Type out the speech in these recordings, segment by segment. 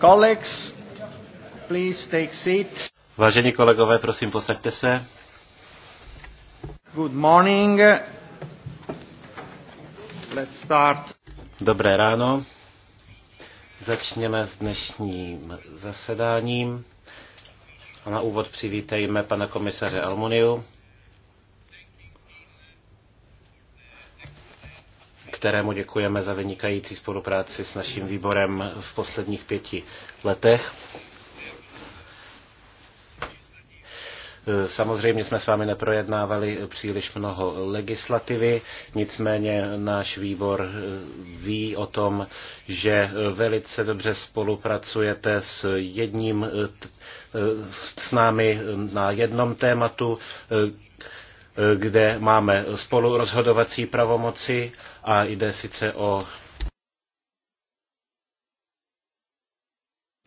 Colleagues, please take seat. Vážení kolegové, prosím, posaďte se. Good morning. Let's start. Dobré ráno. Začněme s dnešním zasedáním. A na úvod přivítejme pana komisaře Almuniu. kterému děkujeme za vynikající spolupráci s naším výborem v posledních pěti letech. Samozřejmě jsme s vámi neprojednávali příliš mnoho legislativy, nicméně náš výbor ví o tom, že velice dobře spolupracujete s jedním s námi na jednom tématu, kde máme spolurozhodovací pravomoci a jde sice o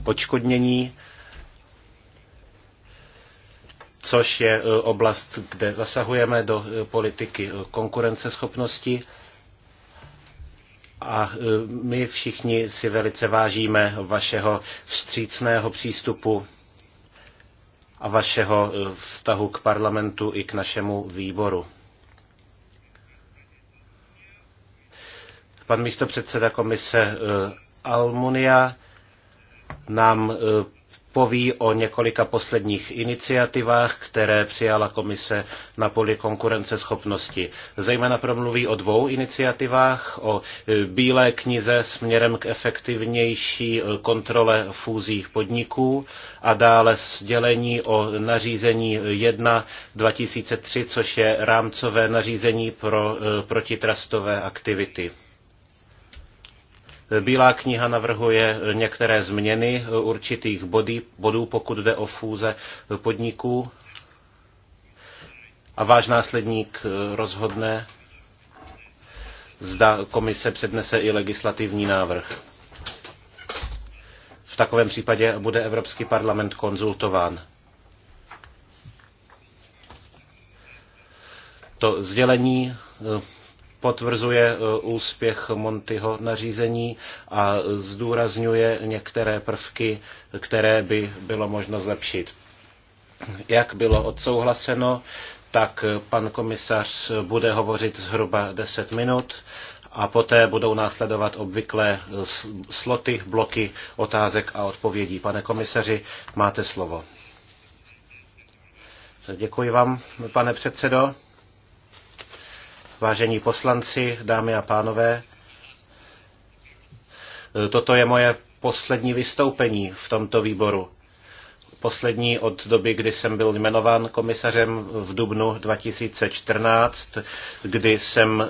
odškodnění, což je e, oblast, kde zasahujeme do e, politiky e, konkurenceschopnosti. A my všichni si velice vážíme vašeho vstřícného přístupu a vašeho vztahu k parlamentu i k našemu výboru. Pan místopředseda komise eh, Almunia nám eh, poví o několika posledních iniciativách, které přijala komise na poli konkurenceschopnosti. Zejména promluví o dvou iniciativách, o eh, bílé knize směrem k efektivnější kontrole fúzích podniků a dále sdělení o nařízení 1 2003, což je rámcové nařízení pro protitrastové aktivity. Bílá kniha navrhuje některé změny určitých body, bodů, pokud jde o fůze podniků. A váš následník rozhodne, zda komise přednese i legislativní návrh. V takovém případě bude Evropský parlament konzultován. To sdělení potvrzuje e, úspěch Montyho nařízení a zdůrazňuje některé prvky, které by bylo možno zlepšit. Jak bylo odsouhlaseno, tak pan komisař bude hovořit zhruba 10 minut a poté budou následovat obvyklé sloty, bloky otázek a odpovědí. Pane komisaři, máte slovo. Děkuji vám, pane předsedo. Vážení poslanci, dámy a pánové, toto je moje poslední vystoupení v tomto výboru. Poslední od doby, kdy jsem byl jmenován komisařem v dubnu 2014, kdy jsem e,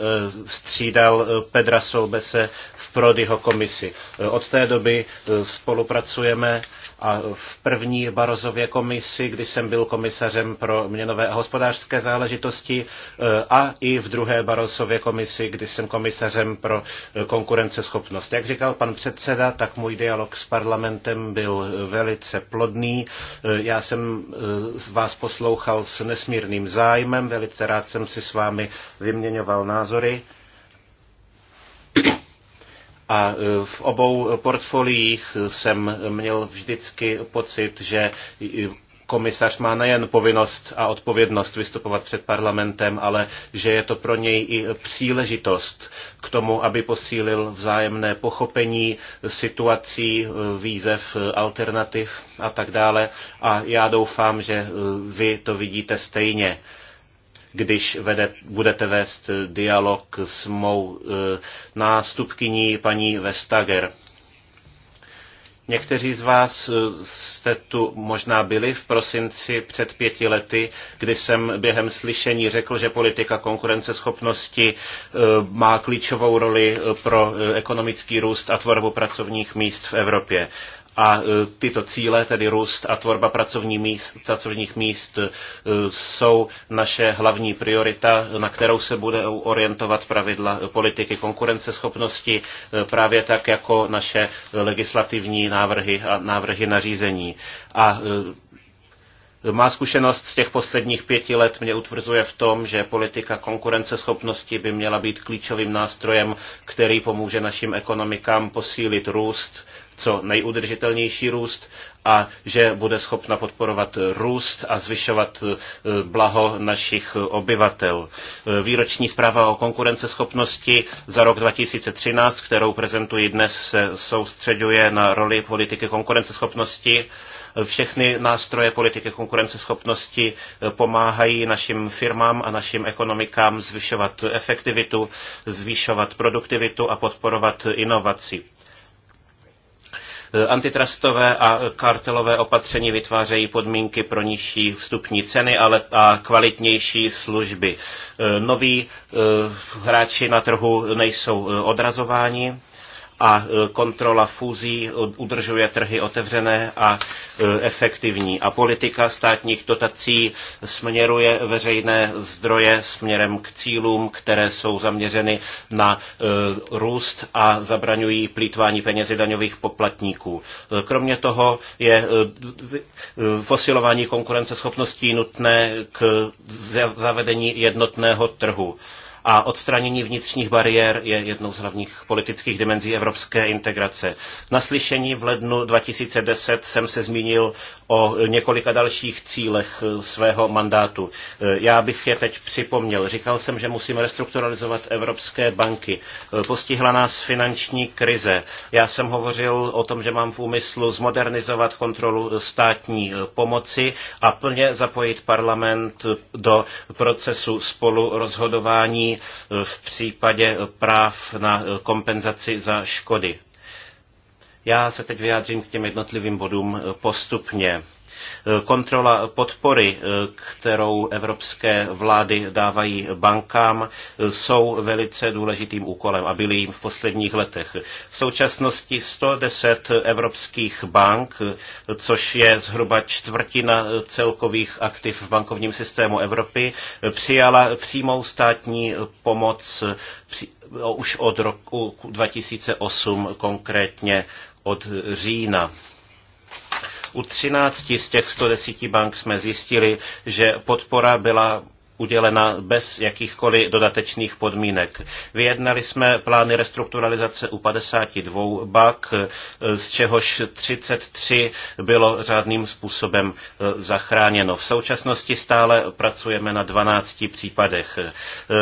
střídal e, Pedra Soubese v Prodyho komisi. E, od té doby spolupracujeme a v první Barozově komisi, kdy jsem byl komisařem pro měnové a hospodářské záležitosti eh, a i v druhé Barozově komisi, kdy jsem komisařem pro eh, konkurenceschopnost. Jak říkal pan předseda, tak můj dialog s parlamentem byl eh, velice plodný. Já jsem vás poslouchal s nesmírným zájmem, velice rád jsem si s vámi vyměňoval názory. A e, v obou portfoliích jsem měl vždycky pocit, že komisař má nejen povinnost a odpovědnost vystupovat před parlamentem, ale že je to pro něj i příležitost k tomu, aby posílil vzájemné pochopení situací, e, výzev, e, alternativ a tak dále. A já doufám, že vy to vidíte stejně když vede, budete vést dialog s mou eh, nástupkyní paní Vestager. Někteří z vás eh, jste tu možná byli v prosinci před pěti lety, kdy jsem během slyšení řekl, že politika konkurenceschopnosti eh, má klíčovou roli pro ekonomický růst a tvorbu pracovních míst v Evropě. A e, tyto cíle, tedy růst a tvorba pracovní míst, pracovních míst, e, jsou naše hlavní priorita, na kterou se bude orientovat pravidla politiky konkurenceschopnosti, e, právě tak jako naše legislativní návrhy a návrhy nařízení. A má zkušenost z těch posledních pěti let mě utvrzuje v tom, že politika konkurenceschopnosti by měla být klíčovým nástrojem, který pomůže našim ekonomikám posílit růst co nejudržitelnější růst a že bude schopna podporovat růst a zvyšovat eh, blaho našich obyvatel. Eh, výroční zpráva o konkurenceschopnosti za rok 2013, kterou prezentuji dnes, se soustředuje na roli politiky konkurenceschopnosti. Eh, všechny nástroje politiky konkurenceschopnosti pomáhají našim firmám a našim ekonomikám zvyšovat efektivitu, zvyšovat produktivitu a podporovat inovaci. Eh, antitrustové a kartelové opatření vytvářejí podmínky pro nižší vstupní ceny ale a kvalitnější služby. Eh, noví eh, hráči na trhu nejsou odrazováni a e, kontrola fúzí e, udržuje trhy otevřené a e, efektivní. A politika státních dotací směruje veřejné zdroje směrem k cílům, které jsou zaměřeny na růst a zabraňují plítvání penězi daňových poplatníků. Kromě toho je posilování konkurenceschopností nutné k zavedení jednotného trhu a odstranění vnitřních bariér je jednou z hlavních politických dimenzí evropské integrace. Na slyšení v lednu 2010 jsem se zmínil o několika dalších cílech eh, svého mandátu. Eh, já bych je teď připomněl. Říkal jsem, že musíme restrukturalizovat evropské banky. Eh, postihla nás finanční krize. Já jsem hovořil o tom, že mám v úmyslu zmodernizovat kontrolu státní pomoci a plně zapojit parlament do procesu spolurozhodování v případě práv na kompenzaci za škody. Já se teď vyjádřím k těm jednotlivým bodům postupně. Eh, kontrola podpory, eh, kterou evropské vlády dávají bankám, eh, jsou velice důležitým úkolem a byly jim v posledních letech. V současnosti 110 evropských bank, což je zhruba čtvrtina celkových aktiv v bankovním systému Evropy, přijala přímou státní pomoc už od roku 2008, konkrétně od října. U 13 z těch 110 bank jsme zjistili, že podpora byla udělena bez jakýchkoliv dodatečných podmínek. Vyjednali jsme plány restrukturalizace u 52 bank, z čehož 33 bylo řádným způsobem e, zachráněno. V současnosti stále pracujeme na 12 případech. E,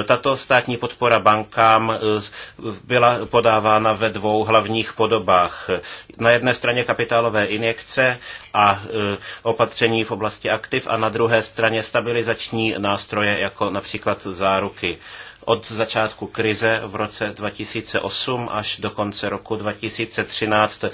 tato státní podpora bankám e, byla podávána ve dvou hlavních podobách. Na jedné straně kapitálové injekce a opatření v oblasti aktiv a na druhé straně stabilizační nástroj nástroje, jako například záruky od začátku krize v roce 2008 až do konce roku 2013 eh,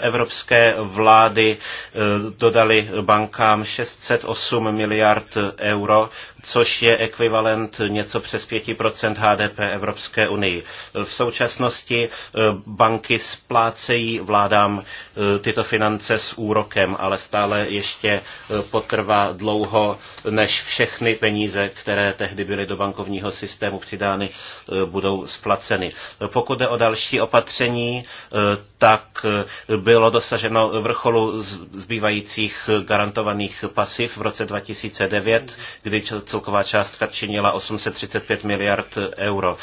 evropské vlády eh, dodaly bankám 608 miliard euro, což je ekvivalent něco přes 5% HDP Evropské unii. V současnosti eh, banky splácejí vládám tyto finance s úrokem, ale stále ještě potrvá dlouho, než všechny peníze, které tehdy byly do bankovního systému přidány, e, budou splaceny. Pokud jde o další opatření, e, tak e, bylo dosaženo vrcholu zbývajících garantovaných pasiv v roce 2009, kdy celková částka činila 835 miliard euro.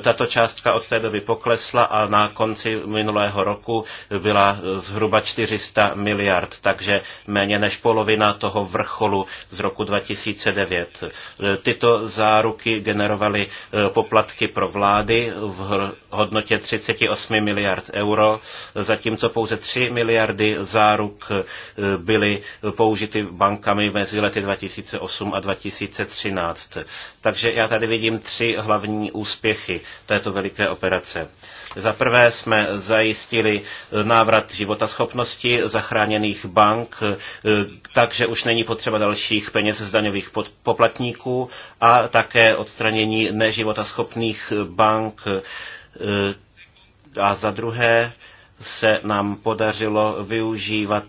Tato částka od té doby poklesla a na konci minulého roku byla zhruba 400 miliard, takže méně než polovina toho vrcholu z roku 2009. Tyto záruky generovaly Eh, poplatky pro vlády v hodnotě 38 miliard euro, zatímco pouze 3 miliardy záruk eh, byly použity bankami mezi lety 2008 a 2013. Takže já tady vidím tři hlavní úspěchy této veliké operace. Za prvé jsme zajistili návrat životaschopnosti zachráněných bank, eh, takže už není potřeba dalších peněz z daňových poplatníků a také odstranění neživotaschopných bank. Eh, a za druhé, se nám podařilo využívat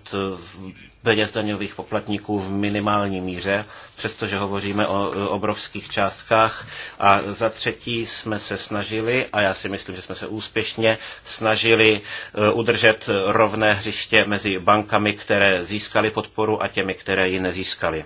peněz daňových poplatníků v minimální míře, přestože hovoříme o obrovských částkách. A za třetí jsme se snažili, a já si myslím, že jsme se úspěšně snažili e, udržet rovné hřiště mezi bankami, které získaly podporu a těmi, které ji nezískaly.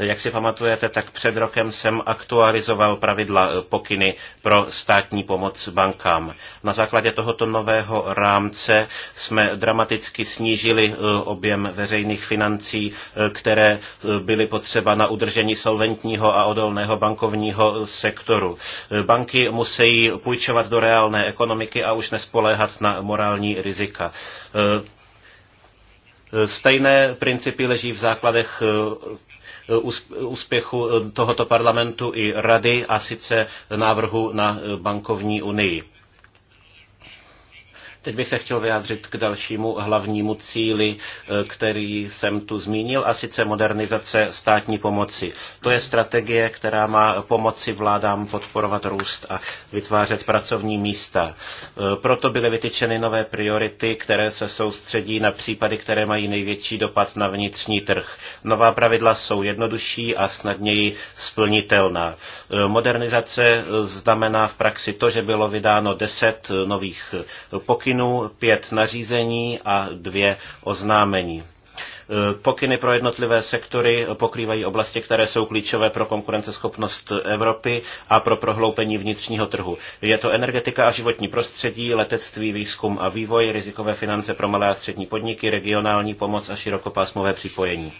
Jak si pamatujete, tak před rokem jsem aktualizoval pravidla eh, pokyny pro státní pomoc bankám. Na základě tohoto nového rámce jsme dramaticky snížili eh, objem veřejných financí, eh, které byly potřeba na udržení solventního a odolného bankovního sektoru. Banky musí půjčovat do reálné ekonomiky a už nespoléhat na morální rizika. Stejné principy leží v základech úspěchu eh, tohoto parlamentu i rady a sice návrhu na eh, bankovní unii. Teď bych se chtěl vyjádřit k dalšímu hlavnímu cíli, eh, který jsem tu zmínil, a sice modernizace státní pomoci. To je strategie, která má pomoci vládám podporovat růst a vytvářet pracovní místa. Eh, proto byly vytyčeny nové priority, které se soustředí na případy, které mají největší dopad na vnitřní trh. Nová pravidla jsou jednodušší a snadněji splnitelná. Eh, modernizace znamená v praxi to, že bylo vydáno deset nových pokynů, pokynů, pět nařízení a dvě oznámení. E, pokyny pro jednotlivé sektory pokrývají oblasti, které jsou klíčové pro konkurenceschopnost Evropy a pro prohloupení vnitřního trhu. Je to energetika a životní prostředí, letectví, výzkum a vývoj, rizikové finance pro malé a střední podniky, regionální pomoc a širokopásmové připojení.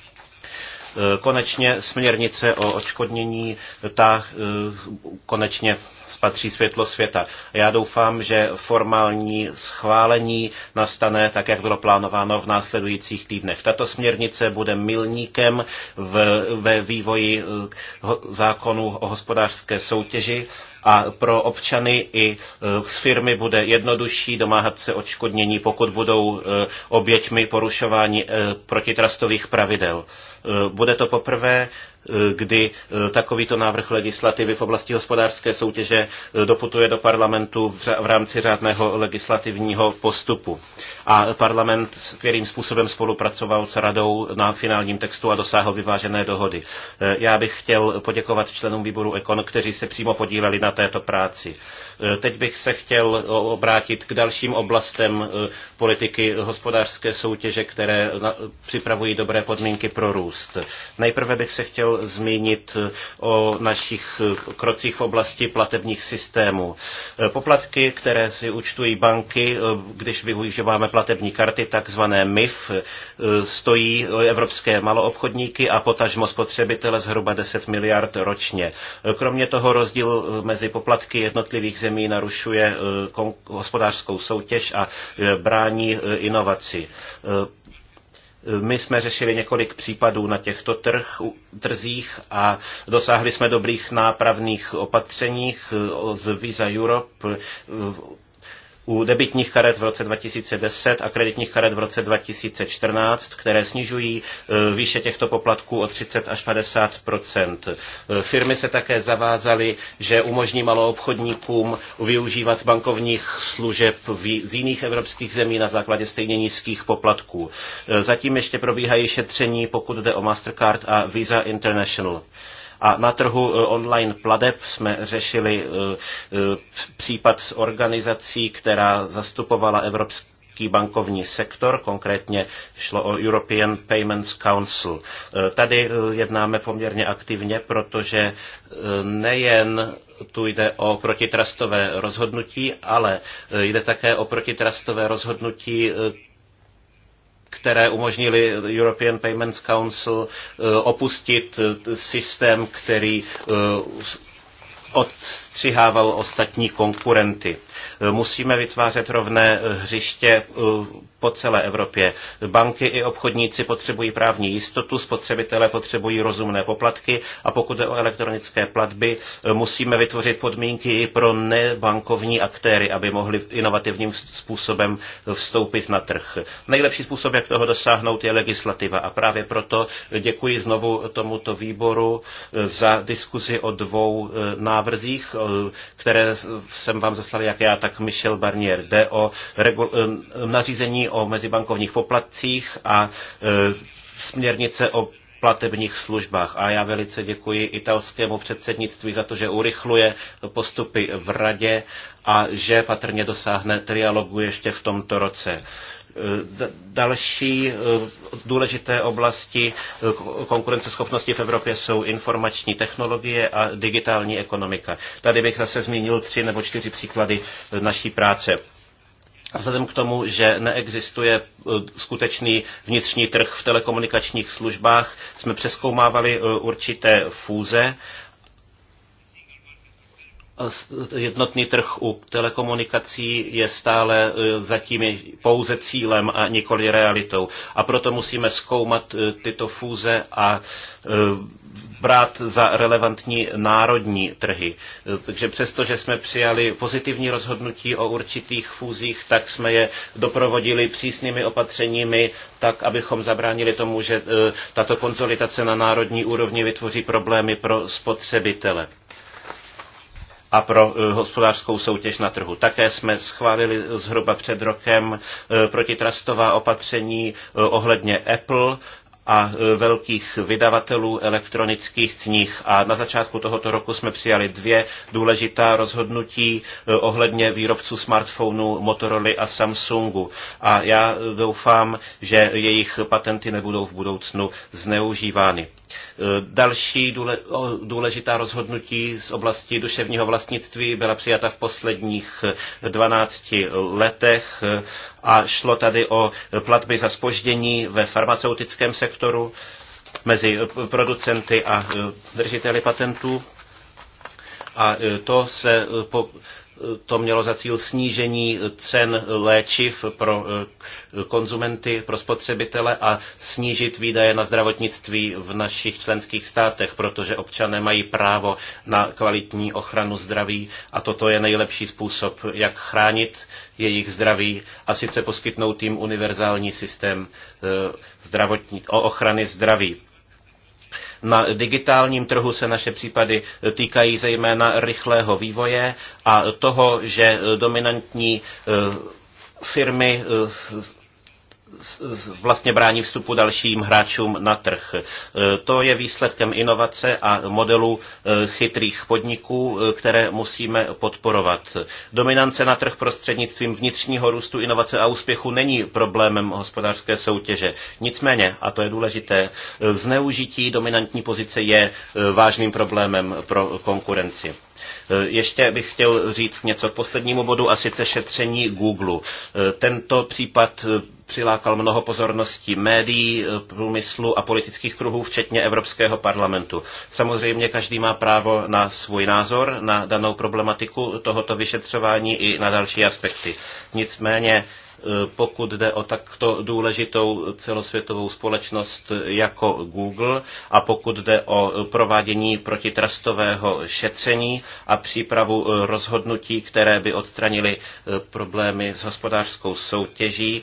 Eh, konečně směrnice o odškodnění, ta eh, konečně spatří světlo světa. Já doufám, že formální schválení nastane tak, jak bylo plánováno v následujících týdnech. Tato směrnice bude milníkem v, ve vývoji eh, zákonů o hospodářské soutěži a pro občany i z firmy bude jednodušší domáhat se odškodnění, pokud budou oběťmi porušování protitrastových pravidel. Eh, bude to poprvé, Eh, kdy eh, takovýto návrh legislativy v oblasti hospodářské soutěže eh, doputuje do parlamentu v rámci řádného legislativního postupu. A parlament kterým způsobem spolupracoval s radou na finálním textu a dosáhl vyvážené dohody. Já bych chtěl poděkovat členům výboru Ekon, kteří se přímo podíleli na této práci. Teď bych se chtěl obrátit k dalším oblastem politiky hospodářské soutěže, které připravují dobré podmínky pro růst. Nejprve bych se chtěl chtěl zmínit eh, o našich eh, krocích v oblasti platebních systémů. Eh, poplatky, které si účtují banky, když využíváme platební karty, takzvané MIF, stojí evropské maloobchodníky a potažmo spotřebitele zhruba 10 miliard ročně. Kromě toho rozdíl mezi poplatky jednotlivých zemí narušuje hospodářskou soutěž a brání inovaci. My jsme řešili několik případů na těchto trh, trzích a dosáhli jsme dobrých nápravných opatřeních eh, z Visa Europe eh, u debitních karet v roce 2010 a kreditních karet v roce 2014, které snižují e, výše těchto poplatků o 30 až 50 e, Firmy se také zavázaly, že umožní maloobchodníkům využívat bankovních služeb z jiných evropských zemí na základě stejně nízkých poplatků. E, zatím ještě probíhají šetření, pokud jde o Mastercard a Visa International. A na trhu eh, online pladeb jsme řešili eh, eh, případ s organizací, která zastupovala evropské bankovní sektor, konkrétně šlo o European Payments Council. Tady jednáme poměrně aktivně, protože nejen tu jde o protitrastové rozhodnutí, ale jde také o protitrastové rozhodnutí, které umožnili European Payments Council eh, opustit eh, systém, který eh, odstřihával ostatní konkurenty. Musíme vytvářet rovné hřiště eh, po celé Evropě. Banky i obchodníci potřebují právní jistotu, spotřebitelé potřebují rozumné poplatky a pokud je o elektronické platby, eh, musíme vytvořit podmínky i pro nebankovní aktéry, aby mohli inovativním způsobem vstoupit na trh. Nejlepší způsob, jak toho dosáhnout, je legislativa a právě proto děkuji znovu tomuto výboru eh, za diskuzi o dvou návrzích, které jsem vám zaslal jak já, tak tak Michel Barnier. Jde o eh, nařízení o mezibankovních poplatcích a eh, směrnice o platebních službách. A já velice děkuji italskému předsednictví za to, že urychluje postupy v radě a že patrně dosáhne trialogu ještě v tomto roce. Další eh, důležité oblasti eh, konkurenceschopnosti v Evropě jsou informační technologie a digitální ekonomika. Tady bych zase zmínil tři nebo čtyři příklady eh, naší práce. Vzhledem k tomu, že neexistuje skutečný vnitřní trh v telekomunikačních službách, jsme přeskoumávali určité fúze jednotný trh u telekomunikací je stále e, zatím pouze cílem a nikoli realitou. A proto musíme zkoumat e, tyto fúze a e, brát za relevantní národní trhy. Takže přesto, že jsme přijali pozitivní rozhodnutí o určitých fúzích, tak jsme je doprovodili přísnými opatřeními, tak abychom zabránili tomu, že tato konzolidace na národní úrovni vytvoří problémy pro spotřebitele a pro eh, hospodářskou soutěž na trhu. Také jsme schválili zhruba před rokem eh, protitrastová opatření eh, ohledně Apple a velkých vydavatelů elektronických knih. A na začátku tohoto roku jsme přijali dvě důležitá rozhodnutí ohledně výrobců smartphonů Motorola a Samsungu. A já doufám, že jejich patenty nebudou v budoucnu zneužívány. Eh, další důležitá rozhodnutí z oblasti duševního vlastnictví byla přijata v posledních 12 eh, letech eh, a šlo tady o platby za spoždění ve farmaceutickém sektoru mezi producenty a držiteli patentů. A to se po, to mělo za cíl snížení cen léčiv pro eh, konzumenty, pro spotřebitele a snížit výdaje na zdravotnictví v našich členských státech, protože občané mají právo na kvalitní ochranu zdraví a toto je nejlepší způsob, jak chránit jejich zdraví a sice poskytnout jim univerzální systém eh, zdravotní, ochrany zdraví. Na digitálním trhu se naše případy týkají zejména rychlého vývoje a toho, že dominantní eh, firmy eh, vlastně brání vstupu dalším hráčům na trh. E, to je výsledkem inovace a modelu e, chytrých podniků, e, které musíme podporovat. Dominance na trh prostřednictvím vnitřního růstu inovace a úspěchu není problémem hospodářské soutěže. Nicméně, a to je důležité, zneužití dominantní pozice je vážným problémem pro konkurenci. Eh, ještě bych chtěl říct něco k poslednímu bodu a sice šetření Google. Eh, tento případ eh, přilákal mnoho pozornosti médií, průmyslu a politických kruhů, včetně Evropského parlamentu. Samozřejmě každý má právo na svůj názor, na danou problematiku tohoto vyšetřování i na další aspekty. Nicméně Eh, pokud jde o takto důležitou celosvětovou společnost jako Google a pokud jde o provádění protitrastového šetření a přípravu eh, rozhodnutí, které by odstranily eh, problémy s hospodářskou soutěží,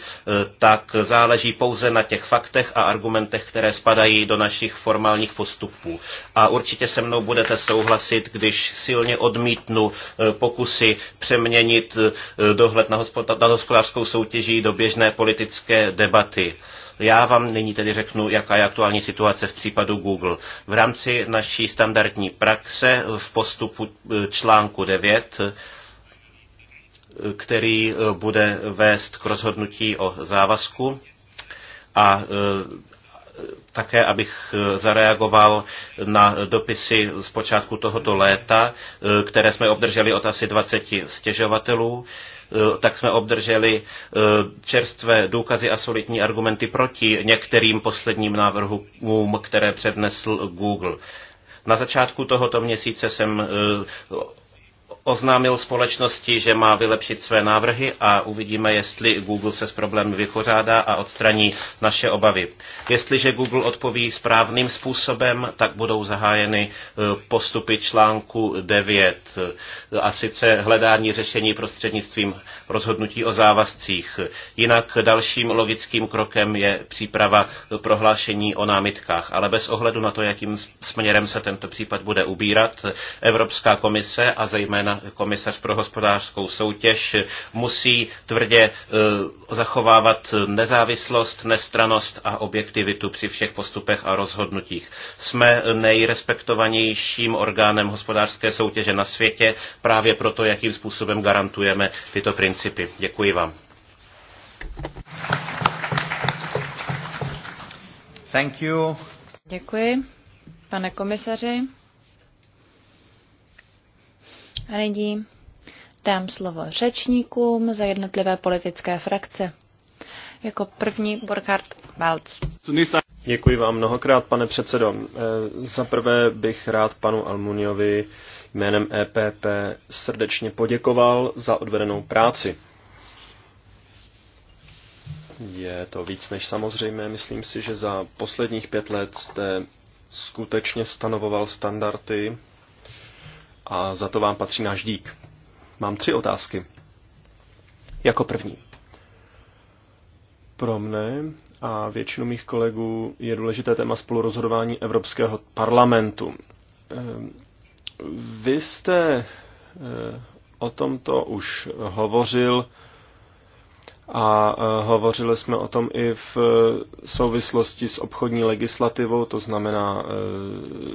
tak záleží pouze na těch faktech a argumentech, které spadají do našich formálních postupů. A určitě se mnou budete souhlasit, když silně odmítnu pokusy přeměnit dohled na hospodářskou soutěž soutěží do běžné politické debaty. Já vám nyní tedy řeknu, jaká je aktuální situace v případu Google. V rámci naší standardní praxe v postupu e, článku 9 e, který e, bude vést k rozhodnutí o závazku a také, abych zareagoval na dopisy z počátku tohoto léta, které jsme obdrželi od asi 20 stěžovatelů. Eh, tak jsme obdrželi eh, čerstvé důkazy a solidní argumenty proti některým posledním návrhům, které přednesl Google. Na začátku tohoto měsíce jsem eh, oznámil společnosti, že má vylepšit své návrhy a uvidíme, jestli Google se s problémy vypořádá a odstraní naše obavy. Jestliže Google odpoví správným způsobem, tak budou zahájeny e, postupy článku 9 e, a sice hledání řešení prostřednictvím rozhodnutí o závazcích. Jinak dalším logickým krokem je příprava prohlášení o námitkách, ale bez ohledu na to, jakým směrem se tento případ bude ubírat, Evropská komise a zejména komisař pro hospodářskou soutěž musí tvrdě e, zachovávat nezávislost, nestranost a objektivitu při všech postupech a rozhodnutích. Jsme nejrespektovanějším orgánem hospodářské soutěže na světě právě proto, jakým způsobem garantujeme tyto principy. Děkuji vám. Thank you. Děkuji, pane komisaři. Nyní Dám slovo řečníkům za jednotlivé politické frakce. Jako první Burkhard Balc. Děkuji vám mnohokrát, pane předsedo. Eh, za prvé bych rád panu Almuniovi jménem EPP srdečně poděkoval za odvedenou práci. Je to víc než samozřejmé. Myslím si, že za posledních pět let jste skutečně stanovoval standardy a za to vám patří náš dík. Mám tři otázky. Jako první. Pro mne a většinu mých kolegů je důležité téma spolurozhodování Evropského parlamentu. Ehm, vy jste eh, o tomto už hovořil a eh, hovořili jsme o tom i v eh, souvislosti s obchodní legislativou, to znamená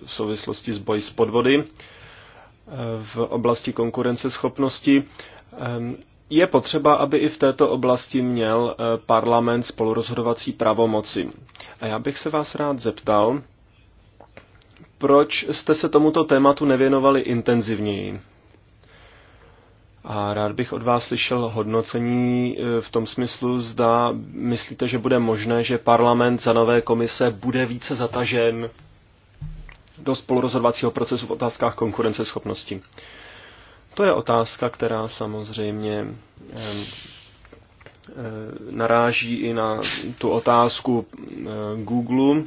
v souvislosti s boji s podvody v oblasti konkurenceschopnosti. Je potřeba, aby i v této oblasti měl eh, parlament spolurozhodovací pravomoci. A já bych se vás rád zeptal, proč jste se tomuto tématu nevěnovali intenzivněji? A rád bych od vás slyšel hodnocení eh, v tom smyslu, zda myslíte, že bude možné, že parlament za nové komise bude více zatažen do spolurozhodovacího procesu v otázkách konkurenceschopnosti. To je otázka, která samozřejmě naráží i na tu otázku Google,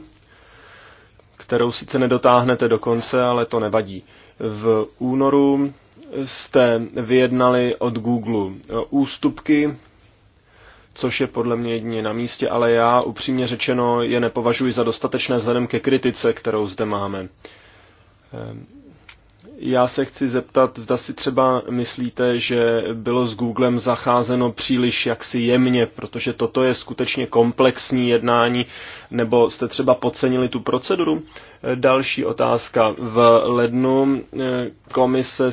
kterou sice nedotáhnete do konce, ale to nevadí. V únoru jste vyjednali od Google ústupky což je podle mě jedině na místě, ale já upřímně řečeno je nepovažuji za dostatečné vzhledem ke kritice, kterou zde máme. Ehm, já se chci zeptat, zda si třeba myslíte, že bylo s Googlem zacházeno příliš jaksi jemně, protože toto je skutečně komplexní jednání, nebo jste třeba podcenili tu proceduru? Ehm, další otázka. V lednu ehm, komise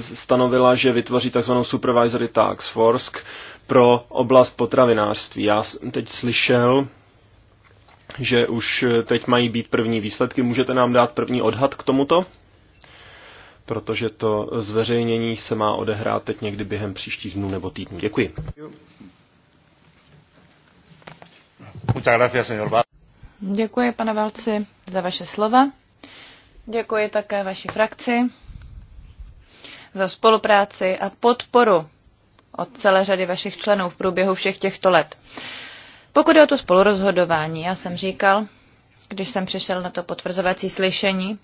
stanovila, že vytvoří tzv. Supervisory Task Force, pro oblast potravinářství. Já jsem teď slyšel, že už eh, teď mají být první výsledky. Můžete nám dát první odhad k tomuto? Protože to zveřejnění se má odehrát teď někdy během příštích dnů nebo týdnů. Děkuji. Děkuji, pane Valci, za vaše slova. Děkuji také vaší frakci za spolupráci a podporu od celé řady vašich členů v průběhu všech těchto let. Pokud je o to spolurozhodování, já jsem říkal, když jsem přišel na to potvrzovací slyšení,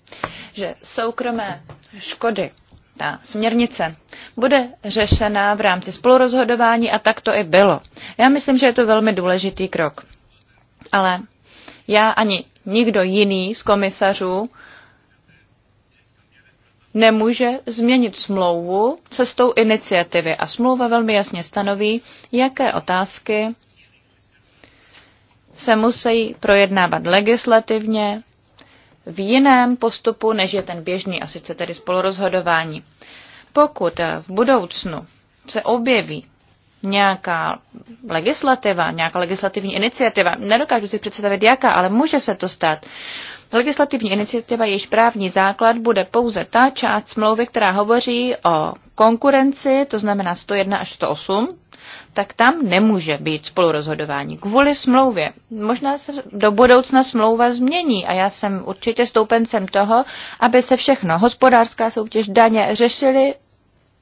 že soukromé škody, ta směrnice, bude řešena v rámci spolurozhodování a tak to i bylo. Já myslím, že je to velmi důležitý krok. Ale já ani nikdo jiný z komisařů nemůže změnit smlouvu cestou iniciativy. A smlouva velmi jasně stanoví, jaké otázky se musí projednávat legislativně v jiném postupu, než je ten běžný, a sice tedy spolurozhodování. Pokud v budoucnu se objeví nějaká legislativa, nějaká legislativní iniciativa, nedokážu si představit jaká, ale může se to stát, Legislativní iniciativa, jejíž právní základ bude pouze ta část smlouvy, která hovoří o konkurenci, to znamená 101 až 108, tak tam nemůže být spolurozhodování kvůli smlouvě. Možná se do budoucna smlouva změní a já jsem určitě stoupencem toho, aby se všechno, hospodářská soutěž, daně, řešili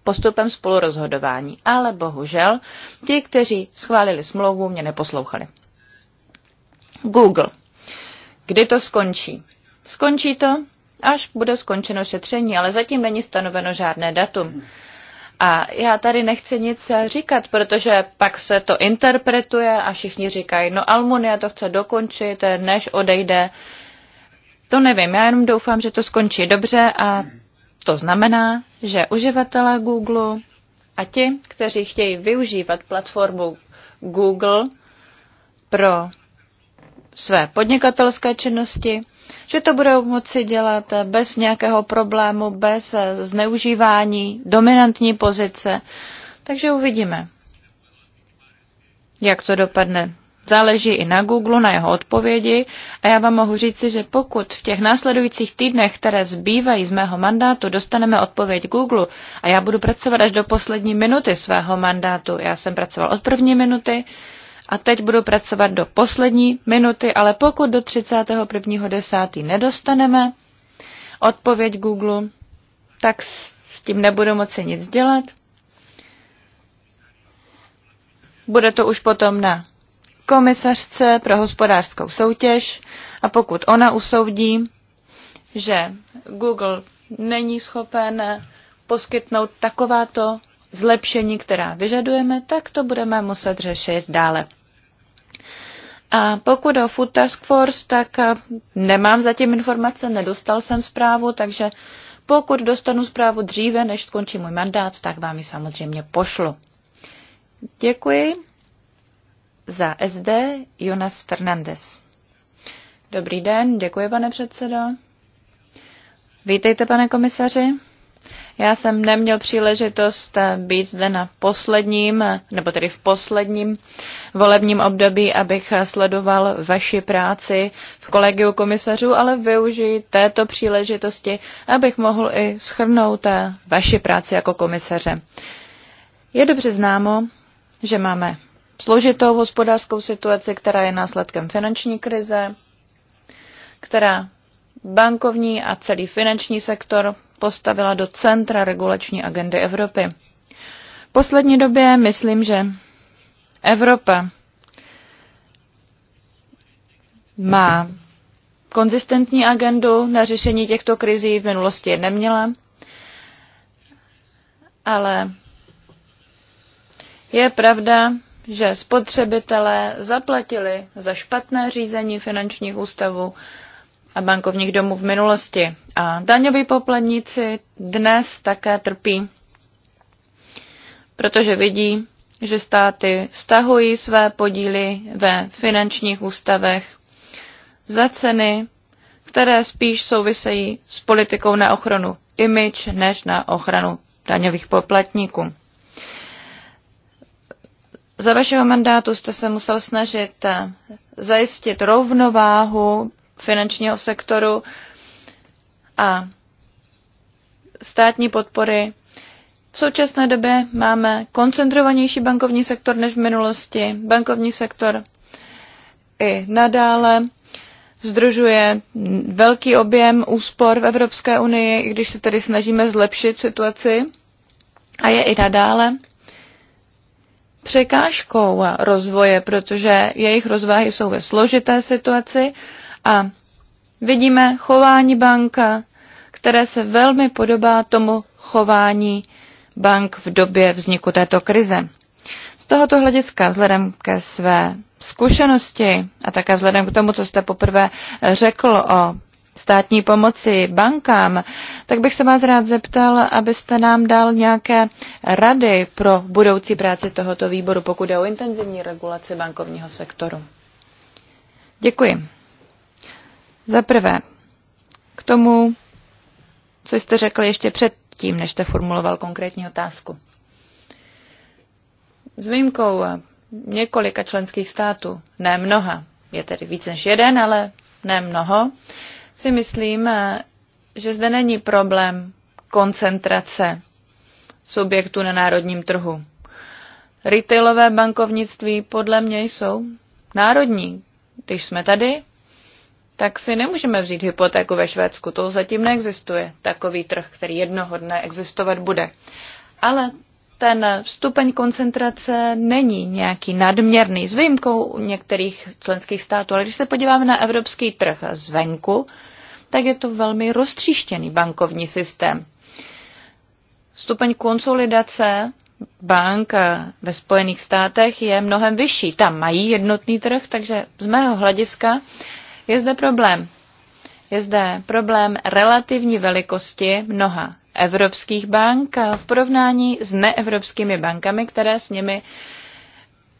postupem spolurozhodování. Ale bohužel ti, kteří schválili smlouvu, mě neposlouchali. Google kdy to skončí. Skončí to, až bude skončeno šetření, ale zatím není stanoveno žádné datum. A já tady nechci nic říkat, protože pak se to interpretuje a všichni říkají, no Almunia to chce dokončit, než odejde. To nevím, já jenom doufám, že to skončí dobře a to znamená, že uživatelé Google a ti, kteří chtějí využívat platformu Google pro své podnikatelské činnosti, že to budou moci dělat bez nějakého problému, bez zneužívání dominantní pozice. Takže uvidíme, jak to dopadne. Záleží i na Google, na jeho odpovědi a já vám mohu říci, že pokud v těch následujících týdnech, které zbývají z mého mandátu, dostaneme odpověď Google a já budu pracovat až do poslední minuty svého mandátu, já jsem pracoval od první minuty, a teď budu pracovat do poslední minuty, ale pokud do 31.10. nedostaneme odpověď Google, tak s tím nebudu moci nic dělat. Bude to už potom na komisařce pro hospodářskou soutěž a pokud ona usoudí, že Google není schopen poskytnout takováto zlepšení, která vyžadujeme, tak to budeme muset řešit dále. A pokud o Food Task Force, tak eh, nemám zatím informace, nedostal jsem zprávu, takže pokud dostanu zprávu dříve, než skončí můj mandát, tak vám ji samozřejmě pošlu. Děkuji za SD Jonas Fernandez. Dobrý den, děkuji pane předsedo. Vítejte pane komisaři. Já jsem neměl příležitost být zde na posledním, nebo tedy v posledním volebním období, abych sledoval vaši práci v kolegiu komisařů, ale využiji této příležitosti, abych mohl i schrnout vaši práci jako komisaře. Je dobře známo, že máme složitou hospodářskou situaci, která je následkem finanční krize, která bankovní a celý finanční sektor postavila do centra regulační agendy Evropy. V poslední době myslím, že Evropa má konzistentní agendu na řešení těchto krizí, v minulosti je neměla, ale je pravda, že spotřebitelé zaplatili za špatné řízení finančních ústavů a bankovních domů v minulosti a daňoví poplatníci dnes také trpí, protože vidí, že státy stahují své podíly ve finančních ústavech za ceny, které spíš souvisejí s politikou na ochranu image než na ochranu daňových poplatníků. Za vašeho mandátu jste se musel snažit zajistit rovnováhu finančního sektoru a státní podpory. V současné době máme koncentrovanější bankovní sektor než v minulosti. Bankovní sektor i nadále združuje velký objem úspor v Evropské unii, i když se tedy snažíme zlepšit situaci a je i nadále překážkou rozvoje, protože jejich rozvahy jsou ve složité situaci a vidíme chování banka, které se velmi podobá tomu chování bank v době vzniku této krize. Z tohoto hlediska, vzhledem ke své zkušenosti a také vzhledem k tomu, co jste poprvé řekl o státní pomoci bankám, tak bych se vás rád zeptal, abyste nám dal nějaké rady pro budoucí práci tohoto výboru, pokud je o intenzivní regulaci bankovního sektoru. Děkuji. Za prvé, k tomu, co jste řekl ještě předtím, než jste formuloval konkrétní otázku. S výjimkou několika členských států, ne mnoha, je tedy víc než jeden, ale ne mnoho, si myslím, že zde není problém koncentrace subjektů na národním trhu. Retailové bankovnictví podle mě jsou národní. Když jsme tady, tak si nemůžeme vzít hypotéku ve Švédsku. To zatím neexistuje. Takový trh, který jednoho dne existovat bude. Ale ten stupeň koncentrace není nějaký nadměrný, s výjimkou některých členských států. Ale když se podíváme na evropský trh zvenku, tak je to velmi roztříštěný bankovní systém. Stupeň konsolidace bank ve Spojených státech je mnohem vyšší. Tam mají jednotný trh, takže z mého hlediska je zde problém. Je zde problém relativní velikosti mnoha evropských bank v porovnání s neevropskými bankami, které s nimi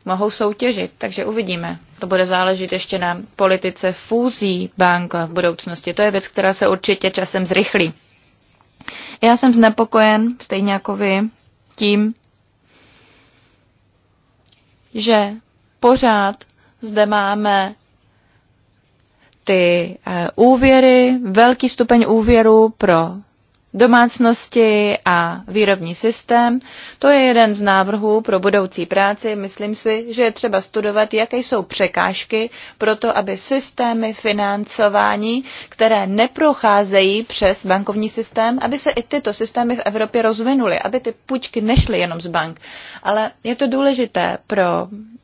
mohou soutěžit. Takže uvidíme. To bude záležet ještě na politice fúzí bank v budoucnosti. To je věc, která se určitě časem zrychlí. Já jsem znepokojen, stejně jako vy, tím, že pořád zde máme ty eh, úvěry, velký stupeň úvěru pro domácnosti a výrobní systém. To je jeden z návrhů pro budoucí práci. Myslím si, že je třeba studovat, jaké jsou překážky pro to, aby systémy financování, které neprocházejí přes bankovní systém, aby se i tyto systémy v Evropě rozvinuly, aby ty půjčky nešly jenom z bank. Ale je to důležité pro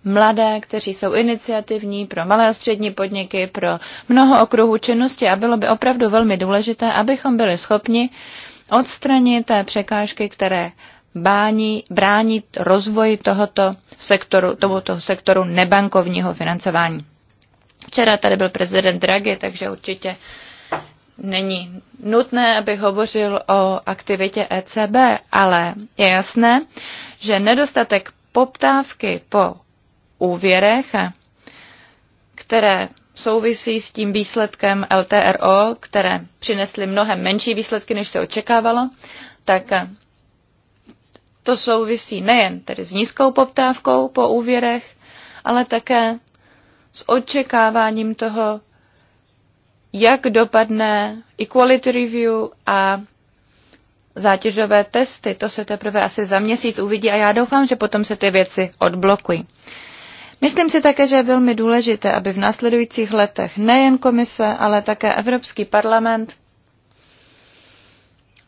mladé, kteří jsou iniciativní, pro malé a střední podniky, pro mnoho okruhů činnosti a bylo by opravdu velmi důležité, abychom byli schopni odstranit překážky, které bání, brání rozvoji tohoto sektoru, tohoto sektoru nebankovního financování. Včera tady byl prezident Draghi, takže určitě není nutné, aby hovořil o aktivitě ECB, ale je jasné, že nedostatek poptávky po úvěrech, které souvisí s tím výsledkem LTRO, které přinesly mnohem menší výsledky, než se očekávalo, tak eh, to souvisí nejen tedy s nízkou poptávkou po úvěrech, ale také s očekáváním toho, jak dopadne equality review a zátěžové testy. To se teprve asi za měsíc uvidí a já doufám, že potom se ty věci odblokují. Myslím si také, že je velmi důležité, aby v následujících letech nejen komise, ale také Evropský parlament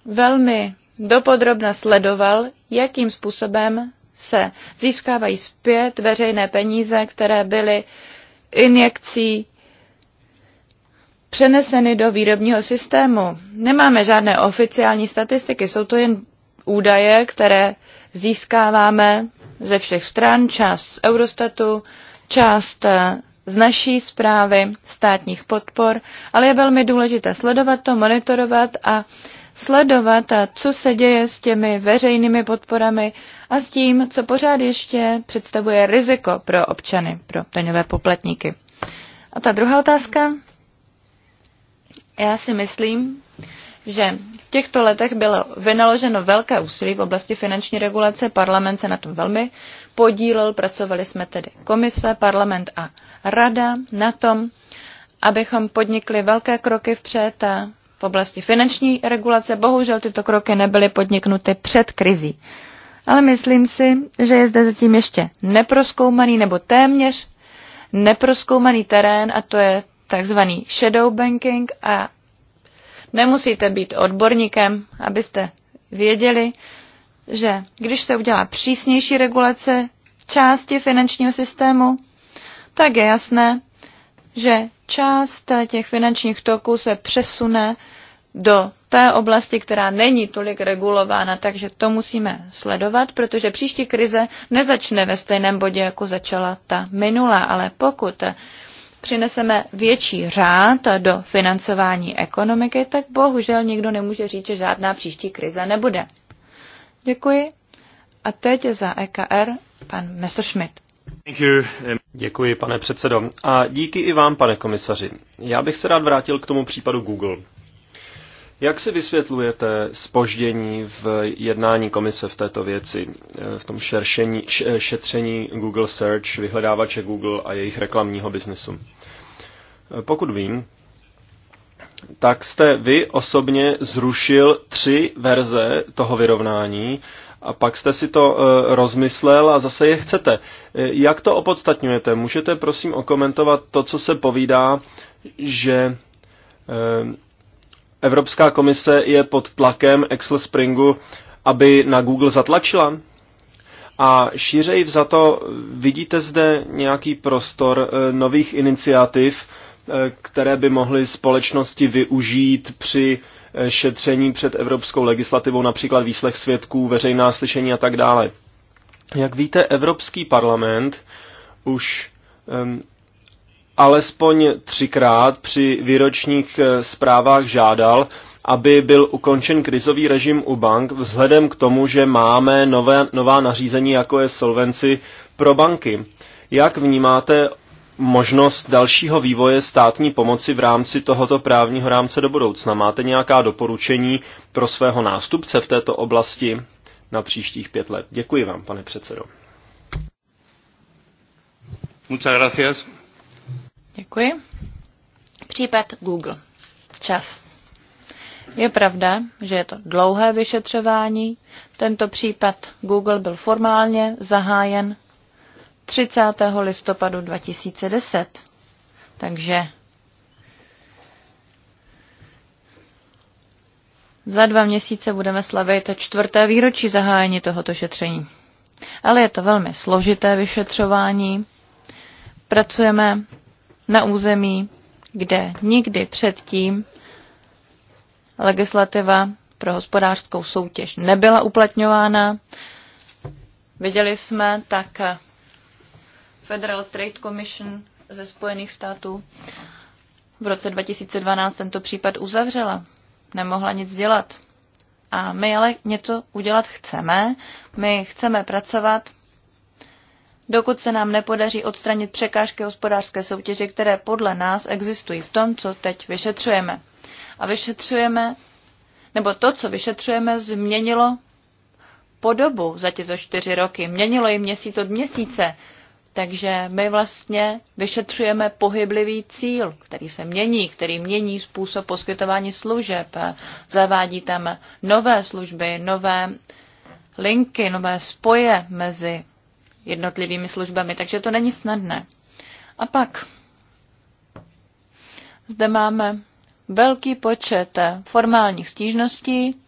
velmi dopodrobna sledoval, jakým způsobem se získávají zpět veřejné peníze, které byly injekcí přeneseny do výrobního systému. Nemáme žádné oficiální statistiky, jsou to jen údaje, které získáváme ze všech stran, část z Eurostatu, část eh, z naší zprávy státních podpor, ale je velmi důležité sledovat to, monitorovat a sledovat, eh, co se děje s těmi veřejnými podporami a s tím, co pořád ještě představuje riziko pro občany, pro daňové poplatníky. A ta druhá otázka? Já si myslím, že v těchto letech bylo vynaloženo velké úsilí v oblasti finanční regulace, parlament se na tom velmi podílel, pracovali jsme tedy komise, parlament a rada na tom, abychom podnikli velké kroky vpřed a v oblasti finanční regulace. Bohužel tyto kroky nebyly podniknuty před krizí. Ale myslím si, že je zde zatím ještě neproskoumaný nebo téměř neproskoumaný terén a to je takzvaný shadow banking a Nemusíte být odborníkem, abyste věděli, že když se udělá přísnější regulace části finančního systému, tak je jasné, že část těch finančních toků se přesune do té oblasti, která není tolik regulována, takže to musíme sledovat, protože příští krize nezačne ve stejném bodě, jako začala ta minulá, ale pokud přineseme větší řád do financování ekonomiky, tak bohužel nikdo nemůže říct, že žádná příští krize nebude. Děkuji. A teď za EKR pan Messerschmidt. Um, Děkuji, pane předsedo. A díky i vám, pane komisaři. Já bych se rád vrátil k tomu případu Google. Jak si vysvětlujete spoždění v jednání komise v této věci, eh, v tom šeršení, eh, šetření Google Search, vyhledávače Google a jejich reklamního biznesu? Eh, pokud vím, tak jste vy osobně zrušil tři verze toho vyrovnání a pak jste si to rozmyslel a zase je chcete. Jak to opodstatňujete? Můžete prosím okomentovat to, co se povídá, že Evropská komise je pod tlakem Excel Springu, aby na Google zatlačila? A šířej za to, vidíte zde nějaký prostor eh, nových iniciativ, eh, které by mohly společnosti využít při eh, šetření před evropskou legislativou, například výslech svědků, veřejná slyšení a tak dále. Jak víte, Evropský parlament už alespoň třikrát při výročních eh, zprávách žádal, aby byl ukončen krizový režim u bank vzhledem k tomu, že máme nové, nová nařízení, jako je solvenci pro banky. Jak vnímáte možnost dalšího vývoje státní pomoci v rámci tohoto právního rámce do budoucna? Máte nějaká doporučení pro svého nástupce v této oblasti na příštích pět let? Děkuji vám, pane předsedo. Muchas gracias. Děkuji. Případ Google. Čas. Je pravda, že je to dlouhé vyšetřování. Tento případ Google byl formálně zahájen 30. listopadu 2010. Takže za dva měsíce budeme slavit čtvrté výročí zahájení tohoto šetření. Ale je to velmi složité vyšetřování. Pracujeme na území, kde nikdy předtím legislativa pro hospodářskou soutěž nebyla uplatňována. Viděli jsme tak Federal Trade Commission ze Spojených států v roce 2012 tento případ uzavřela. Nemohla nic dělat. A my ale něco udělat chceme. My chceme pracovat dokud se nám nepodaří odstranit překážky hospodářské soutěže, které podle nás existují v tom, co teď vyšetřujeme. A vyšetřujeme, nebo to, co vyšetřujeme, změnilo podobu za tyto čtyři roky. Měnilo ji měsíc od měsíce. Takže my vlastně vyšetřujeme pohyblivý cíl, který se mění, který mění způsob poskytování služeb. Zavádí tam nové služby, nové linky, nové spoje mezi jednotlivými službami, takže to není snadné. A pak zde máme velký počet formálních stížností.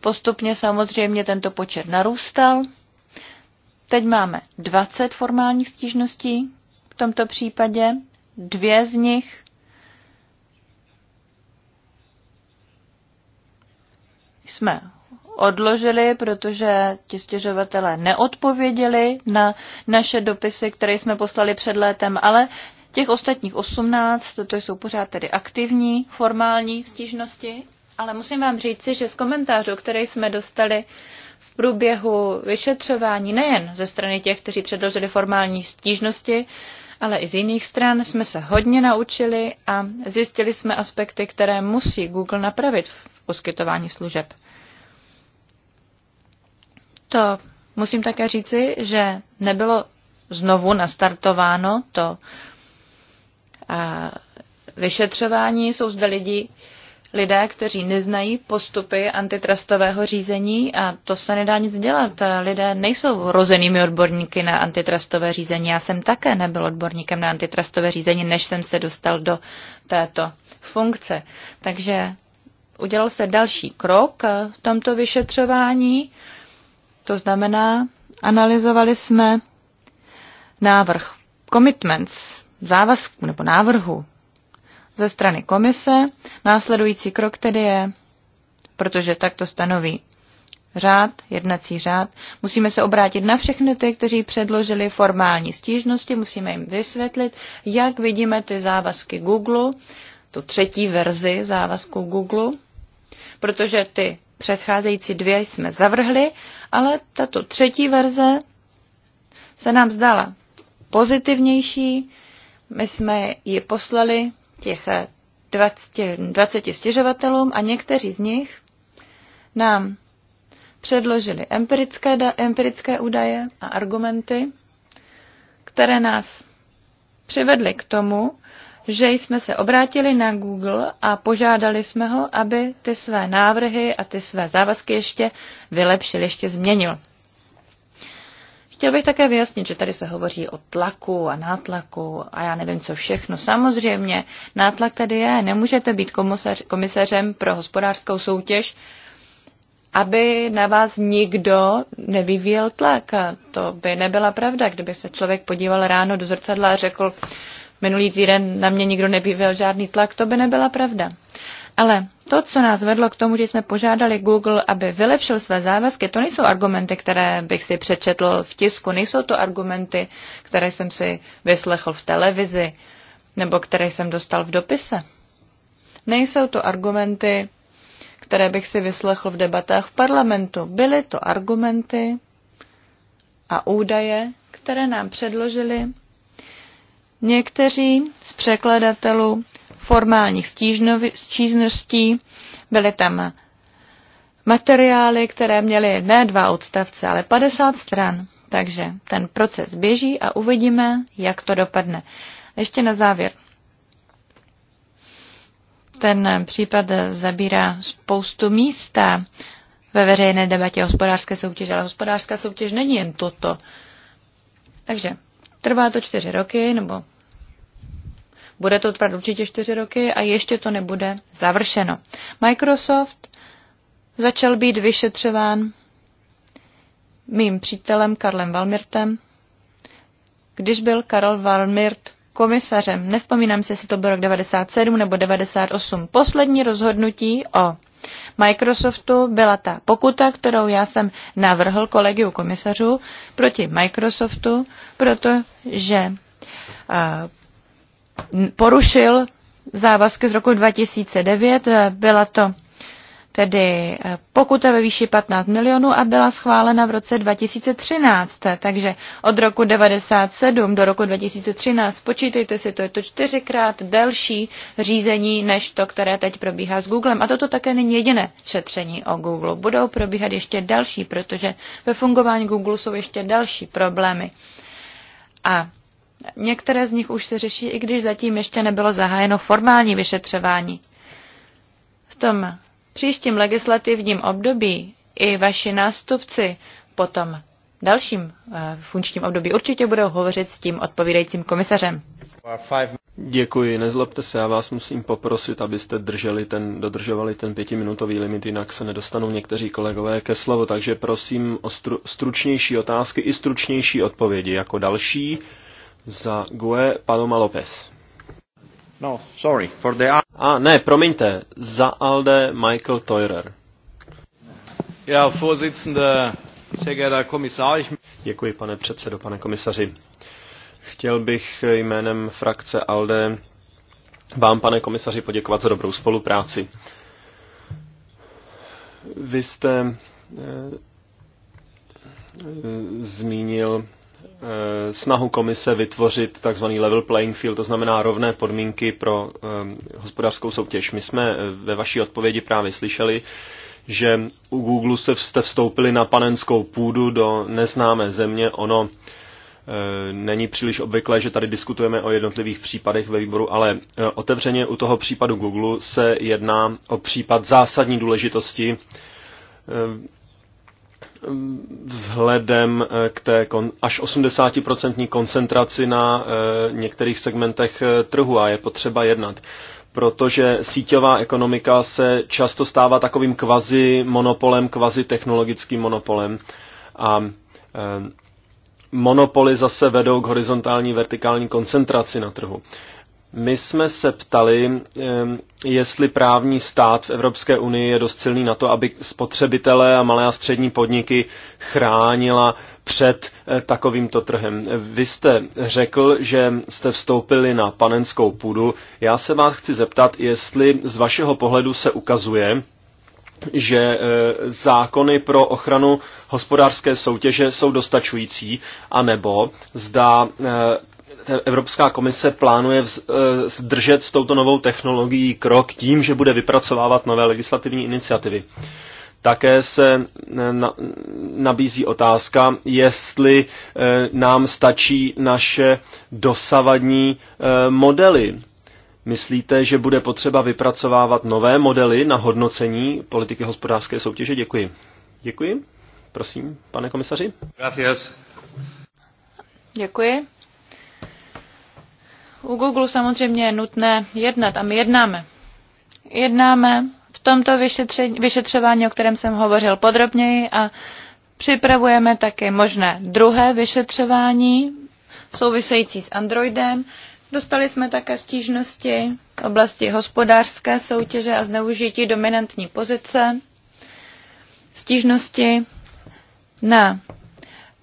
Postupně samozřejmě tento počet narůstal. Teď máme 20 formálních stížností v tomto případě. Dvě z nich jsme odložili, protože ti stěžovatelé neodpověděli na naše dopisy, které jsme poslali před létem, ale těch ostatních 18, to jsou pořád tedy aktivní, formální stížnosti, ale musím vám říci, že z komentářů, které jsme dostali v průběhu vyšetřování, nejen ze strany těch, kteří předložili formální stížnosti, ale i z jiných stran jsme se hodně naučili a zjistili jsme aspekty, které musí Google napravit v poskytování služeb. To musím také říci, že nebylo znovu nastartováno to vyšetřování. Jsou zde lidi, lidé, kteří neznají postupy antitrustového řízení a to se nedá nic dělat. Lidé nejsou rozenými odborníky na antitrustové řízení. Já jsem také nebyl odborníkem na antitrustové řízení, než jsem se dostal do této funkce. Takže udělal se další krok v tomto vyšetřování to znamená, analyzovali jsme návrh commitments, závazku nebo návrhu ze strany komise. Následující krok tedy je, protože tak to stanoví řád, jednací řád, musíme se obrátit na všechny ty, kteří předložili formální stížnosti, musíme jim vysvětlit, jak vidíme ty závazky Google, tu třetí verzi závazku Google, protože ty Předcházející dvě jsme zavrhli, ale tato třetí verze se nám zdala pozitivnější. My jsme ji poslali těch 20, eh, 20 stěžovatelům a někteří z nich nám předložili empirické, empirické údaje a argumenty, které nás přivedly k tomu, že jsme se obrátili na Google a požádali jsme ho, aby ty své návrhy a ty své závazky ještě vylepšil, ještě změnil. Chtěl bych také vyjasnit, že tady se hovoří o tlaku a nátlaku a já nevím, co všechno. Samozřejmě, nátlak tady je. Nemůžete být komisař, komisařem pro hospodářskou soutěž, aby na vás nikdo nevyvíjel tlak. A to by nebyla pravda, kdyby se člověk podíval ráno do zrcadla a řekl, minulý týden na mě nikdo nebyl žádný tlak, to by nebyla pravda. Ale to, co nás vedlo k tomu, že jsme požádali Google, aby vylepšil své závazky, to nejsou argumenty, které bych si přečetl v tisku, nejsou to argumenty, které jsem si vyslechl v televizi nebo které jsem dostal v dopise. Nejsou to argumenty, které bych si vyslechl v debatách v parlamentu. Byly to argumenty a údaje, které nám předložili Někteří z překladatelů formálních stížností byly tam materiály, které měly ne dva odstavce, ale 50 stran. Takže ten proces běží a uvidíme, jak to dopadne. Ještě na závěr. Ten případ zabírá spoustu místa ve veřejné debatě hospodářské soutěže, ale hospodářská soutěž není jen toto. Takže Trvá to čtyři roky, nebo bude to trvat určitě čtyři roky a ještě to nebude završeno. Microsoft začal být vyšetřován mým přítelem Karlem Valmirtem, když byl Karl Valmirt komisařem. Nespomínám si, jestli to byl rok 97 nebo 98. Poslední rozhodnutí o Microsoftu byla ta pokuta, kterou já jsem navrhl kolegiu komisařů proti Microsoftu, protože eh, porušil závazky z roku 2009. Byla to tedy eh, pokuta ve výši 15 milionů a byla schválena v roce 2013. Takže od roku 1997 do roku 2013, počítejte si, to je to čtyřikrát delší řízení, než to, které teď probíhá s Googlem. A toto také není jediné šetření o Google. Budou probíhat ještě další, protože ve fungování Google jsou ještě další problémy. A některé z nich už se řeší, i když zatím ještě nebylo zahájeno formální vyšetřování. V tom příštím legislativním období i vaši nástupci potom dalším eh, funkčním období určitě budou hovořit s tím odpovídajícím komisařem. Děkuji, nezlobte se, já vás musím poprosit, abyste drželi ten, dodržovali ten pětiminutový limit, jinak se nedostanou někteří kolegové ke slovu, takže prosím o stru, stručnější otázky i stručnější odpovědi. Jako další za GUE Paloma López. No, sorry, for the... A ne, promiňte, za Alde Michael Teurer. Ja, Vorsitzende, sehr geehrter Kommissar. Ich... Děkuji, pane předsedo, pane komisaři. Chtěl bych jménem frakce ALDE vám, pane komisaři, poděkovat za dobrou spolupráci. Vy jste eh, eh, zmínil Eh, snahu komise vytvořit tzv. level playing field, to znamená rovné podmínky pro eh, hospodářskou soutěž. My jsme eh, ve vaší odpovědi právě slyšeli, že u Google se jste vstoupili na panenskou půdu do neznámé země. Ono není příliš obvyklé, že tady diskutujeme o jednotlivých případech ve výboru, ale otevřeně u toho případu Google se jedná o případ zásadní důležitosti vzhledem eh, k té až 80% koncentraci na eh, některých segmentech eh, trhu a je potřeba jednat protože síťová ekonomika se často stává takovým kvazi monopolem, kvazi technologickým monopolem. A e, monopoly zase vedou k horizontální vertikální koncentraci na trhu. My jsme se ptali, jestli právní stát v Evropské unii je dost silný na to, aby spotřebitelé a malé a střední podniky chránila před eh, takovýmto trhem. Vy jste řekl, že jste vstoupili na panenskou půdu. Já se vás chci zeptat, jestli z vašeho pohledu se ukazuje, že eh, zákony pro ochranu hospodářské soutěže jsou dostačující, anebo zda eh, Evropská komise plánuje eh, zdržet s touto novou technologií krok tím, že bude vypracovávat nové legislativní iniciativy. Také se nabízí otázka, jestli eh, nám stačí naše dosavadní eh, modely. Myslíte, že bude potřeba vypracovávat nové modely na hodnocení politiky hospodářské soutěže? Děkuji. Děkuji. Prosím, pane komisaři. Gracias. Děkuji. U Google samozřejmě je nutné jednat a my jednáme. Jednáme v tomto vyšetření, vyšetřování, o kterém jsem hovořil podrobněji a připravujeme také možné druhé vyšetřování související s Androidem. Dostali jsme také stížnosti v oblasti hospodářské soutěže a zneužití dominantní pozice. Stížnosti na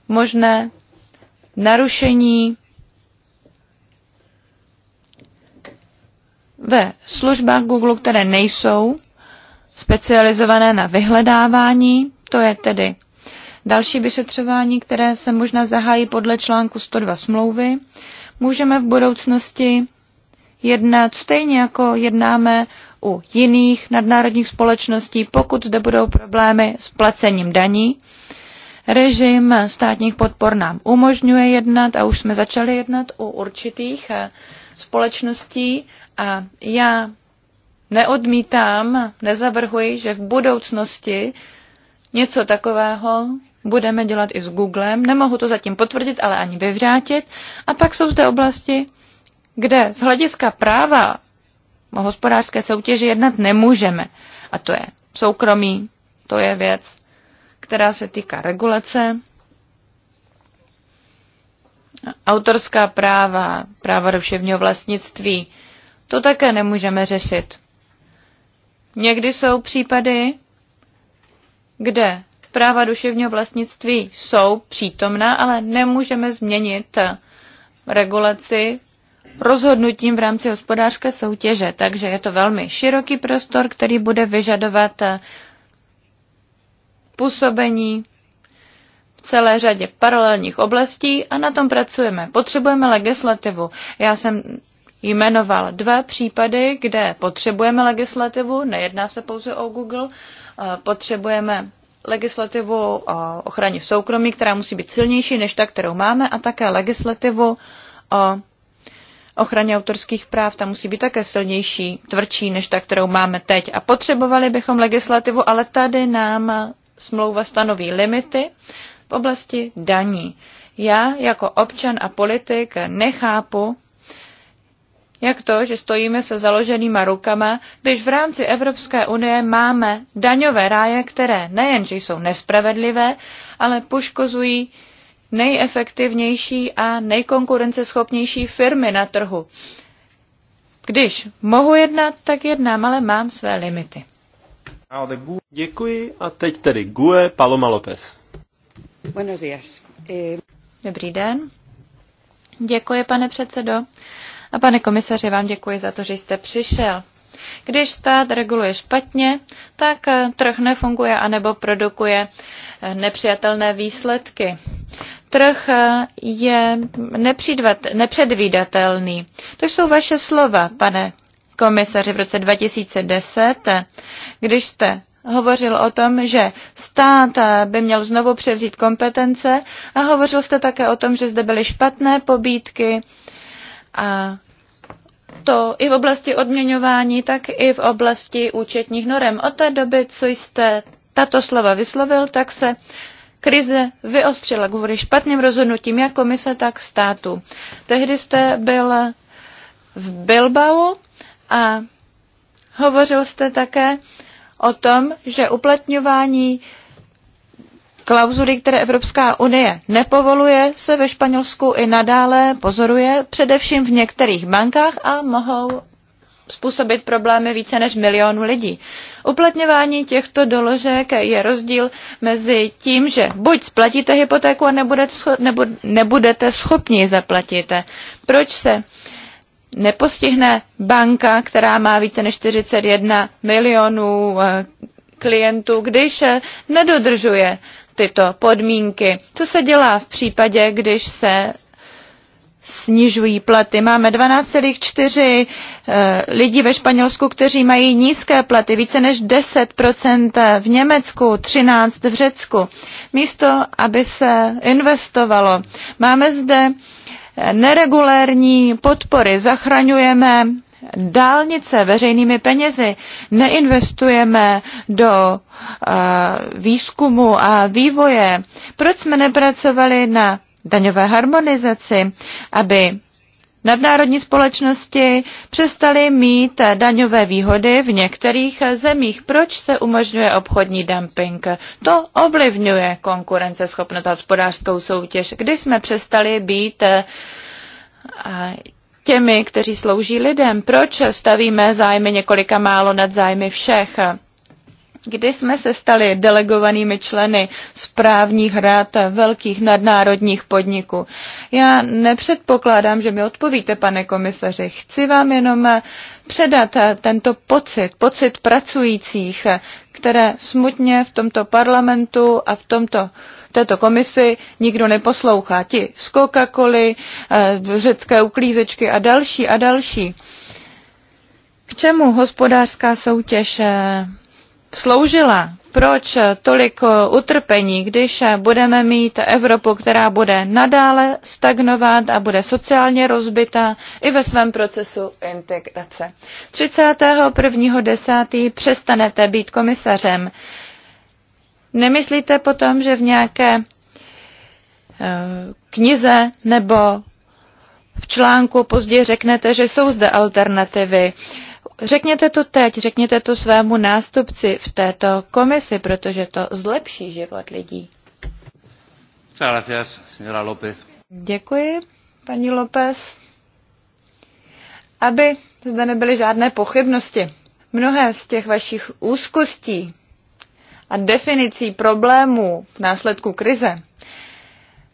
možné narušení ve službách Google, které nejsou specializované na vyhledávání, to je tedy další vyšetřování, které se možná zahájí podle článku 102 smlouvy, můžeme v budoucnosti jednat stejně jako jednáme u jiných nadnárodních společností, pokud zde budou problémy s placením daní. Režim státních podpor nám umožňuje jednat a už jsme začali jednat u určitých eh, společností a já neodmítám, nezavrhuji, že v budoucnosti něco takového budeme dělat i s Googlem. Nemohu to zatím potvrdit, ale ani vyvrátit. A pak jsou zde oblasti, kde z hlediska práva o hospodářské soutěži jednat nemůžeme. A to je soukromí, to je věc, která se týká regulace, autorská práva, práva duševního vlastnictví, to také nemůžeme řešit. Někdy jsou případy, kde práva duševního vlastnictví jsou přítomná, ale nemůžeme změnit regulaci rozhodnutím v rámci hospodářské soutěže. Takže je to velmi široký prostor, který bude vyžadovat působení v celé řadě paralelních oblastí a na tom pracujeme. Potřebujeme legislativu. Já jsem jmenoval dva případy, kde potřebujeme legislativu, nejedná se pouze o Google, potřebujeme legislativu o ochraně soukromí, která musí být silnější než ta, kterou máme, a také legislativu o ochraně autorských práv, ta musí být také silnější, tvrdší než ta, kterou máme teď. A potřebovali bychom legislativu, ale tady nám smlouva stanoví limity v oblasti daní. Já jako občan a politik nechápu, jak to, že stojíme se založenýma rukama, když v rámci Evropské unie máme daňové ráje, které nejenže jsou nespravedlivé, ale poškozují nejefektivnější a nejkonkurenceschopnější firmy na trhu. Když mohu jednat, tak jednám, ale mám své limity. Děkuji a teď tedy GUE Paloma López. Buenos días. Eh, Dobrý den. Děkuji, pane předsedo. A pane komisaři, vám děkuji za to, že jste přišel. Když stát reguluje špatně, tak eh, trh nefunguje anebo produkuje eh, nepřijatelné výsledky. Trh eh, je nepředvídatelný. To jsou vaše slova, pane komisaři, v roce 2010, když jste hovořil o tom, že stát by měl znovu převzít kompetence a hovořil jste také o tom, že zde byly špatné pobídky a to i v oblasti odměňování, tak i v oblasti účetních norem. Od té doby, co jste tato slova vyslovil, tak se krize vyostřila kvůli špatným rozhodnutím jak komise, tak státu. Tehdy jste byl v Bilbao a hovořil jste také o tom, že uplatňování Klauzuly, které Evropská unie nepovoluje, se ve Španělsku i nadále pozoruje, především v některých bankách a mohou způsobit problémy více než milionu lidí. Uplatňování těchto doložek je rozdíl mezi tím, že buď splatíte hypotéku a nebudete, scho- nebu- nebudete schopni ji zaplatit. Proč se nepostihne banka, která má více než 41 milionů eh, klientů, když eh, nedodržuje tyto podmínky. Co se dělá v případě, když se snižují platy. Máme 12,4 eh, lidí ve Španělsku, kteří mají nízké platy, více než 10% v Německu, 13% v Řecku. Místo, aby se investovalo. Máme zde neregulérní podpory, zachraňujeme dálnice veřejnými penězi, neinvestujeme do eh, výzkumu a vývoje, proč jsme nepracovali na daňové harmonizaci, aby nadnárodní společnosti přestaly mít daňové výhody v některých zemích. Proč se umožňuje obchodní dumping? To ovlivňuje konkurenceschopnost a hospodářskou soutěž. Když jsme přestali být eh, těmi, kteří slouží lidem? Proč stavíme zájmy několika málo nad zájmy všech? Kdy jsme se stali delegovanými členy správních rad velkých nadnárodních podniků? Já nepředpokládám, že mi odpovíte, pane komisaři. Chci vám jenom předat tento pocit, pocit pracujících, které smutně v tomto parlamentu a v tomto této komisi nikdo neposlouchá. Ti z coca coly eh, řecké uklízečky a další a další. K čemu hospodářská soutěž eh, sloužila? Proč tolik eh, utrpení, když budeme mít Evropu, která bude nadále stagnovat a bude sociálně rozbitá i ve svém procesu integrace? 31.10. přestanete být komisařem. Nemyslíte potom, že v nějaké eh, knize nebo v článku později řeknete, že jsou zde alternativy. Řekněte to teď, řekněte to svému nástupci v této komisi, protože to zlepší život lidí. Děkuji, paní López. Aby zde nebyly žádné pochybnosti, mnohé z těch vašich úzkostí a definicí problémů v následku krize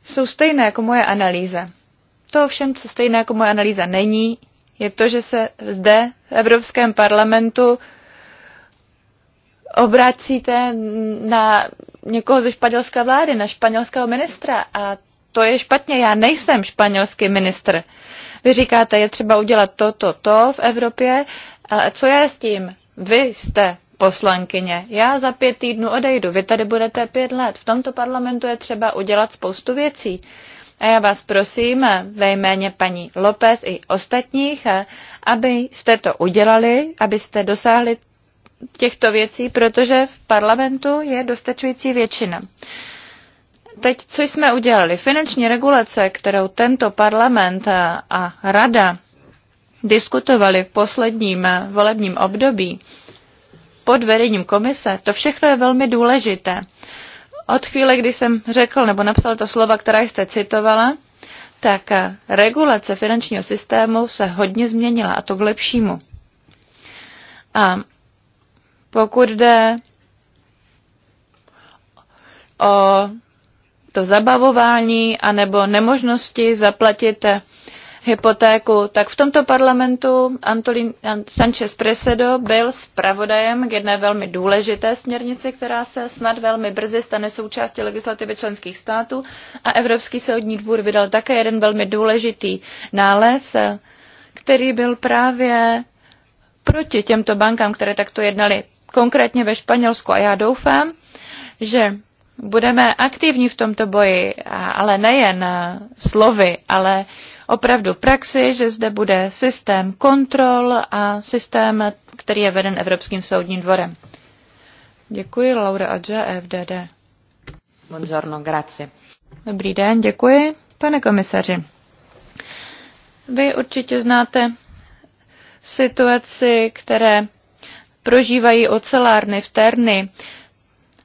jsou stejné jako moje analýza. To ovšem, co stejné jako moje analýza není, je to, že se zde v Evropském parlamentu obracíte na někoho ze španělské vlády, na španělského ministra a to je špatně, já nejsem španělský ministr. Vy říkáte, je třeba udělat to, to, to v Evropě, ale co je s tím? Vy jste poslankyně. Já za pět týdnů odejdu, vy tady budete pět let. V tomto parlamentu je třeba udělat spoustu věcí. A já vás prosím ve jméně paní López i ostatních, abyste to udělali, abyste dosáhli těchto věcí, protože v parlamentu je dostačující většina. Teď, co jsme udělali? Finanční regulace, kterou tento parlament a rada diskutovali v posledním volebním období, pod vedením komise, to všechno je velmi důležité. Od chvíle, kdy jsem řekl nebo napsal to slova, která jste citovala, tak regulace finančního systému se hodně změnila a to k lepšímu. A pokud jde o to zabavování anebo nemožnosti zaplatit hypotéku, tak v tomto parlamentu Antolín Sanchez Presedo byl zpravodajem k jedné velmi důležité směrnici, která se snad velmi brzy stane součástí legislativy členských států a Evropský soudní dvůr vydal také jeden velmi důležitý nález, který byl právě proti těmto bankám, které takto jednali konkrétně ve Španělsku. A já doufám, že budeme aktivní v tomto boji, ale nejen eh, slovy, ale opravdu praxi, že zde bude systém kontrol a systém, který je veden Evropským soudním dvorem. Děkuji, Laura Adja, FDD. Buongiorno, grazie. Dobrý den, děkuji. Pane komisaři, vy určitě znáte situaci, které prožívají ocelárny v Terny.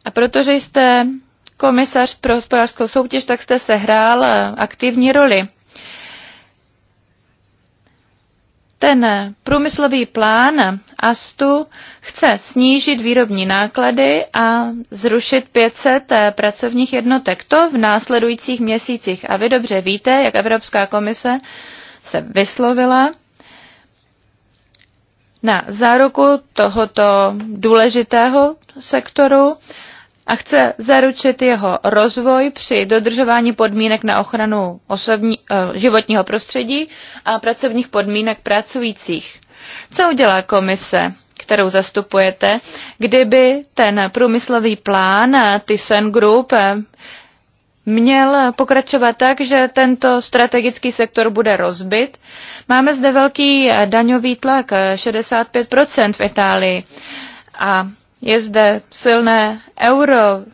A protože jste komisař pro hospodářskou soutěž, tak jste sehrál aktivní roli. Ten průmyslový plán ASTU chce snížit výrobní náklady a zrušit 500 eh, pracovních jednotek. To v následujících měsících. A vy dobře víte, jak Evropská komise se vyslovila na záruku tohoto důležitého sektoru a chce zaručit jeho rozvoj při dodržování podmínek na ochranu osobní, eh, životního prostředí a pracovních podmínek pracujících. Co udělá komise, kterou zastupujete, kdyby ten průmyslový plán Thyssen Group eh, měl pokračovat tak, že tento strategický sektor bude rozbit. Máme zde velký eh, daňový tlak, 65% v Itálii. A je zde silné euro.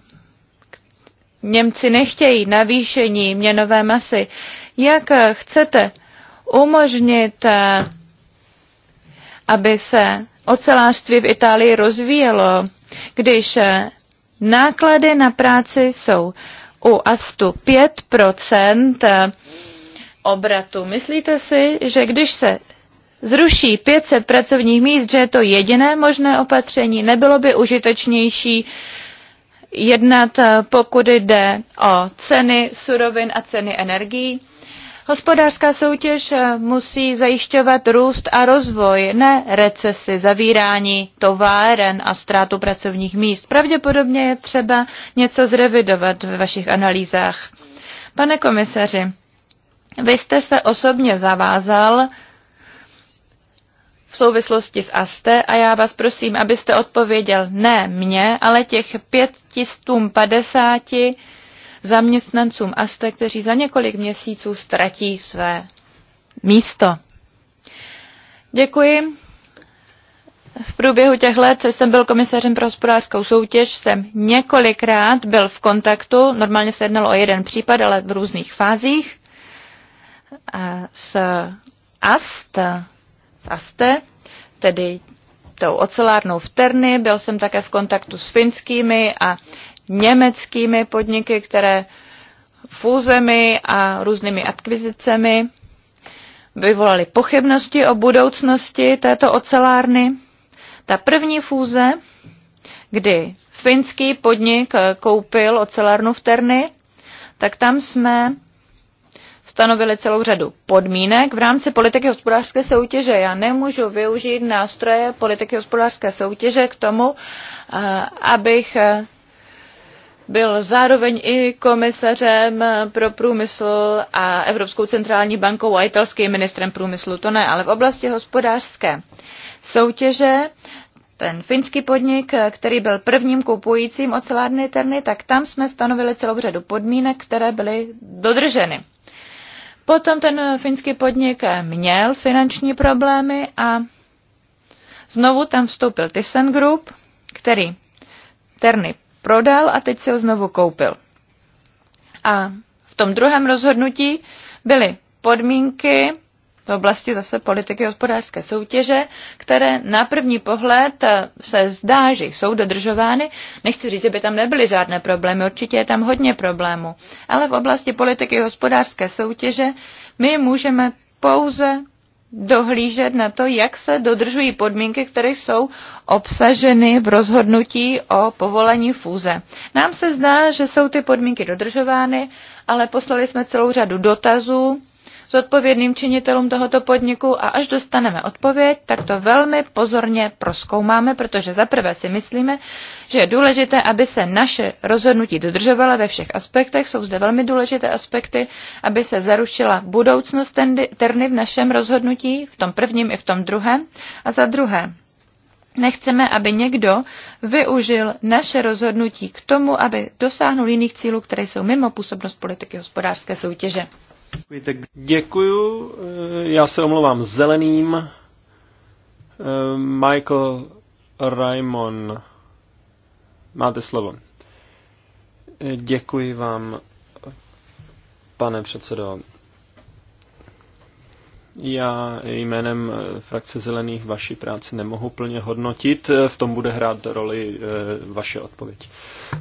Němci nechtějí navýšení měnové masy. Jak chcete umožnit, eh, aby se ocelářství v Itálii rozvíjelo, když eh, náklady na práci jsou u Astu 5 eh, obratu. Myslíte si, že když se zruší 500 pracovních míst, že je to jediné možné opatření, nebylo by užitečnější jednat, eh, pokud jde o ceny surovin a ceny energií. Hospodářská soutěž eh, musí zajišťovat růst a rozvoj, ne recesi, zavírání továren a ztrátu pracovních míst. Pravděpodobně je třeba něco zrevidovat ve vašich analýzách. Pane komisaři, vy jste se osobně zavázal, v souvislosti s ASTE a já vás prosím, abyste odpověděl ne mně, ale těch 550 zaměstnancům ASTE, kteří za několik měsíců ztratí své místo. Děkuji. V průběhu těch let, co jsem byl komisařem pro hospodářskou soutěž, jsem několikrát byl v kontaktu, normálně se jednalo o jeden případ, ale v různých fázích, s AST, Aste, tedy tou ocelárnou v Terny. Byl jsem také v kontaktu s finskými a německými podniky, které fúzemi a různými akvizicemi vyvolaly pochybnosti o budoucnosti této ocelárny. Ta první fúze, kdy finský podnik koupil ocelárnu v Terny, tak tam jsme stanovili celou řadu podmínek v rámci politiky hospodářské soutěže. Já nemůžu využít nástroje politiky hospodářské soutěže k tomu, eh, abych eh, byl zároveň i komisařem pro průmysl a Evropskou centrální bankou a italským ministrem průmyslu. To ne, ale v oblasti hospodářské soutěže ten finský podnik, který byl prvním kupujícím ocelárny Terny, tak tam jsme stanovili celou řadu podmínek, které byly dodrženy. Potom ten eh, finský podnik eh, měl finanční problémy a znovu tam vstoupil Thyssen Group, který Terny prodal a teď si ho znovu koupil. A v tom druhém rozhodnutí byly podmínky v oblasti zase politiky hospodářské soutěže, které na první pohled eh, se zdá, že jsou dodržovány. Nechci říct, že by tam nebyly žádné problémy, určitě je tam hodně problémů. Ale v oblasti politiky hospodářské soutěže my můžeme pouze dohlížet na to, jak se dodržují podmínky, které jsou obsaženy v rozhodnutí o povolení fúze. Nám se zdá, že jsou ty podmínky dodržovány, ale poslali jsme celou řadu dotazů zodpovědným činitelům tohoto podniku a až dostaneme odpověď, tak to velmi pozorně proskoumáme, protože zaprvé si myslíme, že je důležité, aby se naše rozhodnutí dodržovala ve všech aspektech. Jsou zde velmi důležité aspekty, aby se zarušila budoucnost terny v našem rozhodnutí, v tom prvním i v tom druhém. A za druhé, Nechceme, aby někdo využil naše rozhodnutí k tomu, aby dosáhnul jiných cílů, které jsou mimo působnost politiky hospodářské soutěže. Děkuju, eh, já se omlouvám zeleným. Eh, Michael Raimon, máte slovo. Eh, děkuji vám, pane předsedo. Já jménem eh, frakce Zelených vaši práci nemohu plně hodnotit, eh, v tom bude hrát roli eh, vaše odpověď.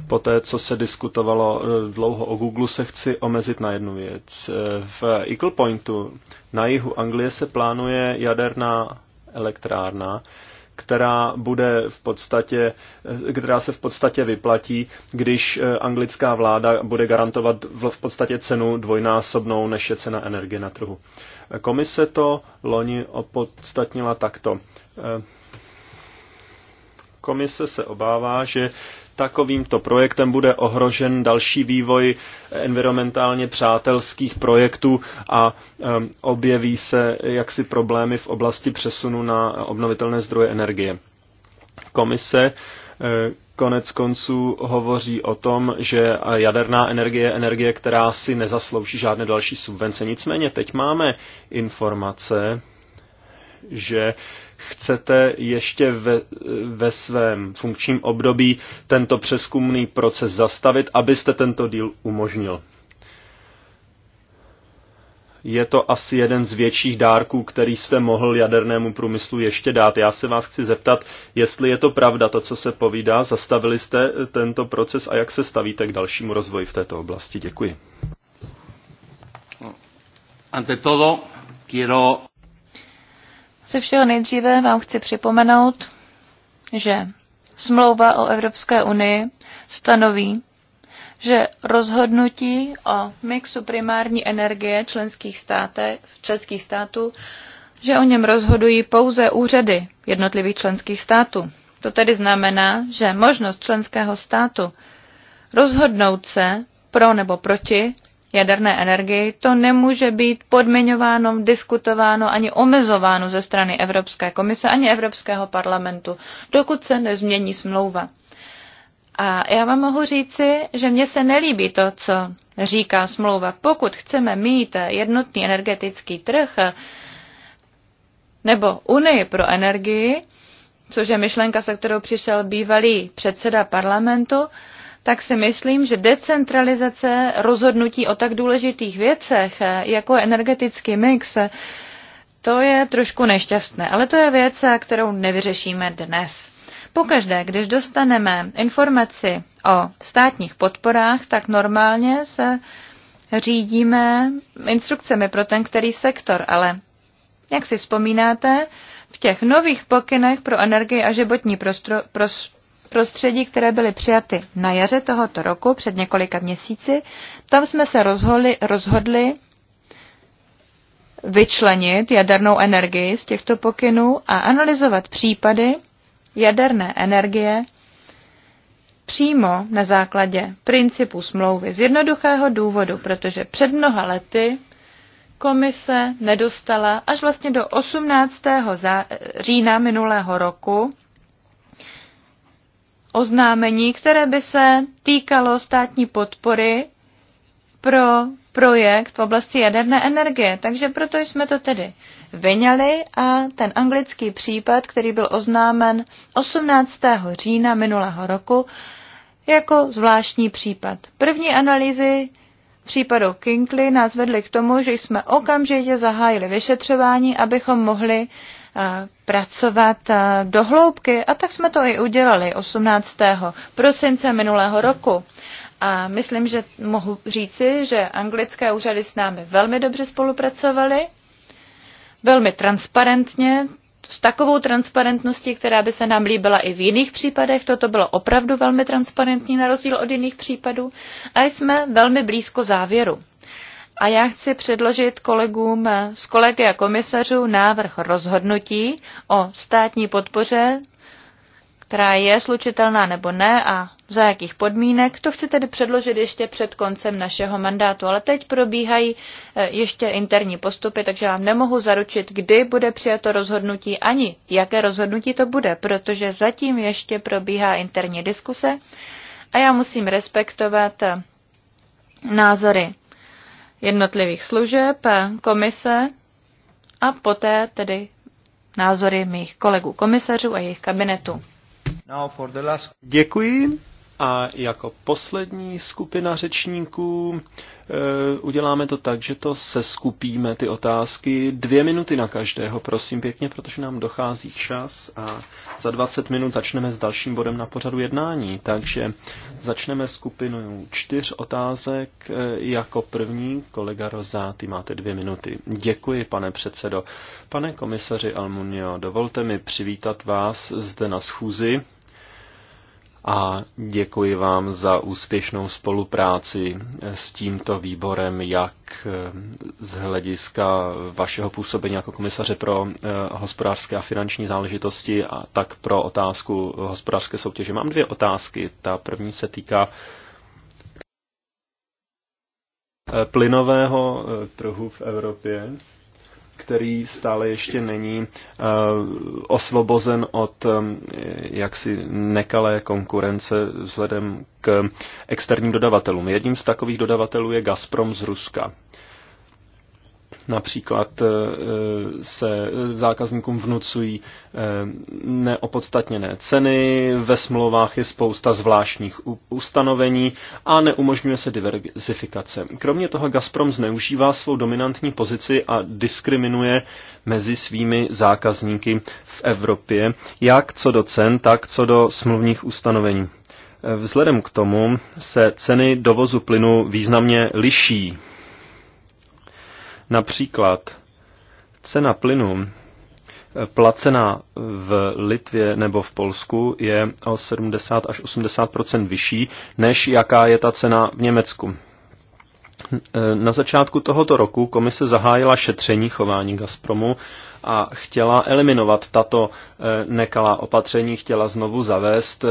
Poté, co se diskutovalo dlouho o Google, se chci omezit na jednu věc. V Eagle Pointu na jihu Anglie se plánuje jaderná elektrárna, která bude v podstatě, která se v podstatě vyplatí, když eh, anglická vláda bude garantovat v podstatě cenu dvojnásobnou, než je cena energie na trhu. Komise to loni opodstatnila takto. Eh, komise se obává, že takovýmto projektem bude ohrožen další vývoj environmentálně přátelských projektů a objeví se jaksi problémy v oblasti přesunu na obnovitelné zdroje energie. Komise e, konec konců hovoří o tom, že jaderná energie je energie, která si nezaslouží žádné další subvence. Nicméně teď máme informace, že chcete ještě ve, ve svém funkčním období tento přeskumný proces zastavit, abyste tento díl umožnil. Je to asi jeden z větších dárků, který jste mohl jadernému průmyslu ještě dát. Já se vás chci zeptat, jestli je to pravda, to, co se povídá, zastavili jste eh, tento proces a jak se stavíte k dalšímu rozvoji v této oblasti. Děkuji. Ante todo, quiero se všeho nejdříve vám chci připomenout, že smlouva o Evropské unii stanoví, že rozhodnutí o mixu primární energie členských, státech, členských států, že o něm rozhodují pouze úřady jednotlivých členských států. To tedy znamená, že možnost členského státu rozhodnout se pro nebo proti jaderné energii, to nemůže být podmiňováno, diskutováno ani omezováno ze strany Evropské komise ani Evropského parlamentu, dokud se nezmění smlouva. A já vám mohu říci, že mně se nelíbí to, co říká smlouva. Pokud chceme mít jednotný energetický trh nebo Unii pro energii, což je myšlenka, se kterou přišel bývalý předseda parlamentu, tak si myslím, že decentralizace rozhodnutí o tak důležitých věcech, eh, jako je energetický mix, eh, to je trošku nešťastné, ale to je věc, eh, kterou nevyřešíme dnes. Pokaždé, když dostaneme informaci o státních podporách, tak normálně se řídíme instrukcemi pro ten který sektor, ale jak si vzpomínáte, v těch nových pokynech pro energii a životní prostro, prostředí, které byly přijaty na jaře tohoto roku, před několika měsíci, tam jsme se rozhodli, rozhodli vyčlenit jadernou energii z těchto pokynů a analyzovat případy jaderné energie přímo na základě principu smlouvy z jednoduchého důvodu, protože před mnoha lety komise nedostala až vlastně do 18. října minulého roku oznámení, které by se týkalo státní podpory pro projekt v oblasti jaderné energie. Takže proto jsme to tedy vyňali a ten anglický případ, který byl oznámen 18. října minulého roku, jako zvláštní případ. První analýzy případu Kinkley nás vedly k tomu, že jsme okamžitě zahájili vyšetřování, abychom mohli pracovat do hloubky a tak jsme to i udělali 18. prosince minulého roku. A myslím, že mohu říci, že anglické úřady s námi velmi dobře spolupracovaly, velmi transparentně, s takovou transparentností, která by se nám líbila i v jiných případech. Toto bylo opravdu velmi transparentní na rozdíl od jiných případů a jsme velmi blízko závěru. A já chci předložit kolegům z kolegy a komisařů návrh rozhodnutí o státní podpoře, která je slučitelná nebo ne a za jakých podmínek. To chci tedy předložit ještě před koncem našeho mandátu, ale teď probíhají eh, ještě interní postupy, takže vám nemohu zaručit, kdy bude přijato rozhodnutí ani jaké rozhodnutí to bude, protože zatím ještě probíhá interní diskuse a já musím respektovat eh, názory jednotlivých služeb, komise a poté tedy názory mých kolegů komisařů a jejich kabinetu. Děkuji. A jako poslední skupina řečníků Eh, uděláme to tak, že to seskupíme, ty otázky, dvě minuty na každého, prosím pěkně, protože nám dochází čas a za 20 minut začneme s dalším bodem na pořadu jednání. Takže začneme skupinu čtyř otázek. Eh, jako první kolega ty máte dvě minuty. Děkuji, pane předsedo. Pane komisaři Almunio, dovolte mi přivítat vás zde na schůzi a děkuji vám za úspěšnou spolupráci s tímto výborem, jak eh, z hlediska vašeho působení jako komisaře pro eh, hospodářské a finanční záležitosti, a tak pro otázku hospodářské soutěže. Mám dvě otázky. Ta první se týká eh, plynového trhu v Evropě který stále ještě není eh, osvobozen od eh, jaksi nekalé konkurence vzhledem k externím dodavatelům. Jedním z takových dodavatelů je Gazprom z Ruska. Například eh, se zákazníkům vnucují eh, neopodstatněné ceny, ve smlouvách je spousta zvláštních ustanovení a neumožňuje se diverzifikace. Kromě toho Gazprom zneužívá svou dominantní pozici a diskriminuje mezi svými zákazníky v Evropě, jak co do cen, tak co do smluvních ustanovení. Eh, vzhledem k tomu se ceny dovozu plynu významně liší Například cena plynu eh, placená v Litvě nebo v Polsku je o 70 až 80 vyšší, než jaká je ta cena v Německu. Eh, na začátku tohoto roku komise zahájila šetření chování Gazpromu a chtěla eliminovat tato eh, nekalá opatření, chtěla znovu zavést eh,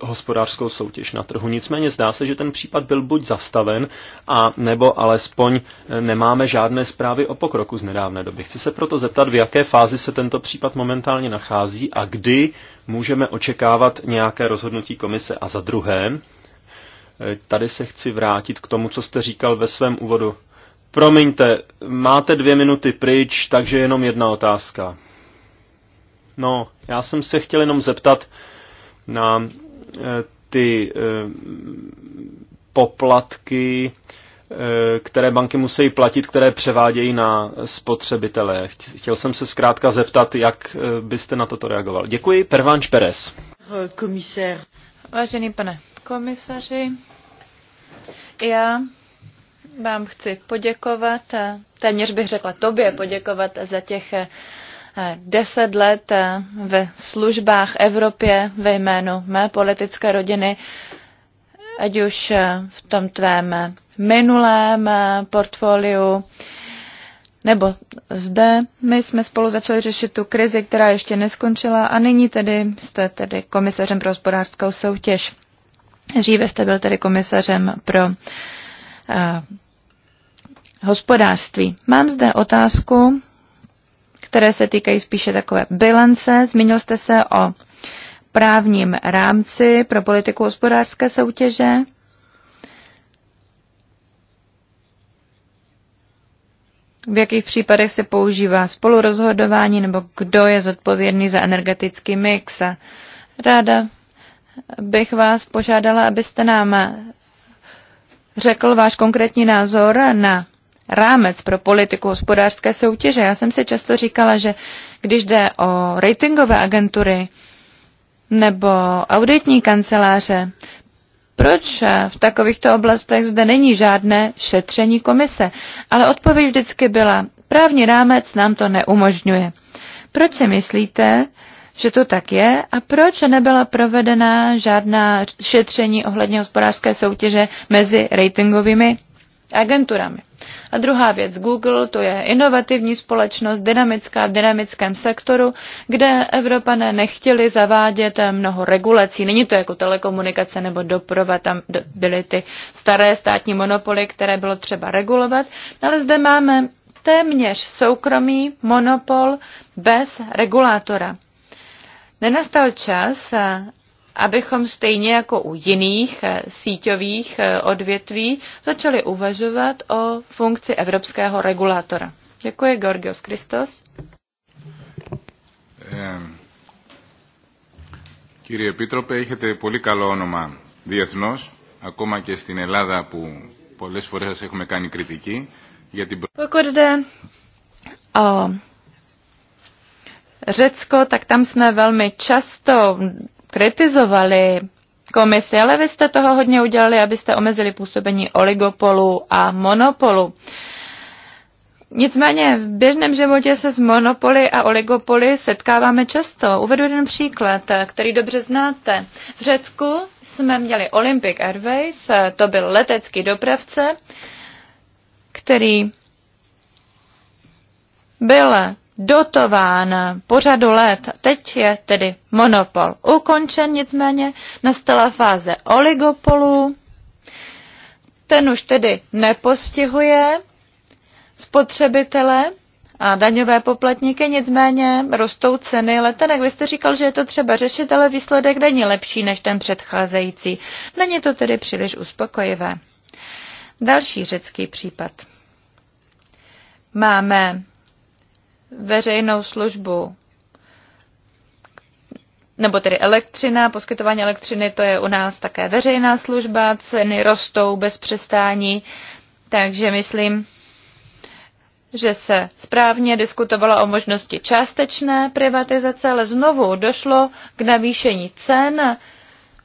hospodářskou soutěž na trhu. Nicméně zdá se, že ten případ byl buď zastaven, a nebo alespoň nemáme žádné zprávy o pokroku z nedávné doby. Chci se proto zeptat, v jaké fázi se tento případ momentálně nachází a kdy můžeme očekávat nějaké rozhodnutí komise. A za druhé, Tady se chci vrátit k tomu, co jste říkal ve svém úvodu. Promiňte, máte dvě minuty pryč, takže jenom jedna otázka. No, já jsem se chtěl jenom zeptat na e, ty e, poplatky, e, které banky musí platit, které převádějí na spotřebitele. Chtěl jsem se zkrátka zeptat, jak byste na toto reagoval. Děkuji, Pervanč Perez. Komisér. Vážený pane komisaři. Já vám chci poděkovat, téměř bych řekla tobě poděkovat za těch eh, deset let eh, ve službách Evropě ve jménu mé politické rodiny, ať už eh, v tom tvém minulém portfoliu, nebo zde. My jsme spolu začali řešit tu krizi, která ještě neskončila a nyní tedy jste tedy komisařem pro hospodářskou soutěž. Dříve jste byl tedy komisařem pro eh, hospodářství. Mám zde otázku, které se týkají spíše takové bilance. Zmínil jste se o právním rámci pro politiku hospodářské soutěže. V jakých případech se používá spolurozhodování nebo kdo je zodpovědný za energetický mix? Ráda bych vás požádala, abyste nám řekl váš konkrétní názor na rámec pro politiku hospodářské soutěže. Já jsem si často říkala, že když jde o ratingové agentury nebo auditní kanceláře, proč v takovýchto oblastech zde není žádné šetření komise? Ale odpověď vždycky byla, právní rámec nám to neumožňuje. Proč si myslíte, že to tak je a proč nebyla provedena žádná šetření ohledně hospodářské soutěže mezi ratingovými agenturami. A druhá věc, Google, to je inovativní společnost, dynamická v dynamickém sektoru, kde Evropané nechtěli zavádět mnoho regulací. Není to jako telekomunikace nebo doprava, tam byly ty staré státní monopoly, které bylo třeba regulovat, ale zde máme téměř soukromý monopol bez regulátora. Nenastal čas, eh, abychom stejně jako u jiných eh, síťových eh, odvětví začali uvažovat o funkci evropského regulátora. Děkuji, Georgios Christos. Kyrie Επίτροπε, έχετε πολύ καλό onoma διεθνώς, ακόμα και στην Ελλάδα που πολλές φορές σας έχουμε κάνει κριτική για την... Pokud jde o Řecko, tak tam jsme velmi často kritizovali komisi, ale vy jste toho hodně udělali, abyste omezili působení oligopolu a monopolu. Nicméně v běžném životě se s monopoly a oligopoly setkáváme často. Uvedu jeden příklad, který dobře znáte. V Řecku jsme měli Olympic Airways, to byl letecký dopravce, který byl dotován po řadu let. Teď je tedy monopol ukončen, nicméně nastala fáze oligopolu. Ten už tedy nepostihuje spotřebitele a daňové poplatníky, nicméně rostou ceny letenek. Vy jste říkal, že je to třeba řešit, ale výsledek není lepší než ten předcházející. Není to tedy příliš uspokojivé. Další řecký případ. Máme veřejnou službu. Nebo tedy elektřina, poskytování elektřiny, to je u nás také veřejná služba, ceny rostou bez přestání, takže myslím, že se správně diskutovalo o možnosti částečné privatizace, ale znovu došlo k navýšení cen,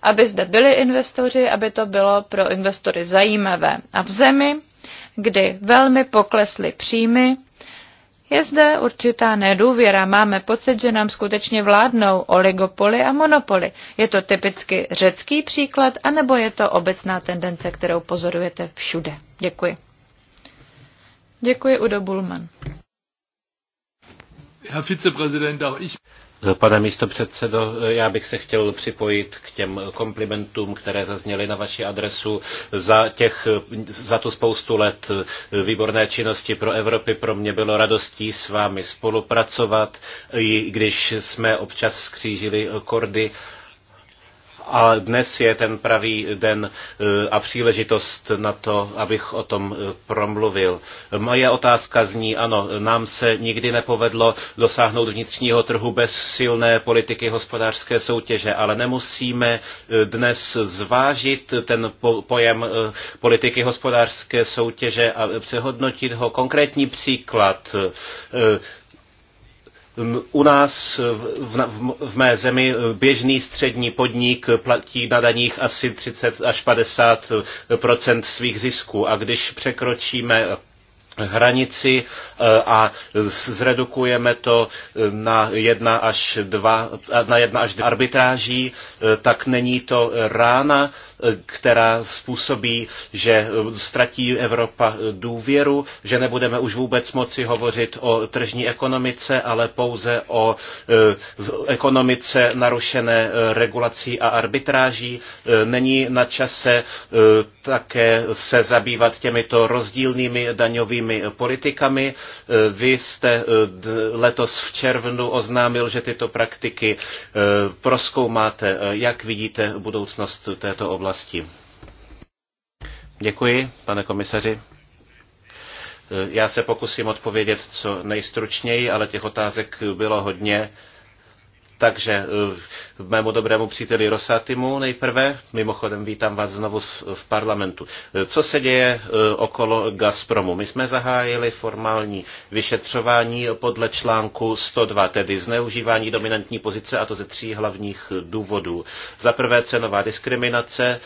aby zde byli investoři, aby to bylo pro investory zajímavé. A v zemi, kdy velmi poklesly příjmy, je zde určitá nedůvěra. Máme pocit, že nám skutečně vládnou oligopoly a monopoly. Je to typicky řecký příklad, anebo je to obecná tendence, kterou pozorujete všude? Děkuji. Děkuji, Udo Bulman. Herr Vizepräsident, auch ich. Pane předsedo, já bych se chtěl připojit k těm komplimentům, které zazněly na vaši adresu za, těch, za tu spoustu let výborné činnosti pro Evropy. Pro mě bylo radostí s vámi spolupracovat, i když jsme občas skřížili kordy ale dnes je ten pravý den e, a příležitost na to, abych o tom e, promluvil. Moje otázka zní, ano, nám se nikdy nepovedlo dosáhnout vnitřního trhu bez silné politiky hospodářské soutěže, ale nemusíme e, dnes zvážit ten pojem politiky hospodářské soutěže a přehodnotit ho. Konkrétní příklad u nás v, v, v mé zemi eh, běžný střední podnik platí na daních asi 30 až 50 eh, svých zisků a když překročíme hranici eh, a zredukujeme to eh, na jedna až dva, eh, na jedna až dva arbitráží, tak není to rána, která způsobí, že ztratí Evropa důvěru, že nebudeme už vůbec moci hovořit o tržní ekonomice, ale pouze o ekonomice narušené regulací a arbitráží. Není na čase také se zabývat těmito rozdílnými daňovými vašimi eh, politikami. Eh, vy jste eh, letos v červnu oznámil, že tyto praktiky proskoumáte. Jak vidíte budoucnost této oblasti? Děkuji, pane komisaři. Já se pokusím odpovědět co nejstručněji, ale těch otázek bylo hodně. Takže v eh, mému dobrému příteli Rosatimu nejprve, mimochodem vítám vás znovu v parlamentu. Eh, co se děje eh, okolo Gazpromu? My jsme zahájili formální vyšetřování podle článku 102, tedy zneužívání dominantní pozice a to ze tří hlavních důvodů. Za prvé cenová diskriminace,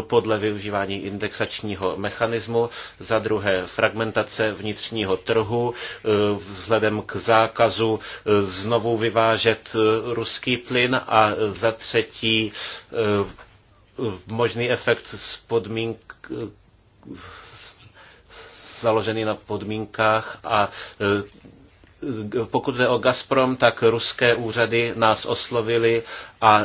podle využívání indexačního mechanismu, za druhé fragmentace vnitřního trhu e, vzhledem k zákazu e, znovu vyvážet e, ruský plyn a za třetí možný efekt z podmínk založený na podmínkách a pokud jde o Gazprom, tak ruské úřady nás oslovili a e,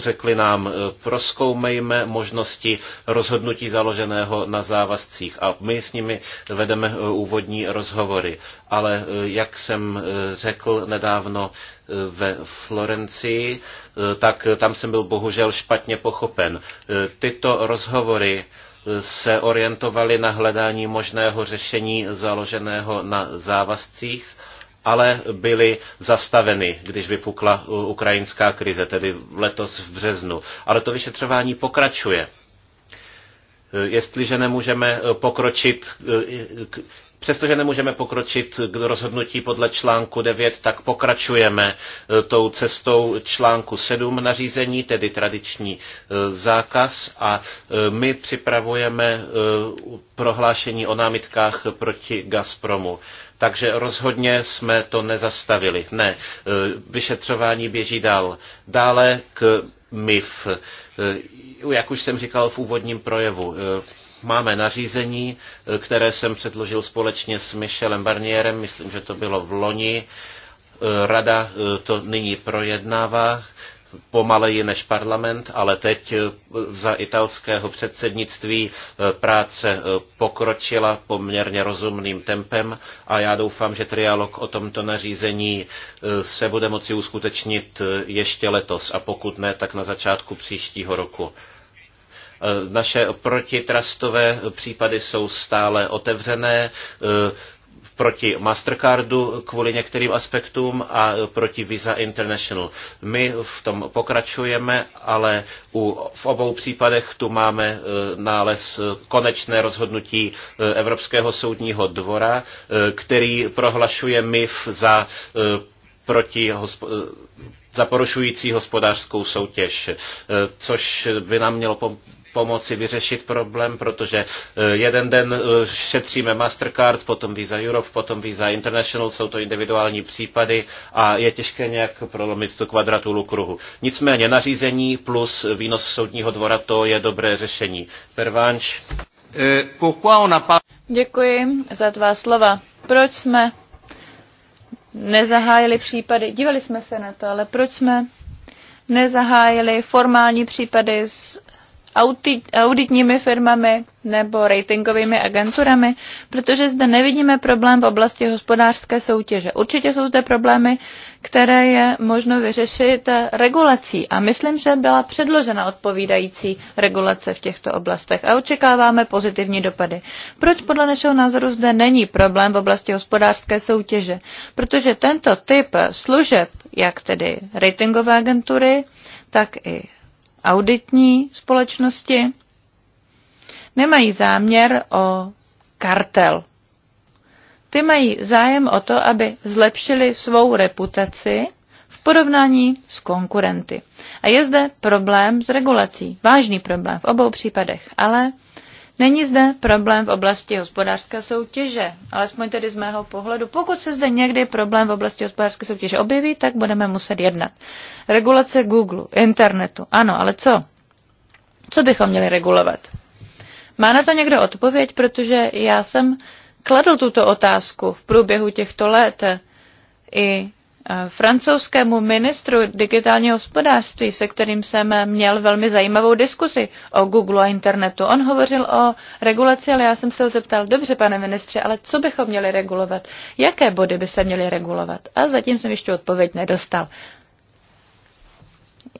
řekli nám, e, proskoumejme možnosti rozhodnutí založeného na závazcích. A my s nimi vedeme e, úvodní rozhovory. Ale jak jsem řekl nedávno ve Florencii, tak tam jsem byl bohužel špatně pochopen. Tyto rozhovory se orientovali na hledání možného řešení založeného na závazcích ale byly zastaveny, když vypukla ukrajinská krize, tedy letos v březnu. Ale to vyšetřování pokračuje. Jestliže nemůžeme eh, pokročit eh, Přestože nemůžeme pokročit k rozhodnutí podle článku 9, tak pokračujeme eh, tou cestou článku 7 nařízení, tedy tradiční zákaz a my připravujeme prohlášení o námitkách proti Gazpromu. Takže rozhodně jsme to nezastavili. Ne, e, vyšetřování běží dál. Dále k MIF. E, jak už jsem říkal v úvodním projevu, e, máme nařízení, které jsem předložil společně s Michelem Barnierem, myslím, že to bylo v loni. Rada to nyní projednává pomaleji než parlament, ale teď eh, za italského předsednictví eh, práce eh, pokročila poměrně rozumným tempem a já doufám, že trialog o tomto nařízení se bude moci uskutečnit ještě letos a pokud ne, tak na začátku příštího roku. Naše protitrastové případy jsou stále otevřené proti Mastercardu kvůli některým aspektům a proti Visa International. My v tom pokračujeme, ale u, v obou případech tu máme e, nález konečné rozhodnutí e, Evropského soudního dvora, e, který prohlašuje MIF za proti za porušující hospodářskou soutěž, což by nám mělo pomoci vyřešit problém, protože eh, jeden den eh, šetříme Mastercard, potom Visa Europe, potom Visa International, jsou to individuální případy a je těžké nějak prolomit tu kvadraturu kruhu. Nicméně nařízení plus výnos soudního dvora, to je dobré řešení. Pervánč. Eh, Děkuji za tvá slova. Proč jsme nezahájili případy, dívali jsme se na to, ale proč jsme nezahájili formální případy s auditními firmami nebo ratingovými agenturami, protože zde nevidíme problém v oblasti hospodářské soutěže. Určitě jsou zde problémy, které je možno vyřešit regulací a myslím, že byla předložena odpovídající regulace v těchto oblastech a očekáváme pozitivní dopady. Proč podle našeho názoru zde není problém v oblasti hospodářské soutěže? Protože tento typ služeb, jak tedy ratingové agentury, tak i auditní společnosti nemají záměr o kartel. Ty mají zájem o to, aby zlepšili svou reputaci v porovnání s konkurenty. A je zde problém s regulací, vážný problém v obou případech, ale Není zde problém v oblasti hospodářské soutěže, alespoň tedy z mého pohledu. Pokud se zde někdy problém v oblasti hospodářské soutěže objeví, tak budeme muset jednat. Regulace Google, internetu, ano, ale co? Co bychom měli regulovat? Má na to někdo odpověď, protože já jsem kladl tuto otázku v průběhu těchto let i Eh, francouzskému ministru digitálního hospodářství, se kterým jsem měl velmi zajímavou diskusi o Google a internetu. On hovořil o regulaci, ale já jsem se ho zeptal, dobře, pane ministře, ale co bychom měli regulovat? Jaké body by se měly regulovat? A zatím jsem ještě odpověď nedostal.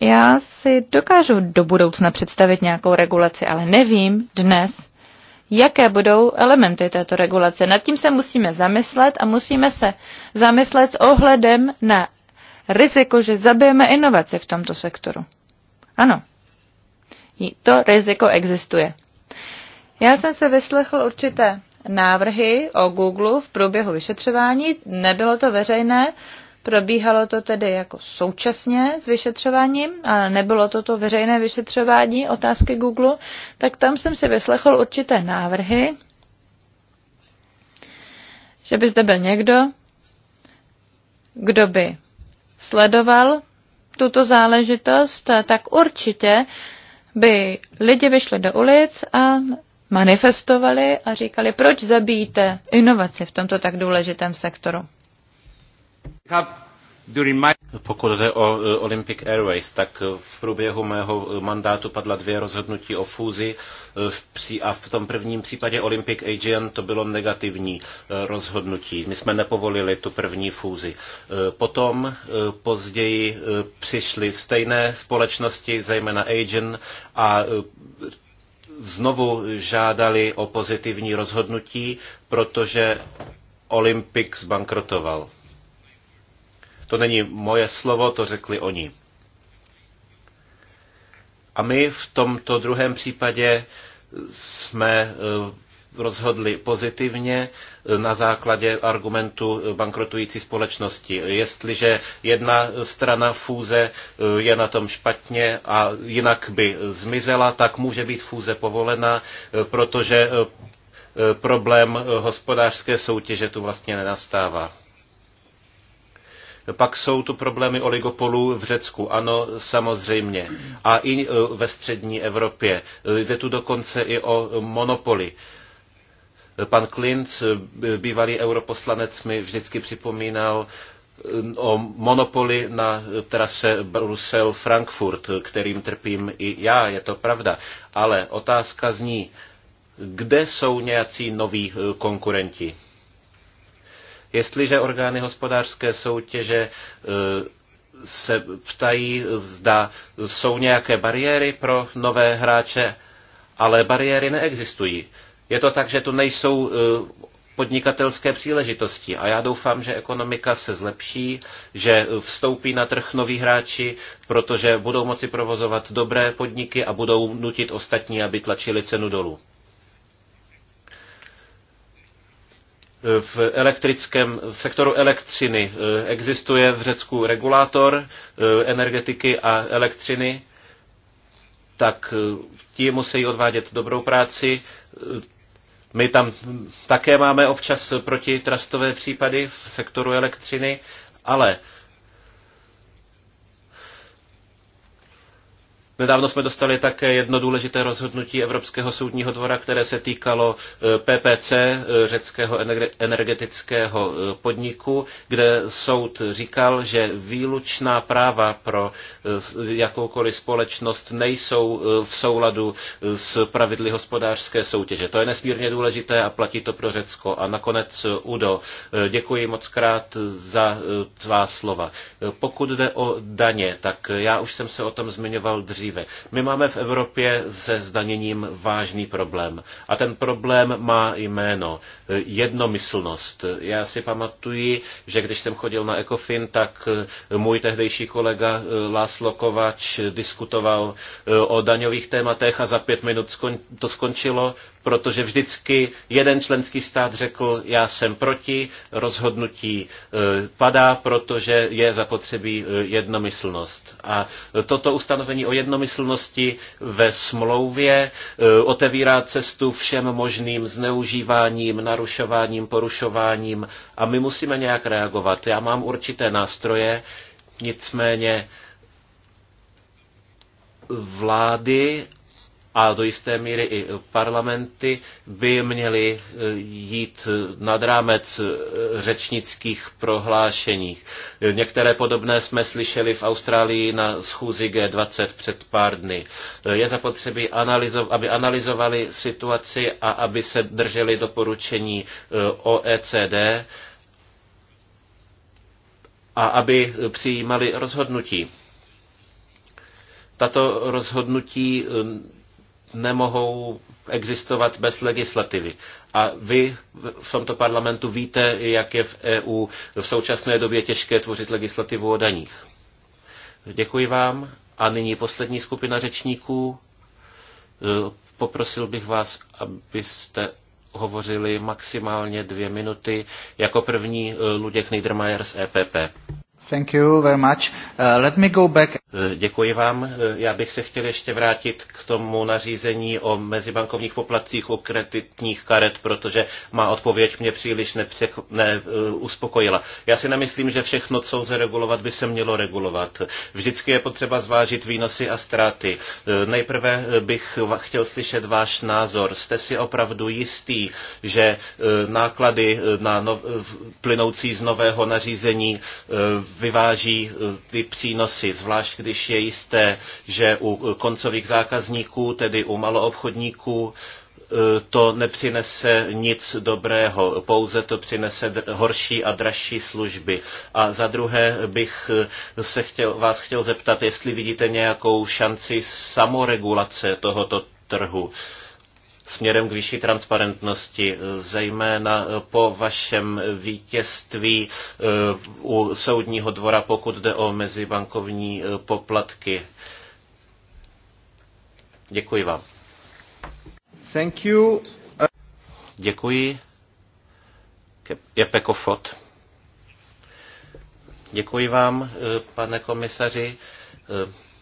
Já si dokážu do budoucna představit nějakou regulaci, ale nevím dnes, jaké budou elementy této regulace. Nad tím se musíme zamyslet a musíme se zamyslet s ohledem na riziko, že zabijeme inovace v tomto sektoru. Ano, to riziko existuje. Já jsem se vyslechl určité návrhy o Google v průběhu vyšetřování. Nebylo to veřejné, Probíhalo to tedy jako současně s vyšetřováním, ale nebylo to to veřejné vyšetřování otázky Google, tak tam jsem si vyslechl určité návrhy, že by zde byl někdo, kdo by sledoval tuto záležitost, tak určitě by lidi vyšli do ulic a manifestovali a říkali, proč zabijíte inovaci v tomto tak důležitém sektoru. Pokud jde o e, Olympic Airways, tak v průběhu mého e, mandátu padla dvě rozhodnutí o fúzi e, a v tom prvním případě Olympic Aegean to bylo negativní rozhodnutí. My jsme nepovolili tu první fúzi. Potom později přišly stejné společnosti, zejména Aegean a znovu žádali o pozitivní rozhodnutí, protože Olympic zbankrotoval. To není moje slovo, to řekli oni. A my v tomto druhém případě jsme eh, rozhodli pozitivně eh, na základě argumentu eh, bankrotující společnosti. Jestliže jedna strana fúze je na tom špatně a jinak by zmizela, tak může být fúze povolena, protože problém hospodářské soutěže tu vlastně nenastává. Pak jsou tu problémy oligopolů v Řecku, ano, samozřejmě. A i e, ve střední Evropě. E, jde tu dokonce i o monopoly. E, pan Klinc, bývalý europoslanec, mi vždycky připomínal, o monopoly na trase Brusel-Frankfurt, kterým trpím i já, je to pravda. Ale otázka zní, kde jsou nějací noví konkurenti? Jestliže orgány hospodářské soutěže e, se ptají, zda jsou nějaké bariéry pro nové hráče, ale bariéry neexistují. Je to tak, že tu nejsou e, podnikatelské příležitosti a já doufám, že ekonomika se zlepší, že vstoupí na trh noví hráči, protože budou moci provozovat dobré podniky a budou nutit ostatní, aby tlačili cenu dolů. v, elektrickém, v sektoru elektřiny existuje v Řecku regulátor eh, energetiky a elektřiny, tak eh, ti musí odvádět dobrou práci. Eh, my tam také máme občas protitrastové případy v sektoru elektřiny, ale Nedávno jsme dostali také jedno důležité rozhodnutí Evropského soudního dvora, které se týkalo e, PPC, e, řeckého energetického e, podniku, kde soud říkal, že výlučná práva pro jakoukoliv společnost nejsou v souladu s pravidly hospodářské soutěže. To je nesmírně důležité a platí to pro Řecko. A nakonec Udo, děkuji moc krát za tvá slova. Pokud jde o daně, tak já už jsem se o tom zmiňoval dříve dříve. My máme v Evropě se zdaněním vážný problém. A ten problém má jméno. Eh, jednomyslnost. Já si pamatuji, že když jsem chodil na ECOFIN, tak eh, můj tehdejší kolega eh, Láslo Kovač diskutoval o daňových tématech a za pět minut to skončilo protože vždycky jeden členský stát řekl, já jsem proti, rozhodnutí e, padá, protože je zapotřebí e, jednomyslnost. A toto ustanovení o jednomyslnosti ve smlouvě e, otevírá cestu všem možným zneužíváním, narušováním, porušováním a my musíme nějak reagovat. Já mám určité nástroje, nicméně vlády a do jisté míry i parlamenty by měly eh, jít eh, nad rámec eh, řečnických prohlášeních. Některé podobné jsme slyšeli v Austrálii na schůzi G20 před pár dny. Je zapotřebí, aby analyzovali situaci a aby se drželi doporučení OECD a aby přijímali rozhodnutí. Tato rozhodnutí nemohou existovat bez legislativy. A vy v tomto parlamentu víte, jak je v EU v současné době těžké tvořit legislativu o daních. Děkuji vám. A nyní poslední skupina řečníků. Poprosil bych vás, abyste hovořili maximálně dvě minuty. Jako první Luděk Niedermayer z EPP. Thank you very much. Uh, let me go back. Eh, děkuji vám. Eh, já bych se chtěl ještě vrátit k tomu nařízení o mezibankovních poplatcích u kreditních karet, protože má odpověď mě příliš nepřech, ne, eh, uspokojila. Já si nemyslím, že všechno, co lze regulovat, by se mělo regulovat. Vždycky je potřeba zvážit výnosy a ztráty. Nejprve bych chtěl slyšet váš názor. Jste si opravdu jistý, že náklady na nov, plynoucí z nového nařízení vyváží ty přínosy, zvlášť když je jisté, že u koncových zákazníků, tedy u maloobchodníků, e, to nepřinese nic dobrého, pouze to přinese horší a dražší služby. A za druhé bych e, se chtěl, vás chtěl zeptat, jestli vidíte nějakou šanci samoregulace tohoto trhu. Uh, směrem k vyšší transparentnosti, zejména po vašem vítězství eh, u Soudního dvora, pokud jde o mezibankovní eh, poplatky. Děkuji vám. Thank you. Děkuji. Je pekofot. Děkuji vám, eh, pane komisaři.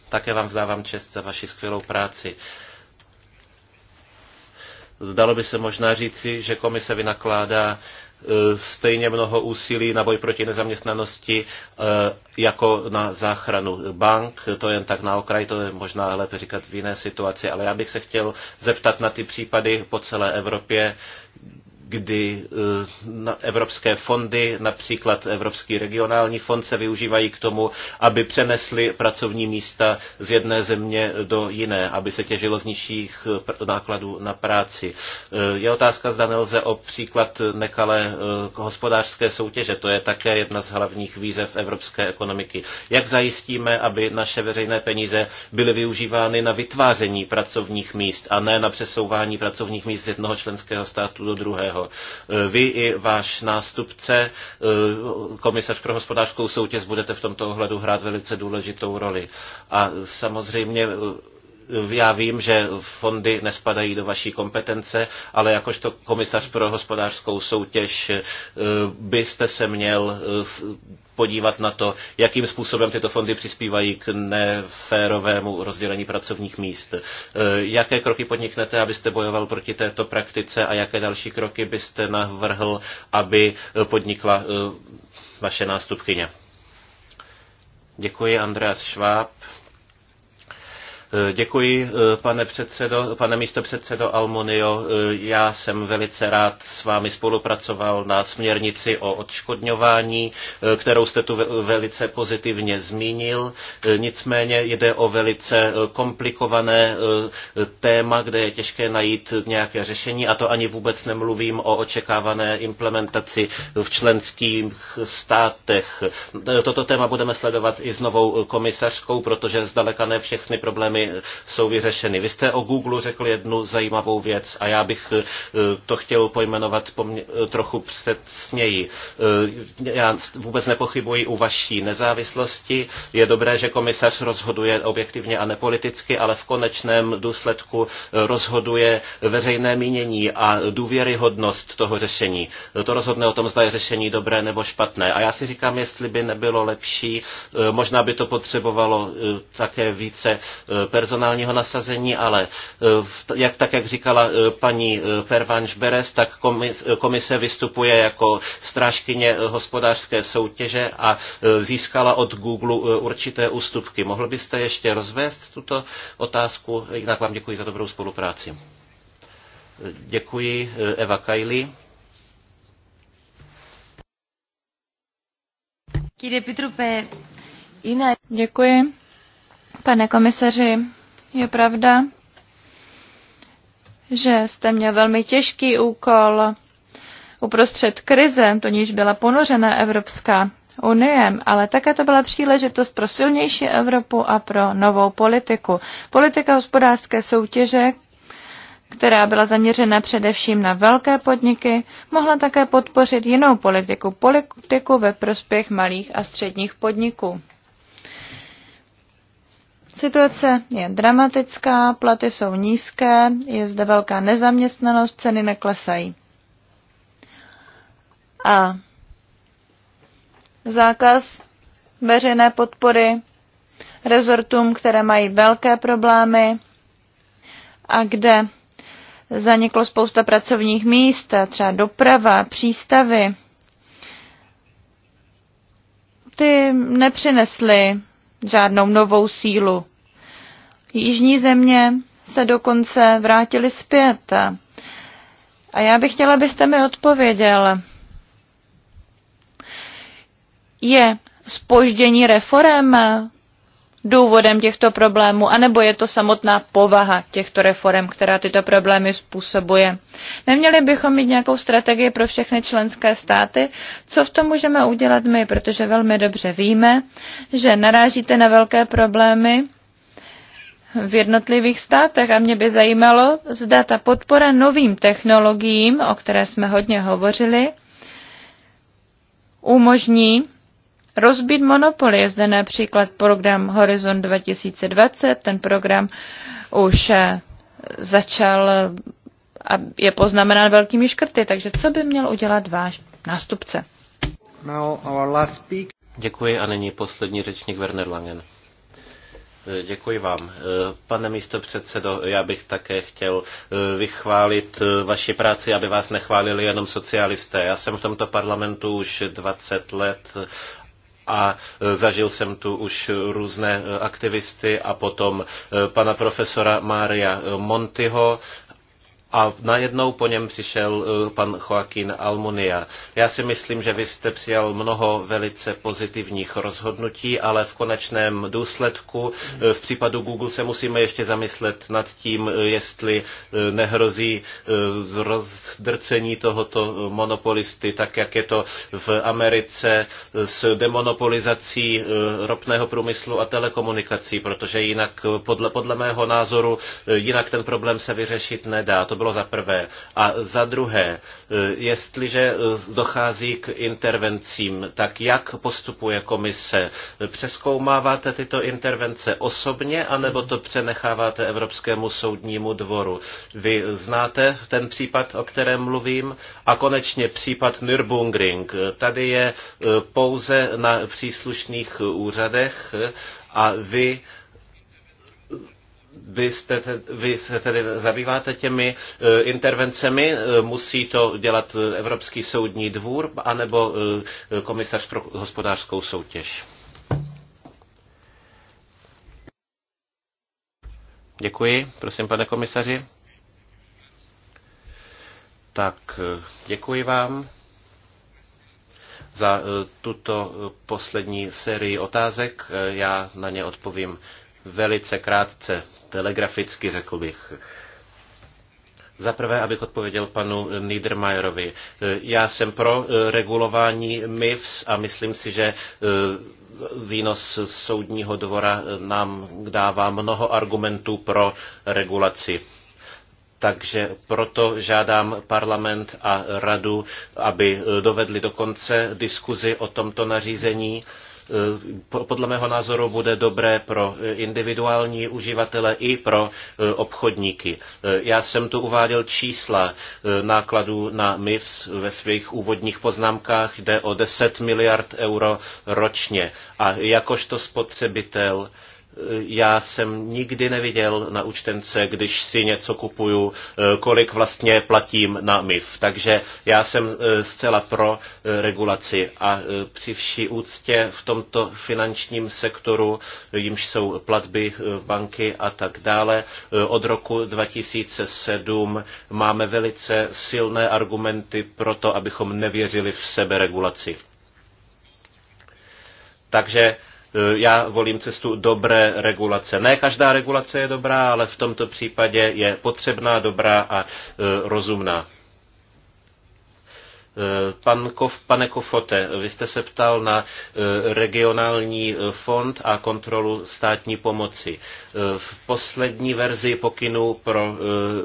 Také vám vzdávám čest za vaši skvělou práci. Dalo by se možná říci, že komise vynakládá e, stejně mnoho úsilí na boj proti nezaměstnanosti e, jako na záchranu bank. To jen tak na okraj, to je možná lépe říkat v jiné situaci, ale já bych se chtěl zeptat na ty případy po celé Evropě, kdy eh, evropské fondy, například Evropský regionální fond, se využívají k tomu, aby přenesli pracovní místa z jedné země do jiné, aby se těžilo z nižších eh, nákladů na práci. Eh, je otázka, zda nelze o příklad nekalé hospodářské soutěže. To je také jedna z hlavních výzev evropské ekonomiky. Jak zajistíme, aby naše veřejné peníze byly využívány na vytváření pracovních míst a ne na přesouvání pracovních míst z jednoho členského státu do druhého? Barroso. E, vy i váš nástupce, e, komisař pro hospodářskou soutěž, budete v tomto ohledu hrát velice důležitou roli. A samozřejmě e, já vím, že fondy nespadají do vaší kompetence, ale jakožto komisař pro hospodářskou soutěž eh, byste se měl eh, podívat na to, jakým způsobem tyto fondy přispívají k neférovému rozdělení pracovních míst. Eh, jaké kroky podniknete, abyste bojoval proti této praktice a jaké další kroky byste navrhl, aby podnikla vaše nástupkyně? Děkuji, Andreas Schwab. Eh, děkuji, eh, pane předsedo, pane místopředsedo Almonio. Eh, já jsem velice rád s vámi spolupracoval na směrnici o odškodňování, kterou jste tu velice pozitivně zmínil. Nicméně jde o velice komplikované téma, kde je těžké najít nějaké řešení a to ani vůbec nemluvím o očekávané implementaci v členských státech. Toto téma budeme sledovat i s novou komisařkou, protože zdaleka ne všechny problémy jsou vyřešeny. Vy jste o Google řekl jednu zajímavou věc a já bych eh, to chtěl pojmenovat eh, trochu přesněji. Eh, já vůbec nepochybuji u vaší nezávislosti. Je dobré, že komisař rozhoduje objektivně a nepoliticky, ale v konečném důsledku rozhoduje veřejné mínění a důvěryhodnost toho řešení. To rozhodne o tom, zda je řešení dobré nebo špatné. A já si říkám, jestli by nebylo lepší, možná by to potřebovalo také více personálního nasazení, ale eh, jak, tak, jak říkala eh, paní eh, Pervanš Beres, tak komise vystupuje jako strážkyně hospodářské soutěže a získala od Google určité ústupky. Mohl byste ještě rozvést tuto otázku? Jinak vám děkuji za dobrou spolupráci. Děkuji Eva Kajli. Děkuji. Pane komisaři, je pravda, že jste měl velmi těžký úkol uprostřed krize, to níž byla ponořena Evropská unie, ale také to byla příležitost pro silnější Evropu a pro novou politiku. Politika hospodářské soutěže, která byla zaměřena především na velké podniky, mohla také podpořit jinou politiku, politiku ve prospěch malých a středních podniků. Situace je dramatická, platy jsou nízké, je zde velká nezaměstnanost, ceny neklesají. A zákaz veřejné podpory rezortům, které mají velké problémy a kde zaniklo spousta pracovních míst, třeba doprava, přístavy, ty nepřinesly žádnou novou sílu. Jižní země se dokonce vrátili zpět. A já bych chtěla, abyste mi odpověděl. Je spoždění reforem důvodem těchto problémů, anebo je to samotná povaha těchto reform, která tyto problémy způsobuje. Neměli bychom mít nějakou strategii pro všechny členské státy? Co v tom můžeme udělat my? Protože velmi dobře víme, že narážíte na velké problémy v jednotlivých státech a mě by zajímalo, zda ta podpora novým technologiím, o které jsme hodně hovořili, umožní rozbít monopoly. Je zde například program Horizon 2020, ten program už eh, začal eh, a je poznamenán velkými škrty, takže co by měl udělat váš nástupce? Děkuji a nyní poslední řečník Werner Langen. Eh, děkuji vám. Pane místo předsedo, já bych také chtěl vychválit vaši práci, aby vás nechválili jenom socialisté. Já jsem v tomto parlamentu už 20 let a e, zažil jsem tu už různé e, aktivisty a potom e, pana profesora Mária Montyho a najednou po něm přišel eh, pan Joaquín Almunia. Já si myslím, že vy jste přijal mnoho velice pozitivních rozhodnutí, ale v konečném důsledku eh, v případu Google se musíme ještě zamyslet nad tím, eh, jestli nehrozí rozdrcení tohoto monopolisty, tak jak je to v Americe s demonopolizací ropného průmyslu a telekomunikací, protože jinak podle, podle mého názoru jinak ten problém se vyřešit nedá. To bylo za prvé. A za druhé, e, jestliže e, dochází k intervencím, tak jak postupuje komise? Přeskoumáváte tyto intervence osobně, anebo to přenecháváte Evropskému soudnímu dvoru? Vy znáte ten případ, o kterém mluvím? A konečně případ Nürburgring. Tady je e, pouze na příslušných úřadech a vy vy, jste, vy se tedy zabýváte těmi eh, intervencemi, eh, musí to dělat Evropský soudní dvůr anebo eh, komisař pro hospodářskou soutěž? Děkuji, prosím, pane komisaři. Tak, děkuji vám za tuto poslední sérii otázek. Já na ně odpovím velice krátce, telegraficky řekl bych. Za prvé, abych odpověděl panu Niedermayerovi. Já jsem pro eh, regulování MIFS a myslím si, že eh, výnos soudního dvora eh, nám dává mnoho argumentů pro regulaci. Takže proto žádám parlament a radu, aby dovedli do konce diskuzi o tomto nařízení Eh, podle mého názoru bude dobré pro eh, individuální uživatele i pro eh, obchodníky. Já jsem tu uváděl čísla nákladů na MIFS ve svých úvodních poznámkách. Jde o 10 miliard euro ročně. A jakožto spotřebitel, já jsem nikdy neviděl na účtence, když si něco kupuju, kolik vlastně platím na MIF. Takže já jsem eh, zcela pro eh, regulaci a eh, při vší úctě v tomto finančním sektoru, jimž jsou platby banky a tak dále, od roku 2007 máme velice silné argumenty pro to, abychom nevěřili v sebe regulaci. Takže Eh, já volím cestu dobré regulace. Ne každá regulace je dobrá, ale v tomto případě je potřebná, dobrá a eh, rozumná. Eh, pan Kof, pane Kofote, vy jste se ptal na regionální fond a kontrolu státní pomoci. V poslední verzi pokynů pro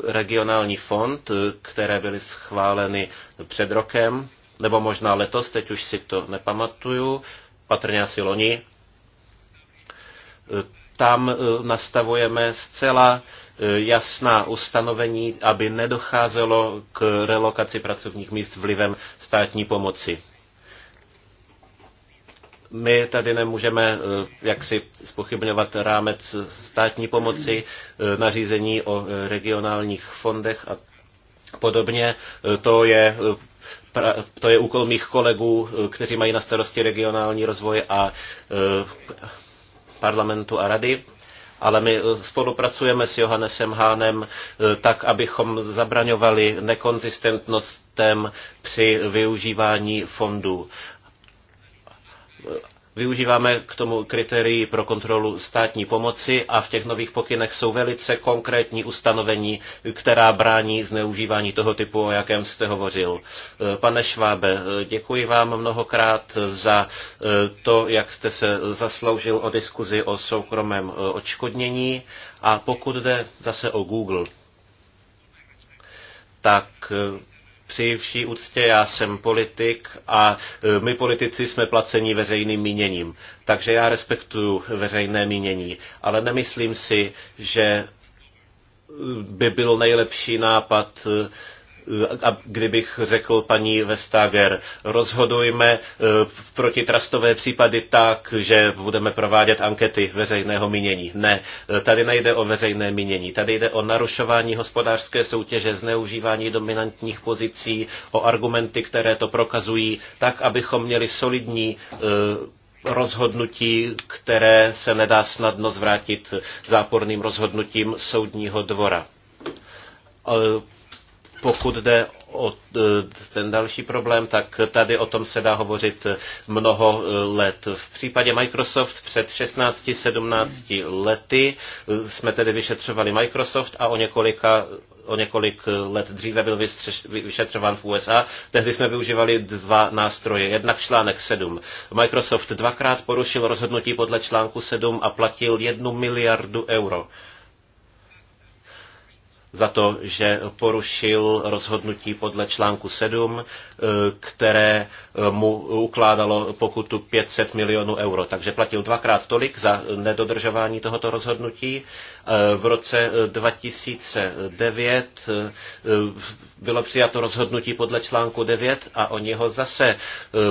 regionální fond, které byly schváleny před rokem, nebo možná letos, teď už si to nepamatuju, patrně asi loni, tam e, nastavujeme zcela e, jasná ustanovení, aby nedocházelo k relokaci pracovních míst vlivem státní pomoci. My tady nemůžeme e, jaksi spochybňovat rámec státní pomoci, nařízení o regionálních fondech a podobně. To je, to je úkol mých kolegů, kteří mají na starosti regionální rozvoj a parlamentu a rady, ale my eh, spolupracujeme s Johannesem Hánem eh, tak, abychom zabraňovali nekonzistentnostem při využívání fondů Využíváme k tomu kritérii pro kontrolu státní pomoci a v těch nových pokynech jsou velice konkrétní ustanovení, která brání zneužívání toho typu, o jakém jste hovořil. Eh, pane Švábe, eh, děkuji vám mnohokrát za eh, to, jak jste se zasloužil o diskuzi o soukromém odškodnění. A pokud jde zase o Google, tak při vší úctě já jsem politik a e, my politici jsme placeni veřejným míněním. Takže já respektuju veřejné mínění, ale nemyslím si, že by byl nejlepší nápad e, a kdybych řekl paní Vestager, rozhodujme e, protitrastové případy tak, že budeme provádět ankety veřejného mínění. Ne, e, tady nejde o veřejné mínění, tady jde o narušování hospodářské soutěže, zneužívání dominantních pozicí, o argumenty, které to prokazují, tak, abychom měli solidní e, rozhodnutí, které se nedá snadno zvrátit záporným rozhodnutím soudního dvora pokud jde o e, ten další problém, tak tady o tom se dá hovořit mnoho e, let. V případě Microsoft před 16-17 lety e, jsme tedy vyšetřovali Microsoft a o několika o několik let dříve byl vyšetřován v USA. Tehdy jsme využívali dva nástroje. Jednak článek 7. Microsoft dvakrát porušil rozhodnutí podle článku 7 a platil jednu miliardu euro za to, že porušil rozhodnutí podle článku 7 Eh, které eh, mu ukládalo pokutu 500 milionů euro. Takže platil dvakrát tolik za nedodržování tohoto rozhodnutí. Eh, v roce 2009 bylo přijato rozhodnutí podle článku 9 a oni ho zase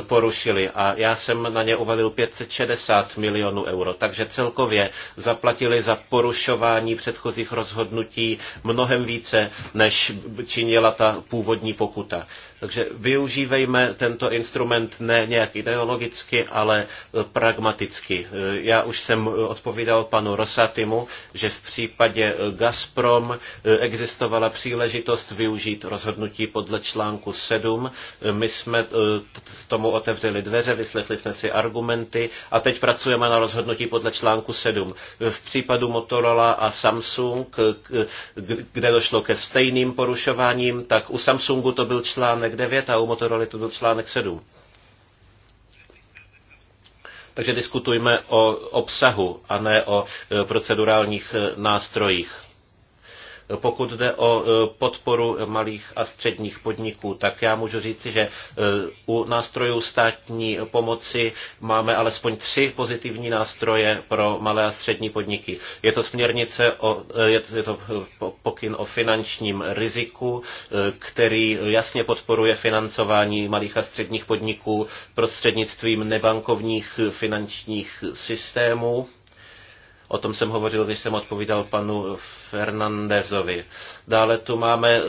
porušili a já jsem na ně uvalil 560 milionů euro. Takže celkově zaplatili za porušování předchozích rozhodnutí mnohem více, než činila ta původní pokuta. Takže využívejme tento instrument ne nějak ideologicky, ale eh, pragmaticky. Eh, já už jsem eh, odpovídal panu Rosatimu, že v případě Gazprom existovala příležitost využít rozhodnutí podle článku 7. My jsme tomu otevřeli dveře, vyslechli jsme si argumenty a teď pracujeme na rozhodnutí podle článku 7. V případu Motorola a Samsung, kde došlo ke stejným porušováním, tak u Samsungu to byl článek článek 9 a u Motorola to byl článek 7. Takže diskutujme o obsahu a ne o e, procedurálních e, nástrojích. Pokud jde o e, podporu malých a středních podniků, tak já můžu říci, že e, u nástrojů státní pomoci máme alespoň tři pozitivní nástroje pro malé a střední podniky. Je to směrnice o, e, je to pokyn o finančním riziku, který jasně podporuje financování malých a středních podniků prostřednictvím nebankovních finančních systémů O tom jsem hovořil, když jsem odpovídal panu Fernandezovi. Dále tu máme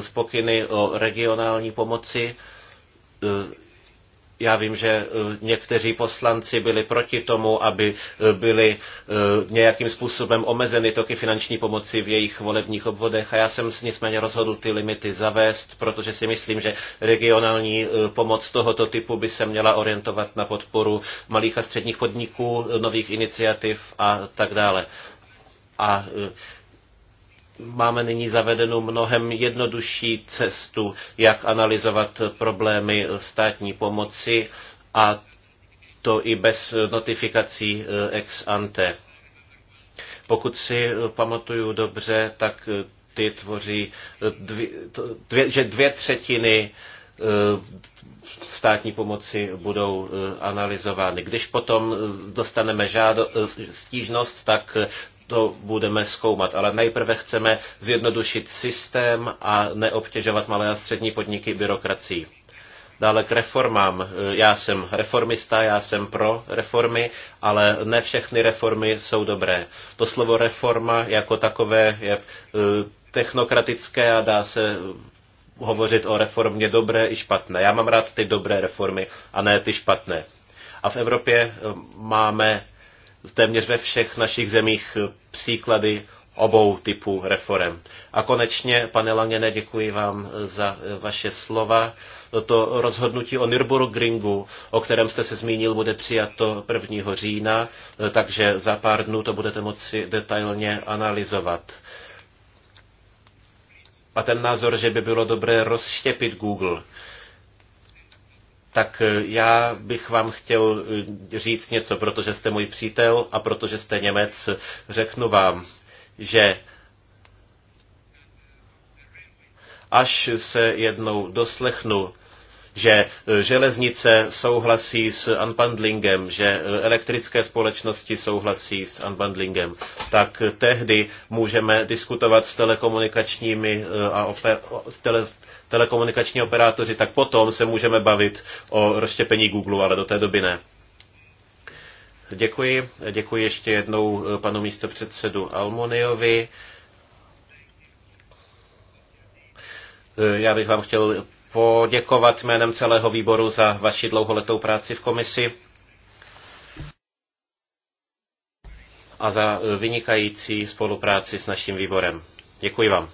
spokyny o regionální pomoci já vím, že eh, někteří poslanci byli proti tomu, aby eh, byly eh, nějakým způsobem omezeny toky finanční pomoci v jejich volebních obvodech a já jsem nicméně rozhodl ty limity zavést, protože si myslím, že regionální pomoc tohoto typu by se měla orientovat na podporu malých a středních podniků, nových iniciativ a tak dále. A máme nyní zavedenou mnohem jednodušší cestu, jak analyzovat problémy státní pomoci a to i bez notifikací eh, ex ante. Pokud si pamatuju dobře, tak eh, ty tvoří, eh, dvě, dvě, že dvě třetiny státní pomoci budou analyzovány. Když potom dostaneme žádo, stížnost, tak to budeme zkoumat, ale nejprve chceme zjednodušit systém a neobtěžovat malé a střední podniky byrokracií. Dále k reformám. Já jsem reformista, já jsem pro reformy, ale ne všechny reformy jsou dobré. To slovo reforma jako takové je eh, technokratické a dá se hovořit o reformě dobré i špatné. Já mám rád ty dobré reformy a ne ty špatné. A v Evropě eh, máme téměř ve všech našich zemích příklady obou typů reform. A konečně, pane Langene, děkuji vám za vaše slova. To rozhodnutí o Nürburgringu, o kterém jste se zmínil, bude přijato 1. října, takže za pár dnů to budete moci detailně analyzovat. A ten názor, že by bylo dobré rozštěpit Google, tak eh, já bych vám chtěl eh, říct něco, protože jste můj přítel a protože jste Němec. Řeknu vám, že až se jednou doslechnu, že eh, železnice souhlasí s unbundlingem, že elektrické společnosti souhlasí s unbundlingem, tak tehdy můžeme diskutovat s telekomunikačními a oper, tele, telekomunikační operátoři, tak potom se můžeme bavit o rozštěpení Google, ale do té doby ne. Děkuji. Děkuji ještě jednou eh, panu místopředsedu Almoniovi. Eh, já bych vám chtěl poděkovat jménem celého výboru za vaši dlouholetou práci v komisi a za eh, vynikající spolupráci s naším výborem. Děkuji vám.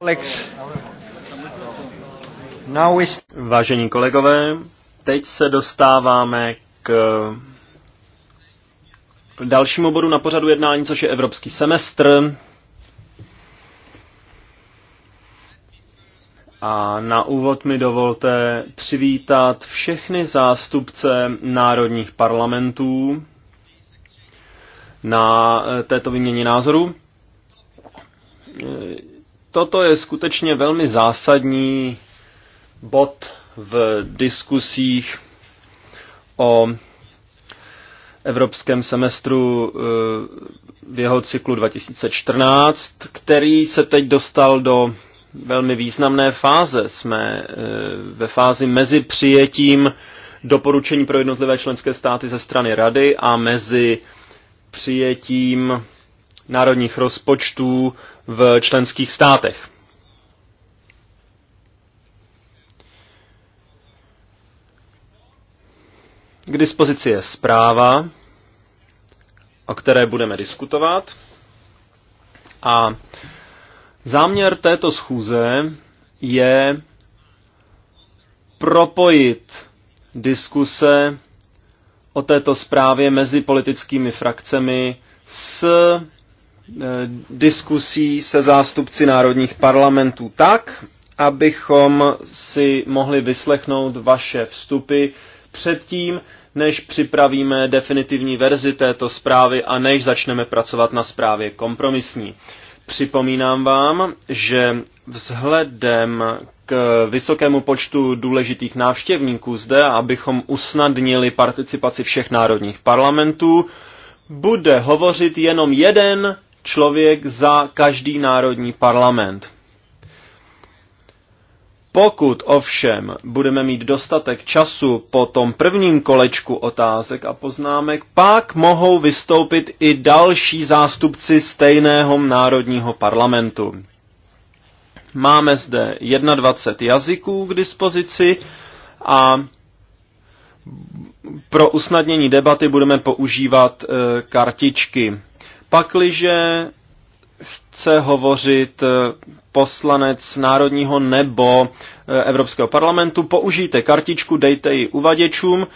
Alex. Now is... Vážení kolegové, teď se dostáváme k dalšímu bodu na pořadu jednání, což je evropský semestr. A na úvod mi dovolte přivítat všechny zástupce národních parlamentů na eh, této výměně názoru. Eh, toto je skutečně velmi zásadní bod v diskusích o evropském semestru eh, v jeho cyklu 2014, který se teď dostal do velmi významné fáze. Jsme e, ve fázi mezi přijetím doporučení pro jednotlivé členské státy ze strany Rady a mezi přijetím národních rozpočtů v členských státech. K dispozici je zpráva, o které budeme diskutovat. A Záměr této schůze je propojit diskuse o této zprávě mezi politickými frakcemi s e, diskusí se zástupci národních parlamentů tak, abychom si mohli vyslechnout vaše vstupy předtím, než připravíme definitivní verzi této zprávy a než začneme pracovat na zprávě kompromisní. Připomínám vám, že vzhledem k vysokému počtu důležitých návštěvníků zde, abychom usnadnili participaci všech národních parlamentů, bude hovořit jenom jeden člověk za každý národní parlament. Pokud ovšem budeme mít dostatek času po tom prvním kolečku otázek a poznámek, pak mohou vystoupit i další zástupci stejného národního parlamentu. Máme zde 21 jazyků k dispozici a pro usnadnění debaty budeme používat eh, kartičky. Pakliže chce hovořit eh, poslanec národního nebo eh, Evropského parlamentu, použijte kartičku, dejte ji uvaděčům,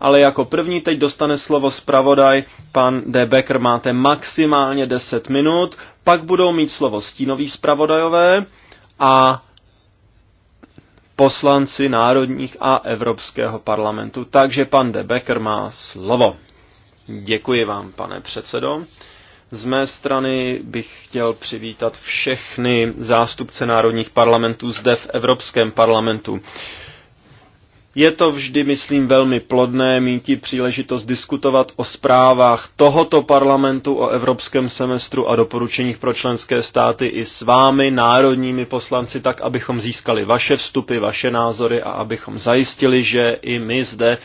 ale jako první teď dostane slovo zpravodaj, pan D. Becker, máte maximálně 10 minut, pak budou mít slovo stínoví zpravodajové a poslanci národních a Evropského parlamentu. Takže pan De Becker má slovo. Děkuji vám, pane předsedo. Z mé strany bych chtěl přivítat všechny zástupce národních parlamentů zde v Evropském parlamentu. Je to vždy, myslím, velmi plodné mít příležitost diskutovat o zprávách tohoto parlamentu, o evropském semestru a doporučeních pro členské státy i s vámi, národními poslanci, tak abychom získali vaše vstupy, vaše názory a abychom zajistili, že i my zde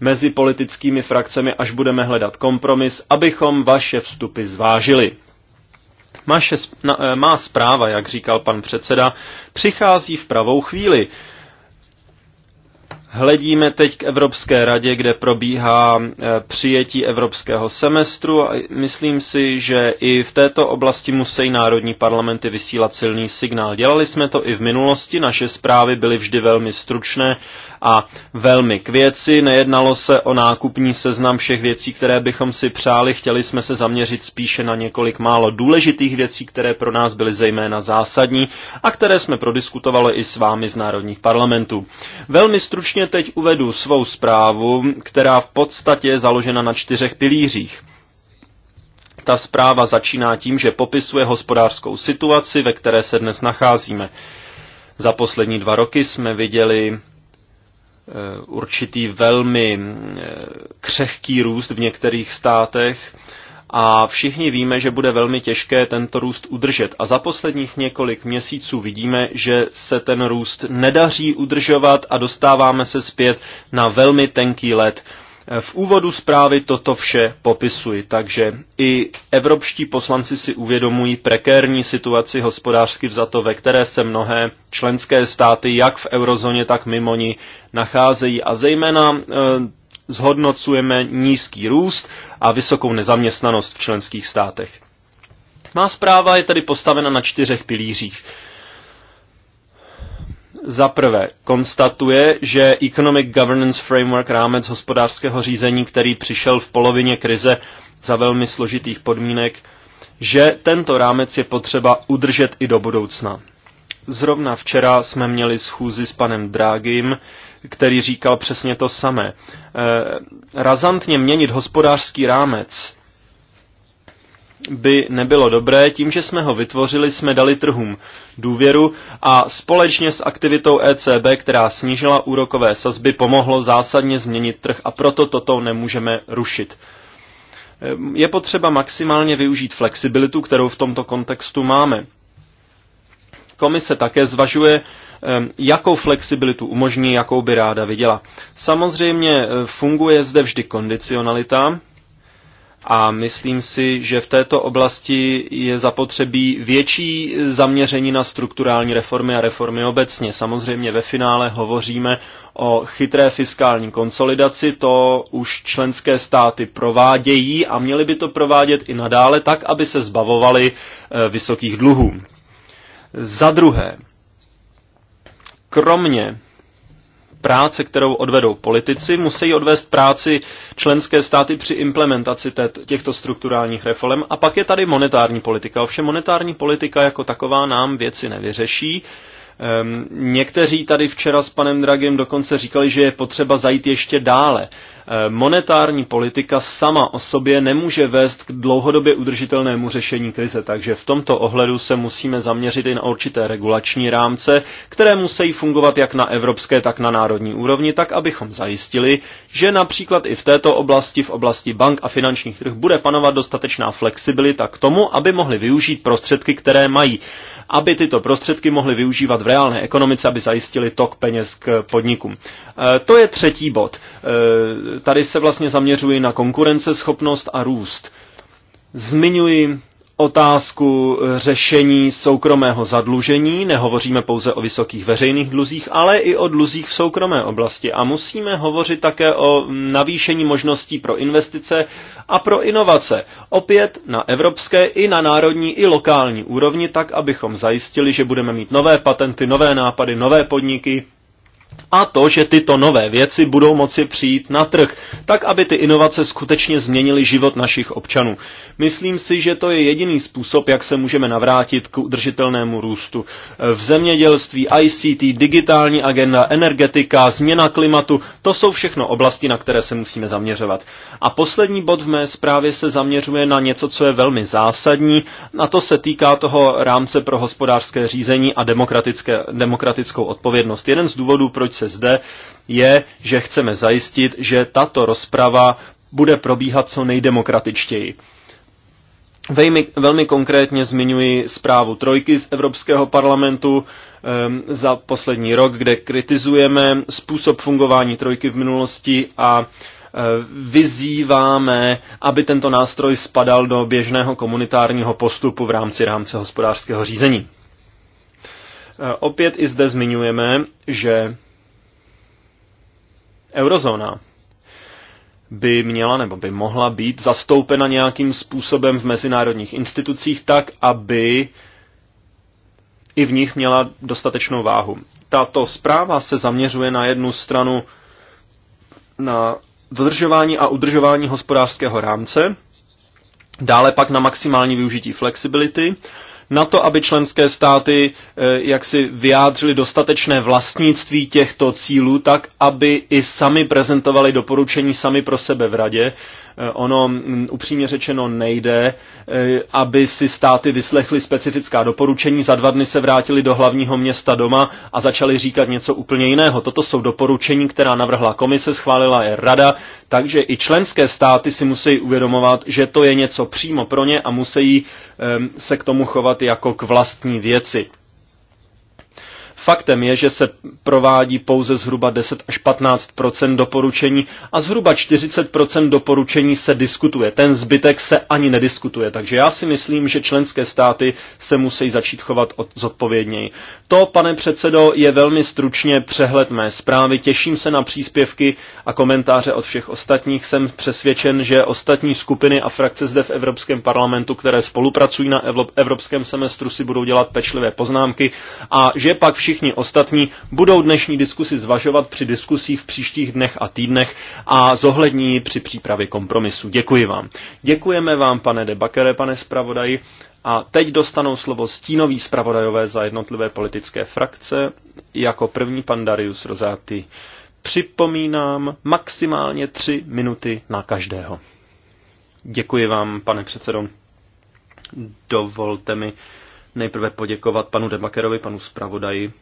mezi politickými frakcemi, až budeme hledat kompromis, abychom vaše vstupy zvážili. Maše, na, eh, má zpráva, jak říkal pan předseda, přichází v pravou chvíli. Hledíme teď k Evropské radě, kde probíhá eh, přijetí evropského semestru a myslím si, že i v této oblasti musí národní parlamenty vysílat silný signál. Dělali jsme to i v minulosti, naše zprávy byly vždy velmi stručné a velmi k věci, nejednalo se o nákupní seznam všech věcí, které bychom si přáli, chtěli jsme se zaměřit spíše na několik málo důležitých věcí, které pro nás byly zejména zásadní a které jsme prodiskutovali i s vámi z národních parlamentů. Velmi stručně teď uvedu svou zprávu, která v podstatě je založena na čtyřech pilířích. Ta zpráva začíná tím, že popisuje hospodářskou situaci, ve které se dnes nacházíme. Za poslední dva roky jsme viděli Eh, určitý velmi eh, křehký růst v některých státech a všichni víme, že bude velmi těžké tento růst udržet. A za posledních několik měsíců vidíme, že se ten růst nedaří udržovat a dostáváme se zpět na velmi tenký led. V úvodu zprávy toto vše popisuji, takže i evropští poslanci si uvědomují prekérní situaci hospodářsky vzato, ve které se mnohé členské státy, jak v eurozóně, tak mimo ní, nacházejí a zejména e, zhodnocujeme nízký růst a vysokou nezaměstnanost v členských státech. Má zpráva je tedy postavena na čtyřech pilířích. Za prvé, konstatuje, že Economic Governance Framework rámec hospodářského řízení, který přišel v polovině krize za velmi složitých podmínek, že tento rámec je potřeba udržet i do budoucna. Zrovna včera jsme měli schůzi s panem Drágim, který říkal přesně to samé. Eh, razantně měnit hospodářský rámec by nebylo dobré. Tím, že jsme ho vytvořili, jsme dali trhům důvěru a společně s aktivitou ECB, která snížila úrokové sazby, pomohlo zásadně změnit trh a proto toto nemůžeme rušit. Ehm, je potřeba maximálně využít flexibilitu, kterou v tomto kontextu máme. Komise také zvažuje, ehm, jakou flexibilitu umožní, jakou by ráda viděla. Samozřejmě ehm, funguje zde vždy kondicionalita, a myslím si, že v této oblasti je zapotřebí větší zaměření na strukturální reformy a reformy obecně. Samozřejmě ve finále hovoříme o chytré fiskální konsolidaci, to už členské státy provádějí a měly by to provádět i nadále tak, aby se zbavovali eh, vysokých dluhů. Za druhé, kromě práce, kterou odvedou politici, musí odvést práci členské státy při implementaci těchto strukturálních reform. A pak je tady monetární politika. Ovšem monetární politika jako taková nám věci nevyřeší. Ehm, někteří tady včera s panem Dragem dokonce říkali, že je potřeba zajít ještě dále. Ehm, monetární politika sama o sobě nemůže vést k dlouhodobě udržitelnému řešení krize, takže v tomto ohledu se musíme zaměřit i na určité regulační rámce, které musí fungovat jak na evropské, tak na národní úrovni, tak abychom zajistili, že například i v této oblasti, v oblasti bank a finančních trh, bude panovat dostatečná flexibilita k tomu, aby mohli využít prostředky, které mají aby tyto prostředky mohly využívat v reálné ekonomice, aby zajistili tok peněz k podnikům. E, to je třetí bod. E, tady se vlastně zaměřuji na konkurenceschopnost a růst. Zmiňuji otázku řešení soukromého zadlužení, nehovoříme pouze o vysokých veřejných dluzích, ale i o dluzích v soukromé oblasti. A musíme hovořit také o navýšení možností pro investice a pro inovace. Opět na evropské i na národní i lokální úrovni, tak abychom zajistili, že budeme mít nové patenty, nové nápady, nové podniky, a to, že tyto nové věci budou moci přijít na trh, tak aby ty inovace skutečně změnily život našich občanů. Myslím si, že to je jediný způsob, jak se můžeme navrátit k udržitelnému růstu. V zemědělství, ICT, digitální agenda, energetika, změna klimatu, to jsou všechno oblasti, na které se musíme zaměřovat. A poslední bod v mé zprávě se zaměřuje na něco, co je velmi zásadní, a to se týká toho rámce pro hospodářské řízení a demokratické, demokratickou odpovědnost. Jeden z důvodů, proč proč se zde, je, že chceme zajistit, že tato rozprava bude probíhat co nejdemokratičtěji. Velmi, velmi konkrétně zmiňuji zprávu Trojky z Evropského parlamentu um, za poslední rok, kde kritizujeme způsob fungování Trojky v minulosti a e, vyzýváme, aby tento nástroj spadal do běžného komunitárního postupu v rámci rámce hospodářského řízení. E, opět i zde zmiňujeme, že eurozóna by měla nebo by mohla být zastoupena nějakým způsobem v mezinárodních institucích tak, aby i v nich měla dostatečnou váhu. Tato zpráva se zaměřuje na jednu stranu na dodržování a udržování hospodářského rámce, dále pak na maximální využití flexibility na to, aby členské státy eh, jak si vyjádřili dostatečné vlastnictví těchto cílů, tak aby i sami prezentovali doporučení sami pro sebe v radě Eh, ono mm, upřímně řečeno nejde, eh, aby si státy vyslechly specifická doporučení, za dva dny se vrátili do hlavního města doma a začali říkat něco úplně jiného. Toto jsou doporučení, která navrhla komise, schválila je rada, takže i členské státy si musí uvědomovat, že to je něco přímo pro ně a musí eh, se k tomu chovat jako k vlastní věci. Faktem je, že se provádí pouze zhruba 10 až 15 doporučení a zhruba 40 doporučení se diskutuje. Ten zbytek se ani nediskutuje. Takže já si myslím, že členské státy se musí začít chovat zodpovědněji. To, pane předsedo, je velmi stručně přehled mé zprávy. Těším se na příspěvky a komentáře od všech ostatních. Jsem přesvědčen, že ostatní skupiny a frakce zde v Evropském parlamentu, které spolupracují na Evropském semestru, si budou dělat pečlivé poznámky a že pak všichni všichni ostatní budou dnešní diskusi zvažovat při diskusích v příštích dnech a týdnech a zohlední při přípravě kompromisu. Děkuji vám. Děkujeme vám, pane Debakere, pane zpravodaji. A teď dostanou slovo stínoví zpravodajové za jednotlivé politické frakce. Jako první pan Darius Rozáty. Připomínám maximálně tři minuty na každého. Děkuji vám, pane předsedo. Dovolte mi nejprve poděkovat panu Debakerovi, panu zpravodaji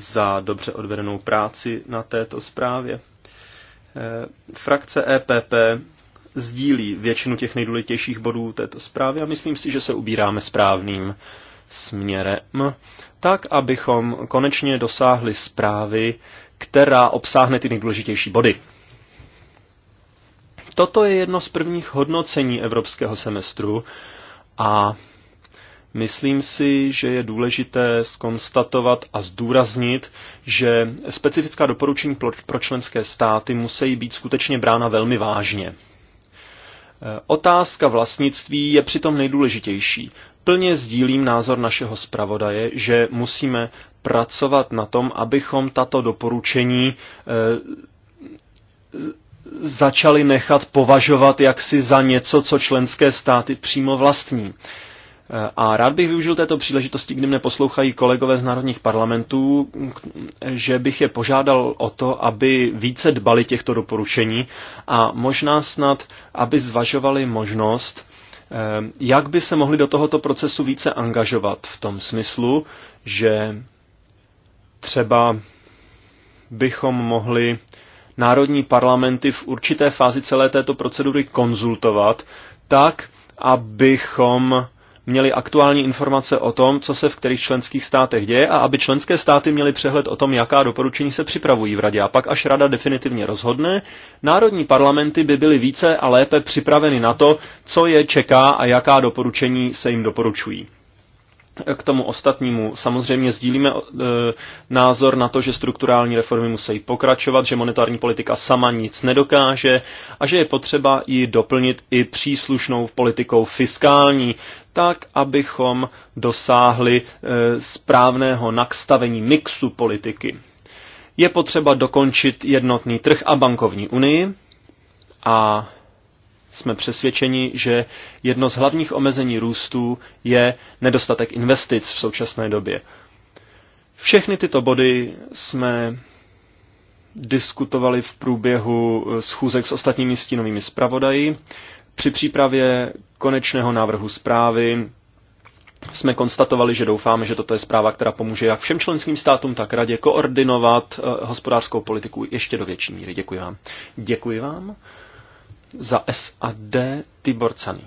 za dobře odvedenou práci na této zprávě. Eh, frakce EPP sdílí většinu těch nejdůležitějších bodů této zprávy a myslím si, že se ubíráme správným směrem, tak abychom konečně dosáhli zprávy, která obsáhne ty nejdůležitější body. Toto je jedno z prvních hodnocení evropského semestru a Myslím si, že je důležité skonstatovat a zdůraznit, že specifická doporučení pro členské státy musí být skutečně brána velmi vážně. E, otázka vlastnictví je přitom nejdůležitější. Plně sdílím názor našeho zpravodaje, že musíme pracovat na tom, abychom tato doporučení e, začali nechat považovat jaksi za něco, co členské státy přímo vlastní. A rád bych využil této příležitosti, kdy mne poslouchají kolegové z národních parlamentů, že bych je požádal o to, aby více dbali těchto doporučení a možná snad, aby zvažovali možnost, eh, jak by se mohli do tohoto procesu více angažovat v tom smyslu, že třeba bychom mohli národní parlamenty v určité fázi celé této procedury konzultovat, tak, abychom měli aktuální informace o tom, co se v kterých členských státech děje a aby členské státy měly přehled o tom, jaká doporučení se připravují v radě. A pak, až rada definitivně rozhodne, národní parlamenty by byly více a lépe připraveny na to, co je čeká a jaká doporučení se jim doporučují k tomu ostatnímu. Samozřejmě sdílíme e, názor na to, že strukturální reformy musí pokračovat, že monetární politika sama nic nedokáže a že je potřeba ji doplnit i příslušnou politikou fiskální, tak abychom dosáhli e, správného nakstavení mixu politiky. Je potřeba dokončit jednotný trh a bankovní unii a jsme přesvědčeni, že jedno z hlavních omezení růstu je nedostatek investic v současné době. Všechny tyto body jsme diskutovali v průběhu eh, schůzek s ostatními stínovými zpravodaji. Při přípravě konečného návrhu zprávy jsme konstatovali, že doufáme, že toto je zpráva, která pomůže jak všem členským státům, tak radě koordinovat eh, hospodářskou politiku ještě do větší míry. Děkuji vám. Děkuji vám. Za SAD Tibor Cany.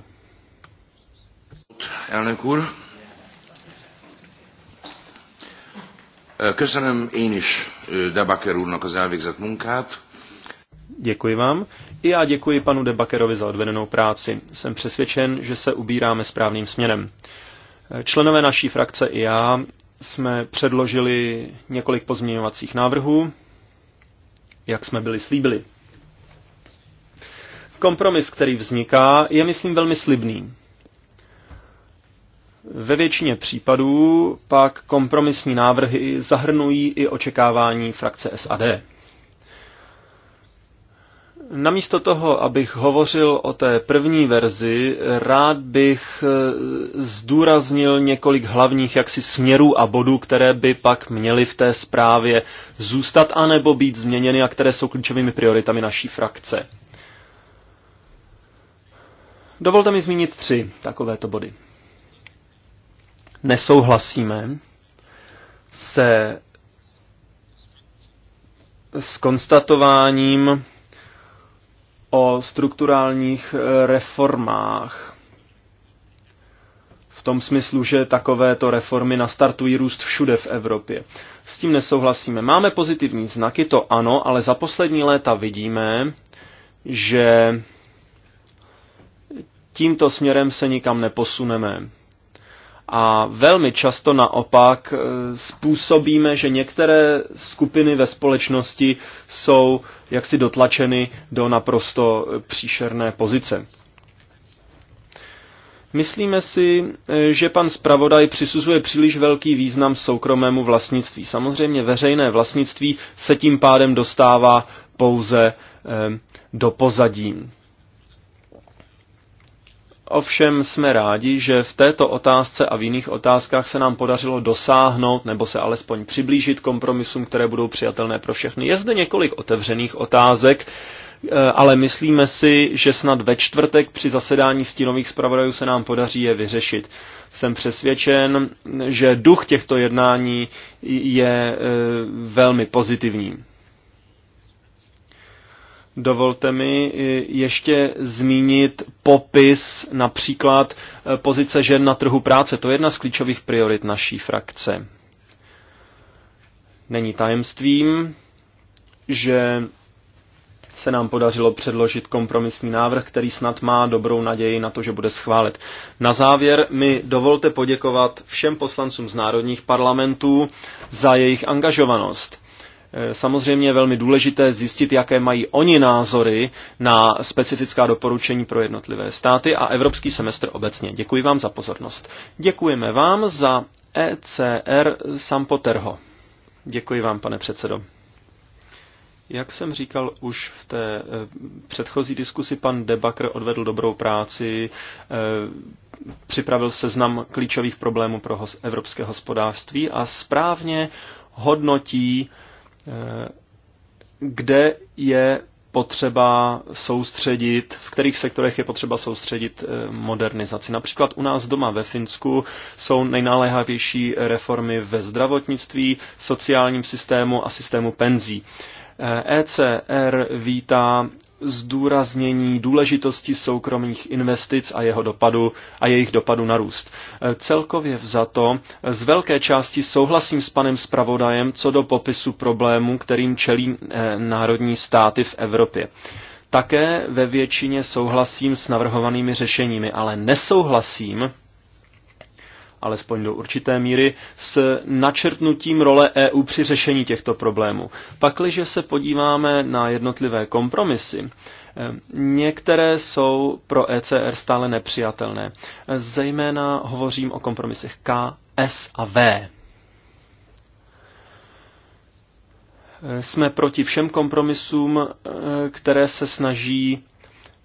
köszönöm én is Debaker úrnak az elvégzett munkát. Děkuji vám. I já děkuji panu Debakerovi za odvedenou práci. Jsem přesvědčen, že se ubíráme správným směrem. Členové naší frakce i já jsme předložili několik pozměňovacích návrhů, jak jsme byli slíbili. Kompromis, který vzniká, je, myslím, velmi slibný. Ve většině případů pak kompromisní návrhy zahrnují i očekávání frakce SAD. Namísto toho, abych hovořil o té první verzi, rád bych eh, zdůraznil několik hlavních jaksi směrů a bodů, které by pak měly v té zprávě zůstat anebo být změněny a které jsou klíčovými prioritami naší frakce. Dovolte mi zmínit tři takovéto body. Nesouhlasíme se s konstatováním o strukturálních eh, reformách. V tom smyslu, že takovéto reformy nastartují růst všude v Evropě. S tím nesouhlasíme. Máme pozitivní znaky, to ano, ale za poslední léta vidíme, že tímto směrem se nikam neposuneme. A velmi často naopak e, způsobíme, že některé skupiny ve společnosti jsou jaksi dotlačeny do naprosto e, příšerné pozice. Myslíme si, e, že pan zpravodaj přisuzuje příliš velký význam soukromému vlastnictví. Samozřejmě veřejné vlastnictví se tím pádem dostává pouze do pozadí. Ovšem jsme rádi, že v této otázce a v jiných otázkách se nám podařilo dosáhnout nebo se alespoň přiblížit kompromisům, které budou přijatelné pro všechny. Je zde několik otevřených otázek, eh, ale myslíme si, že snad ve čtvrtek při zasedání stínových zpravodajů se nám podaří je vyřešit. Jsem přesvědčen, že duch těchto jednání je eh, velmi pozitivní. Dovolte mi eh, ještě zmínit popis například eh, pozice žen na trhu práce. To je jedna z klíčových priorit naší frakce. Není tajemstvím, že se nám podařilo předložit kompromisní návrh, který snad má dobrou naději na to, že bude schválit. Na závěr mi dovolte poděkovat všem poslancům z národních parlamentů za jejich angažovanost samozřejmě je velmi důležité zjistit, jaké mají oni názory na specifická doporučení pro jednotlivé státy a evropský semestr obecně. Děkuji vám za pozornost. Děkujeme vám za ECR Sampoterho. Děkuji vám, pane předsedo. Jak jsem říkal už v té eh, předchozí diskusi, pan Debakr odvedl dobrou práci, eh, připravil seznam klíčových problémů pro evropské hospodářství a správně hodnotí Eh, kde je potřeba soustředit, v kterých sektorech je potřeba soustředit eh, modernizaci. Například u nás doma ve Finsku jsou nejnáléhavější reformy ve zdravotnictví, sociálním systému a systému penzí. ECR eh, e vítá zdůraznění důležitosti soukromých investic a jeho dopadu a jejich dopadu na růst. E, celkově vzato z velké části souhlasím s panem zpravodajem co do popisu problémů, kterým čelí e, národní státy v Evropě. také ve většině souhlasím s navrhovanými řešeními, ale nesouhlasím alespoň do určité míry, s načrtnutím role EU při řešení těchto problémů. Pakliže se podíváme na jednotlivé kompromisy, eh, Některé jsou pro ECR stále nepřijatelné. Zejména hovořím o kompromisech K, S a V. Eh, jsme proti všem kompromisům, eh, které se snaží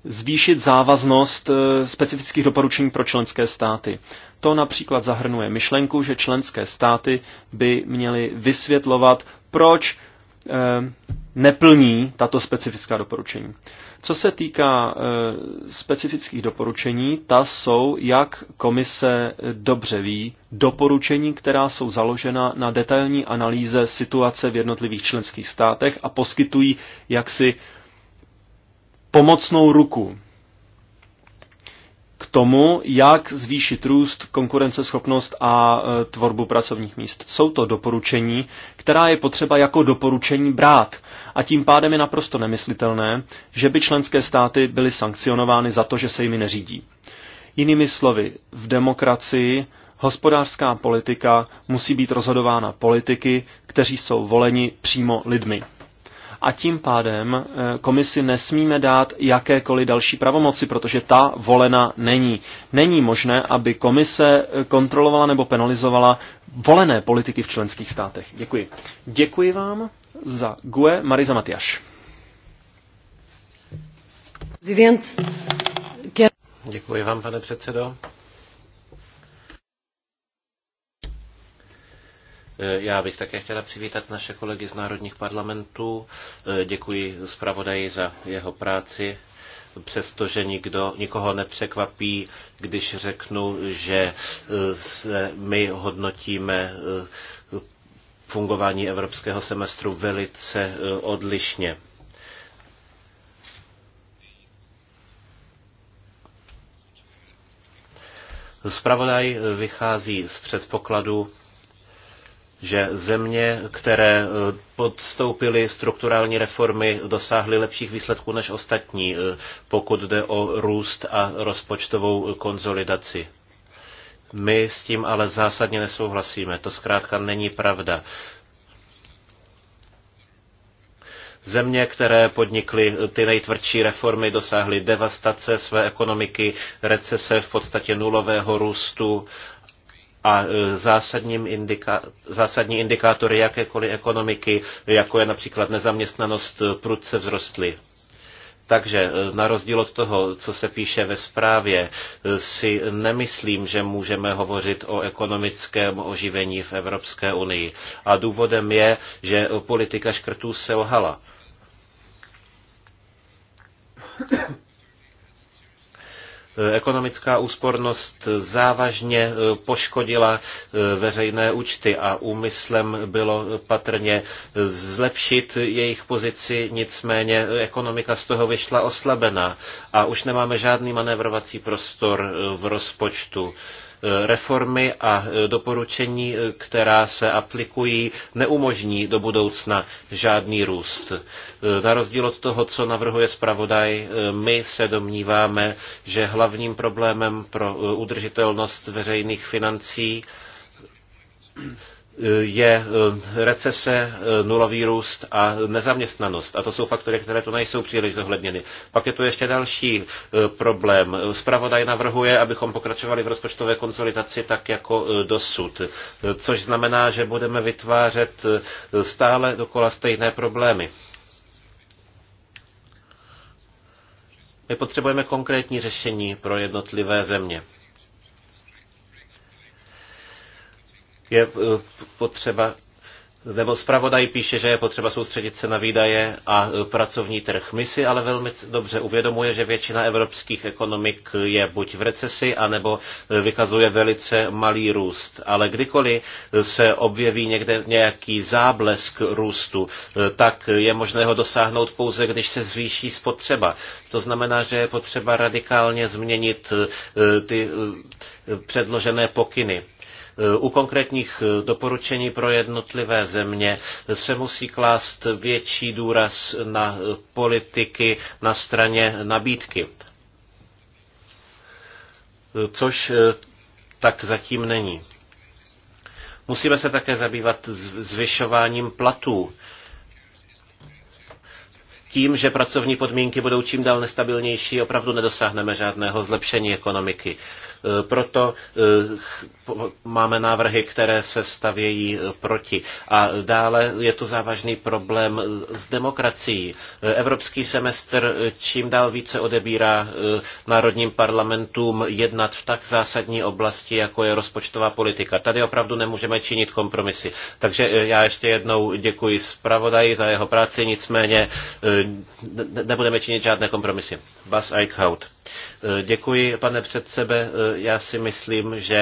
zvýšit závaznost eh, specifických doporučení pro členské státy. To například zahrnuje myšlenku, že členské státy by měly vysvětlovat, proč eh, neplní tato specifická doporučení. Co se týká eh, specifických doporučení, ta jsou, jak komise dobře ví, doporučení, která jsou založena na detailní analýze situace v jednotlivých členských státech a poskytují jaksi pomocnou ruku k tomu, jak zvýšit růst, konkurenceschopnost a e, tvorbu pracovních míst. Jsou to doporučení, která je potřeba jako doporučení brát. A tím pádem je naprosto nemyslitelné, že by členské státy byly sankcionovány za to, že se jimi neřídí. Jinými slovy, v demokracii hospodářská politika musí být rozhodována politiky, kteří jsou voleni přímo lidmi a tím pádem eh, komisi nesmíme dát jakékoliv další pravomoci, protože ta volena není. Není možné, aby komise eh, kontrolovala nebo penalizovala volené politiky v členských státech. Děkuji. Děkuji vám za GUE Mariza Matiaš. Děkuji vám, pane předsedo. Eh, já bych také chtěla přivítat naše kolegy z národních parlamentů. Eh, děkuji zpravodaji za jeho práci přestože nikdo, nikoho nepřekvapí, když řeknu, že eh, my hodnotíme fungování evropského semestru velice odlišně. Spravodaj vychází z předpokladu, že země, které eh, podstoupily strukturální reformy, dosáhly lepších výsledků než ostatní, eh, pokud jde o růst a rozpočtovou konzolidaci. My s tím ale zásadně nesouhlasíme. To zkrátka není pravda. Země, které podnikly eh, ty nejtvrdší reformy, dosáhly devastace své ekonomiky, recese v podstatě nulového růstu a e, zásadním indika, zásadní indikátory jakékoliv ekonomiky, jako je například nezaměstnanost, e, prudce vzrostly. Takže e, na rozdíl od toho, co se píše ve zprávě, si nemyslím, že můžeme hovořit o ekonomickém oživení v Evropské unii. A důvodem je, že politika škrtů selhala. Eh, ekonomická úspornost závažně eh, poškodila eh, veřejné účty a úmyslem bylo patrně zlepšit jejich pozici, nicméně ekonomika z toho vyšla oslabená a už nemáme žádný manévrovací prostor v rozpočtu Eh, reformy a eh, doporučení, eh, která se aplikují, neumožní do budoucna žádný růst. Na rozdíl od toho, co navrhuje zpravodaj, my se domníváme, že hlavním problémem pro udržitelnost veřejných financí je eh, recese, eh, nulový růst a nezaměstnanost. A to jsou faktory, které tu nejsou příliš zohledněny. Pak je tu ještě další eh, problém. Spravodaj navrhuje, abychom pokračovali v rozpočtové konsolidaci tak jako dosud, což znamená, že budeme vytvářet stále dokola stejné problémy. My potřebujeme konkrétní řešení pro jednotlivé země. je eh, potřeba nebo zpravodaj píše, že je potřeba soustředit se na výdaje a eh, pracovní trh. My si ale velmi dobře uvědomuje, že většina evropských ekonomik je buď v recesi, anebo eh, vykazuje velice malý růst. Ale kdykoliv se objeví někde nějaký záblesk růstu, tak je možné ho dosáhnout pouze, když se zvýší spotřeba. To znamená, že je potřeba radikálně změnit ty předložené pokyny u konkrétních eh, doporučení pro jednotlivé země se musí klást větší důraz na eh, politiky na straně nabídky. Eh, což tak zatím není. Musíme se také zabývat zvyšováním platů tím, že pracovní podmínky budou čím dál nestabilnější, opravdu nedosáhneme žádného zlepšení ekonomiky. E, proto e, máme návrhy, které se stavějí e, proti. A dále je to závažný problém s demokracií. Evropský semestr čím dál více odebírá národním parlamentům jednat v tak zásadní oblasti, jako je rozpočtová politika. Tady opravdu nemůžeme činit kompromisy. Takže já ještě jednou děkuji zpravodaji za jeho práci, nicméně nebudeme činit žádné kompromisy. Bas Eichhout. Eh, děkuji, pane předsebe. Eh, já si myslím, že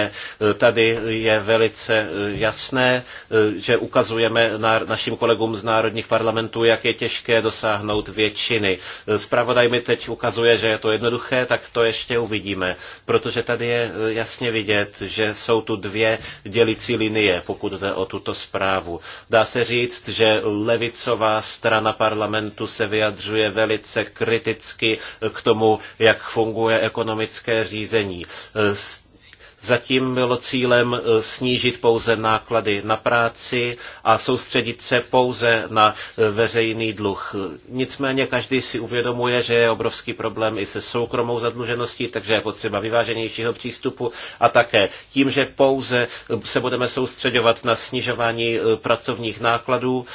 eh, tady je velice jasné, že ukazujeme našim kolegům z národních parlamentů, jak je těžké dosáhnout většiny. Spravodaj mi teď ukazuje, že je to jednoduché, tak to ještě uvidíme, protože tady je jasně vidět, že jsou tu dvě dělicí linie, pokud jde o tuto zprávu. Dá se říct, že levicová strana parlamentu se vyjadřuje velice kriticky k tomu, jak funguje upravuje ekonomické řízení. Zatím bylo cílem eh, snížit pouze náklady na práci a soustředit se pouze na eh, veřejný dluh. Nicméně každý si uvědomuje, že je obrovský problém i se soukromou zadlužeností, takže je potřeba vyváženějšího přístupu a také tím, že pouze eh, se budeme soustředovat na snižování pracovních nákladů,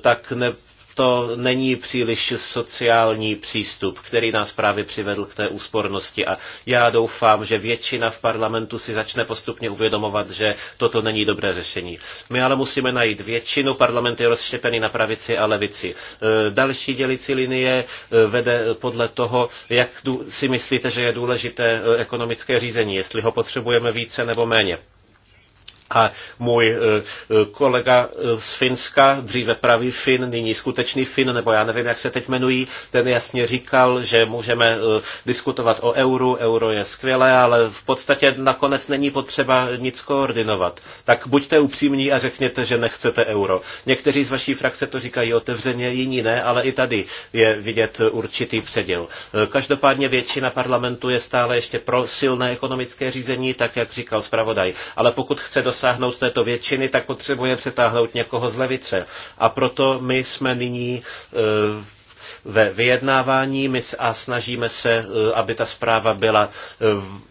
tak ne, to není příliš sociální přístup, který nás právě přivedl k té úspornosti. A já doufám, že většina v parlamentu si začne postupně uvědomovat, že toto není dobré řešení. My ale musíme najít většinu. Parlament je rozštěpený na pravici a levici. E, další dělicí linie e, vede podle toho, jak si myslíte, že je důležité e, ekonomické řízení, jestli ho potřebujeme více nebo méně. A můj eh, eh, kolega z Finska, dříve pravý Fin, nyní skutečný Fin, nebo já nevím, jak se teď jmenují, ten jasně říkal, že můžeme eh, diskutovat o euru, euro je skvělé, ale v podstatě nakonec není potřeba nic koordinovat. Tak buďte upřímní a řekněte, že nechcete euro. Někteří z vaší frakce to říkají otevřeně, jiní ne, ale i tady je vidět určitý předěl. Každopádně většina parlamentu je stále ještě pro silné ekonomické řízení, tak jak říkal zpravodaj. Ale pokud chce dosáhnout dosáhnout této většiny, tak potřebuje přetáhnout někoho z levice. A proto my jsme nyní eh, ve vyjednávání a snažíme se, eh, aby ta zpráva byla eh,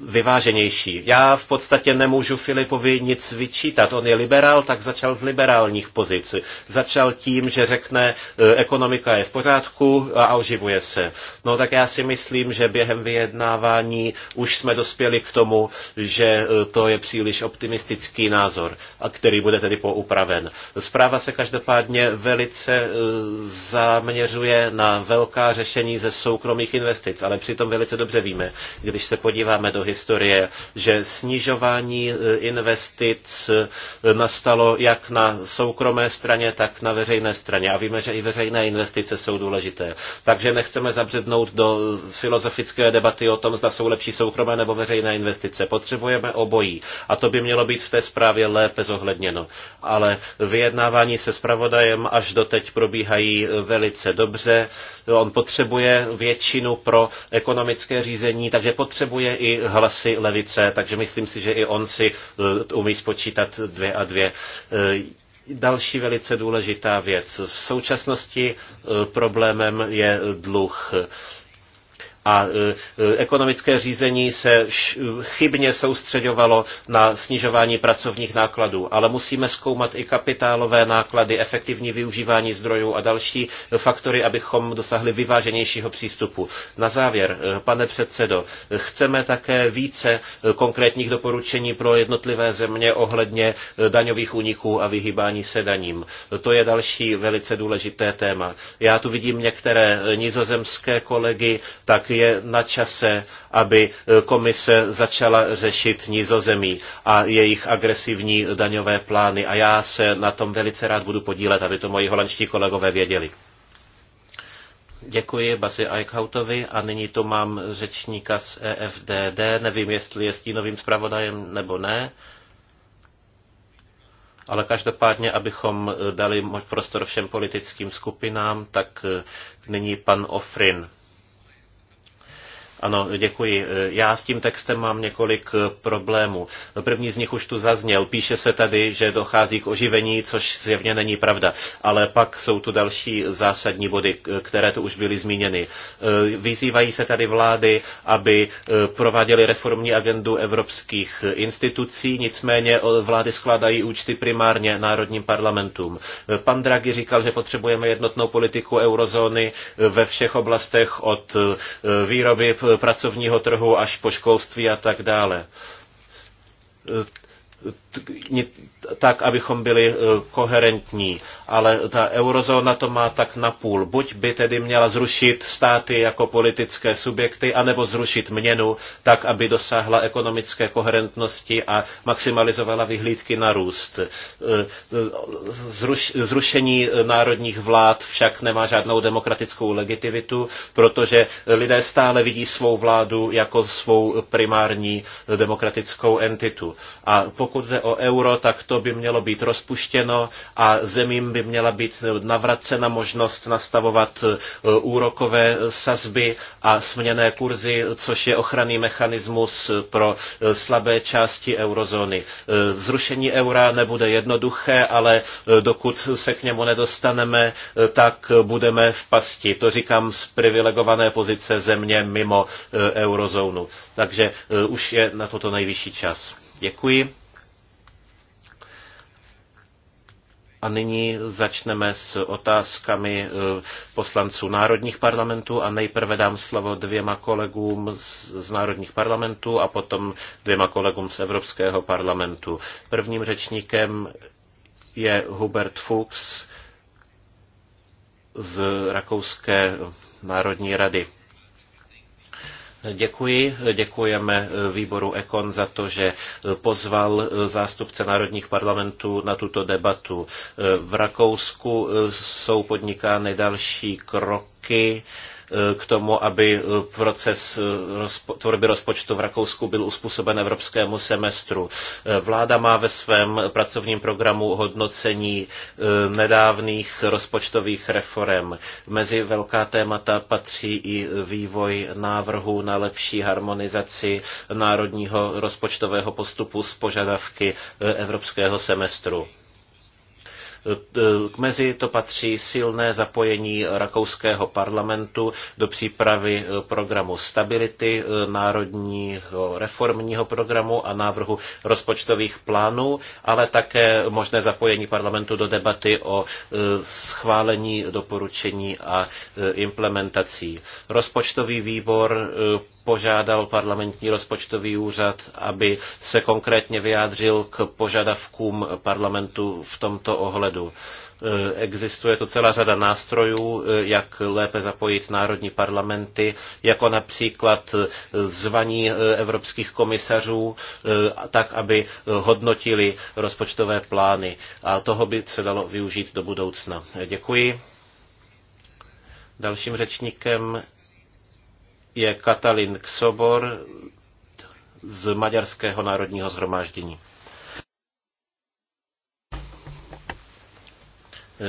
vyváženější. Já v podstatě nemůžu Filipovi nic vyčítat. On je liberál, tak začal z liberálních pozic. Začal tím, že řekne, eh, ekonomika je v pořádku a oživuje se. No tak já si myslím, že během vyjednávání už jsme dospěli k tomu, že to je příliš optimistický názor, a který bude tedy poupraven. Zpráva se každopádně velice zaměřuje na velká řešení ze soukromých investic, ale přitom velice dobře víme, když se podíváme do historie, že snižování eh, investic eh, nastalo jak na soukromé straně, tak na veřejné straně. A víme, že i veřejné investice jsou důležité. Takže nechceme zabřednout do filozofické debaty o tom, zda jsou lepší soukromé nebo veřejné investice. Potřebujeme obojí. A to by mělo být v té zprávě lépe zohledněno. Ale vyjednávání se spravodajem až doteď probíhají eh, velice dobře. On potřebuje většinu pro ekonomické řízení, takže potřebuje i hlasy levice, takže myslím si, že i on si e, umí spočítat dvě a dvě. E, další velice důležitá věc. V současnosti e, problémem je dluh a e, e, ekonomické řízení se chybně soustředovalo na snižování pracovních nákladů, ale musíme zkoumat i kapitálové náklady, efektivní využívání zdrojů a další faktory, abychom dosáhli vyváženějšího přístupu. Na závěr, e, pane předsedo, chceme také více konkrétních doporučení pro jednotlivé země ohledně daňových úniků a vyhýbání se daním. To je další velice důležité téma. Já tu vidím některé nizozemské kolegy, tak je na čase, aby e, komise začala řešit nizozemí a jejich agresivní daňové plány. A já se na tom velice rád budu podílet, aby to moji holandští kolegové věděli. Děkuji Basi Eichhautovi a nyní tu mám řečníka z EFDD. Nevím, jestli je stínovým zpravodajem nebo ne. Ale každopádně, abychom dali prostor všem politickým skupinám, tak e, nyní pan Ofrin. Ano, děkuji. Já s tím textem mám několik eh, problémů. První z nich už tu zazněl. Píše se tady, že dochází k oživení, což zjevně není pravda. Ale pak jsou tu další zásadní body, které tu už byly zmíněny. Eh, vyzývají se tady vlády, aby eh, prováděly reformní agendu evropských institucí, nicméně vlády skládají účty primárně národním parlamentům. Pan Draghi říkal, že potřebujeme jednotnou politiku eurozóny ve všech oblastech od výroby pracovního trhu až po školství a tak dále tak, abychom byli eh, koherentní. Ale ta eurozóna to má tak napůl. Buď by tedy měla zrušit státy jako politické subjekty, anebo zrušit měnu tak, aby dosáhla ekonomické koherentnosti a maximalizovala vyhlídky na růst. Eh, zruš, zrušení národních vlád však nemá žádnou demokratickou legitimitu, protože lidé stále vidí svou vládu jako svou primární demokratickou entitu. A pokud pokud jde o euro, tak to by mělo být rozpuštěno a zemím by měla být navracena možnost nastavovat e, úrokové sazby a směné kurzy, což je ochranný mechanismus pro e, slabé části eurozóny. E, zrušení eura nebude jednoduché, ale dokud se k němu nedostaneme, tak budeme v pasti. To říkám z privilegované pozice země mimo eurozónu. Takže už je na toto nejvyšší čas. Děkuji. A nyní začneme s otázkami eh, poslanců národních parlamentů a nejprve dám slovo dvěma kolegům z národních parlamentů a potom dvěma kolegům z Evropského parlamentu. Prvním řečníkem je Hubert Fuchs z Rakouské národní rady. Děkuji, děkujeme eh, výboru Ekon za to, že eh, pozval eh, zástupce národních parlamentů na tuto debatu. V Rakousku jsou podnikány další kroky kroky e, k tomu, aby e, proces e, tvorby rozpočtu v Rakousku byl uspůsoben evropskému semestru. Vláda má ve svém pracovním programu hodnocení nedávných rozpočtových reform. Mezi velká témata patří i vývoj návrhu na lepší harmonizaci národního rozpočtového postupu s požadavky evropského semestru. K mezi to patří silné zapojení rakouského parlamentu do přípravy eh, programu stability, eh, národního reformního programu a návrhu rozpočtových plánů, ale také možné zapojení parlamentu do debaty o eh, schválení doporučení a implementací. Rozpočtový výbor požádal parlamentní rozpočtový úřad, aby se konkrétně vyjádřil k požadavkům parlamentu v tomto ohledu. E, existuje tu celá řada nástrojů, e, jak lépe zapojit národní parlamenty, jako například zvaní e, evropských komisařů, tak, aby hodnotili rozpočtové plány. A toho by se dalo využít do budoucna. Děkuji. Dalším řečníkem je Katalin Ksobor z Maďarského národního zhromáždění.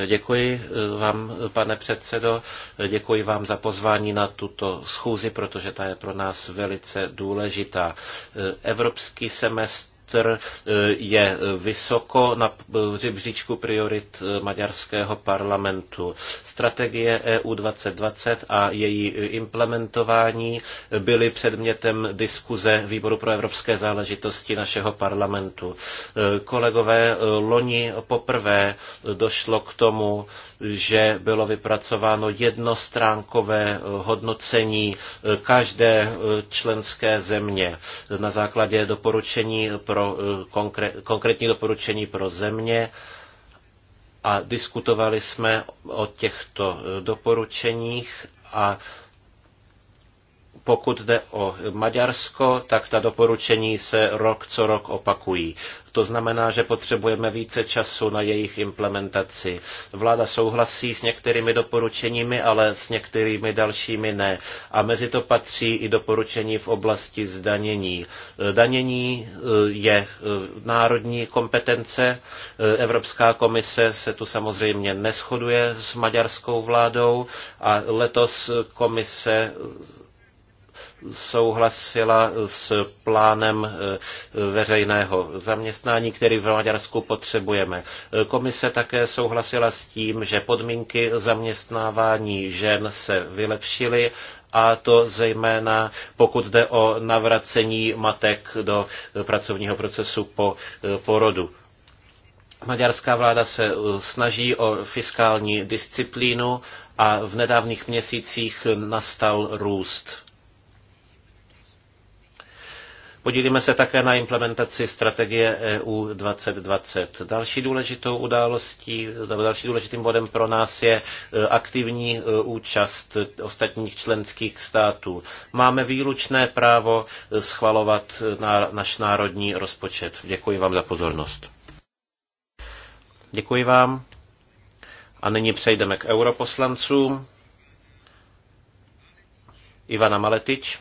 Děkuji vám, pane předsedo, děkuji vám za pozvání na tuto schůzi, protože ta je pro nás velice důležitá. Evropský semestr vítr eh, je vysoko na žebříčku eh, priorit eh, maďarského parlamentu. Strategie EU 2020 a její implementování byly předmětem diskuze Výboru pro evropské záležitosti našeho parlamentu. Kolegové, loni poprvé došlo k tomu, že bylo vypracováno jednostránkové hodnocení každé členské země na základě doporučení pro pro eh, konkrétní doporučení pro země a diskutovali jsme o těchto eh, doporučeních a pokud jde o Maďarsko, tak ta doporučení se rok co rok opakují. To znamená, že potřebujeme více času na jejich implementaci. Vláda souhlasí s některými doporučeními, ale s některými dalšími ne. A mezi to patří i doporučení v oblasti zdanění. Danění eh, je eh, národní kompetence. Eh, Evropská komise se tu samozřejmě neschoduje s maďarskou vládou a letos komise souhlasila s plánem eh, veřejného zaměstnání, který v Maďarsku potřebujeme. Komise také souhlasila s tím, že podmínky zaměstnávání žen se vylepšily a to zejména pokud jde o navracení matek do eh, pracovního procesu po eh, porodu. Maďarská vláda se snaží o fiskální disciplínu a v nedávných měsících nastal růst. Podílíme se také na implementaci strategie EU 2020. Další důležitou událostí, další důležitým bodem pro nás je e, aktivní e, účast ostatních členských států. Máme výlučné právo schvalovat na náš národní rozpočet. Děkuji vám za pozornost. Děkuji vám. A nyní přejdeme k europoslancům. Ivana Maletič.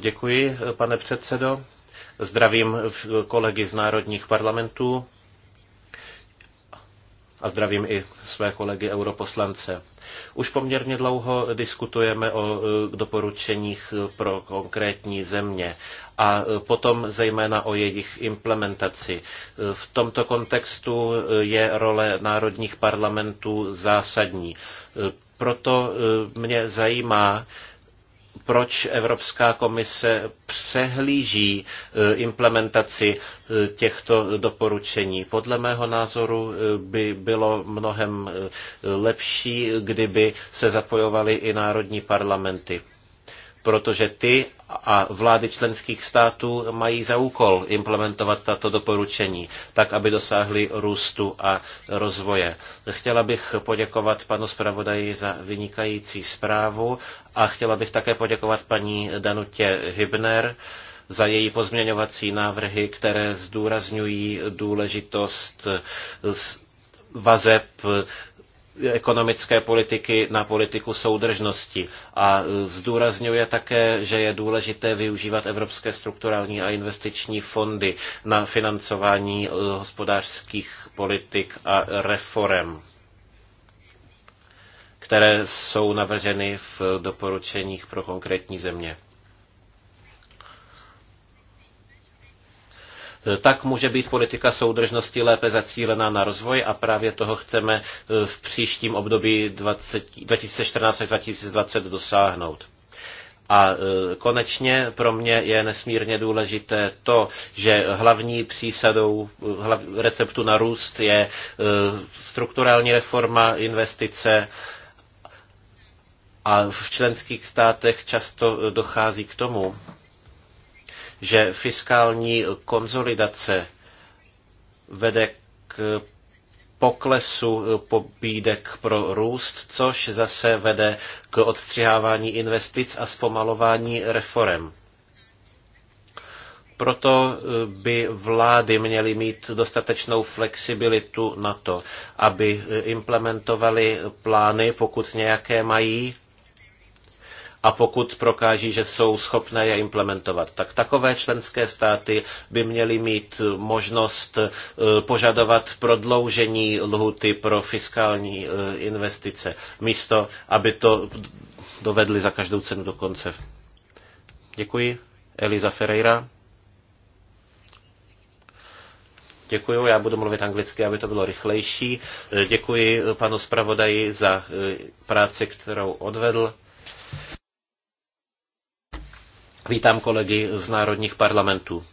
Děkuji, pane předsedo. Zdravím kolegy z národních parlamentů a zdravím i své kolegy europoslance. Už poměrně dlouho diskutujeme o e, doporučeních pro konkrétní země a potom zejména o jejich implementaci. E, v tomto kontextu je role národních parlamentů zásadní. E, proto mě zajímá, proč Evropská komise přehlíží e, implementaci e, těchto doporučení. Podle mého názoru e, by bylo mnohem lepší, kdyby se zapojovaly i národní parlamenty protože ty a vlády členských států mají za úkol implementovat tato doporučení, tak aby dosáhly růstu a rozvoje. Chtěla bych poděkovat panu zpravodaji za vynikající zprávu a chtěla bych také poděkovat paní Danutě Hybner za její pozměňovací návrhy, které zdůrazňují důležitost vazeb ekonomické politiky na politiku soudržnosti a e, zdůrazňuje také, že je důležité využívat evropské strukturální a investiční fondy na financování e, hospodářských politik a reform které jsou navrženy v doporučeních pro konkrétní země. Eh, tak může být politika soudržnosti lépe zacílená na rozvoj a právě toho chceme eh, v příštím období 2014 až 2020 dosáhnout. A eh, konečně pro mě je nesmírně důležité to, že hlavní přísadou receptu na růst je strukturální reforma, investice a v členských státech často dochází k tomu, že fiskální konzolidace vede k poklesu pobídek pro růst, což zase vede k odstřihávání investic a zpomalování reform. Proto by vlády měly mít dostatečnou flexibilitu na to, aby implementovali plány, pokud nějaké mají, a pokud prokáží, že jsou schopné je implementovat. Tak takové členské státy by měly mít možnost eh, požadovat prodloužení lhuty pro fiskální eh, investice, místo aby to dovedli za každou cenu do konce. Děkuji. Eliza Ferreira. Děkuji, já budu mluvit anglicky, aby to bylo rychlejší. Eh, děkuji panu zpravodaji za práci, kterou odvedl. Vítám kolegy z národních parlamentů.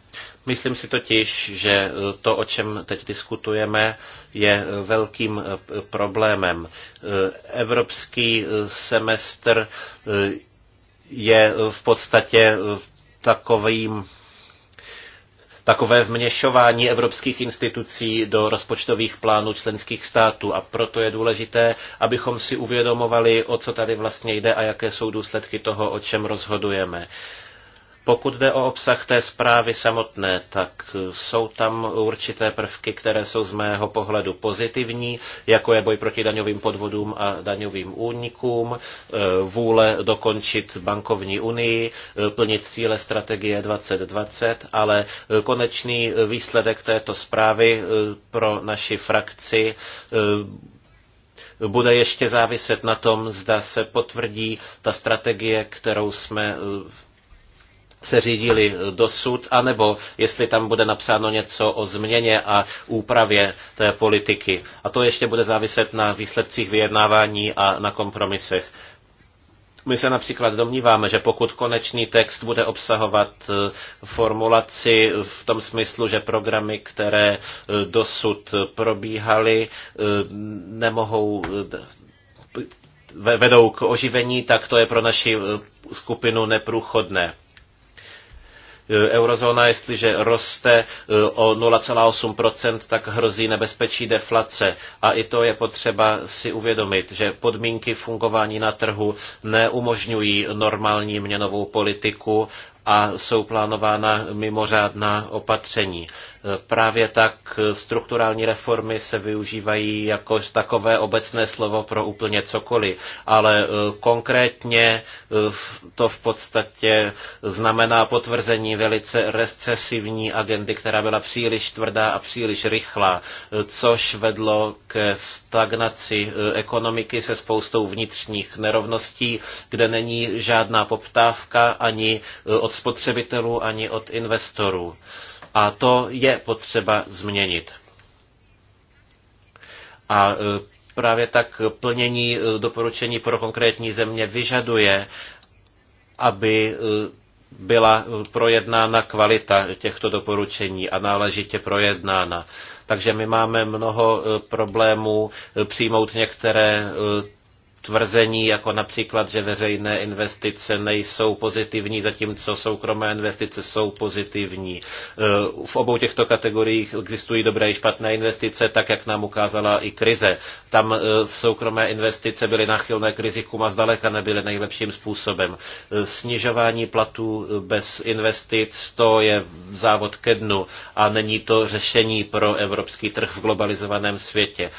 Myslím si totiž, že e, to, o čem teď diskutujeme, je e, velkým e, problémem. Evropský semestr je v podstatě takovým takové vměšování evropských institucí do rozpočtových plánů členských států a proto je důležité, abychom si uvědomovali, o co tady vlastně jde a jaké jsou důsledky toho, o čem rozhodujeme. Uh, pokud jde o obsah té zprávy samotné, tak jsou tam určité prvky, které jsou z mého pohledu pozitivní, jako je boj proti daňovým podvodům a daňovým únikům, eh, vůle dokončit bankovní unii, eh, plnit cíle strategie 2020, ale eh, konečný výsledek této zprávy pro naši frakci bude ještě záviset na tom, zda se potvrdí ta strategie, kterou jsme v se řídili dosud, anebo jestli tam bude napsáno něco o změně a úpravě té politiky. A to ještě bude záviset na výsledcích vyjednávání a na kompromisech. My se například domníváme, že pokud konečný text bude obsahovat e, formulaci v tom smyslu, že programy, které e, dosud probíhaly, e, nemohou vedou k oživení, tak to je pro naši skupinu neprůchodné. Eh, eurozóna, jestliže roste eh, o 0,8%, tak hrozí nebezpečí deflace. A i to je potřeba si uvědomit, že podmínky fungování na trhu neumožňují normální měnovou politiku a jsou plánována mimořádná opatření. E, právě tak strukturální reformy se využívají jako takové obecné slovo pro úplně cokoliv, ale e, konkrétně e, to v podstatě znamená potvrzení velice recesivní agendy, která byla příliš tvrdá a příliš rychlá, což vedlo ke stagnaci ekonomiky se spoustou vnitřních nerovností, kde není žádná poptávka ani od spotřebitelů, ani od investorů. A to je potřeba změnit. A e, právě tak plnění e, doporučení pro konkrétní země vyžaduje, aby e, byla projednána kvalita těchto doporučení a náležitě projednána. Takže my máme mnoho problémů přijmout některé tvrzení, jako například, že veřejné investice nejsou pozitivní, zatímco soukromé investice jsou pozitivní. Eh, v obou těchto kategoriích existují dobré i špatné investice, tak jak nám ukázala i krize. Tam eh, soukromé investice byly náchylné k rizikům a zdaleka nebyly nejlepším způsobem. Eh, snižování platů bez investic, to je závod ke dnu a není to řešení pro evropský trh v globalizovaném světě.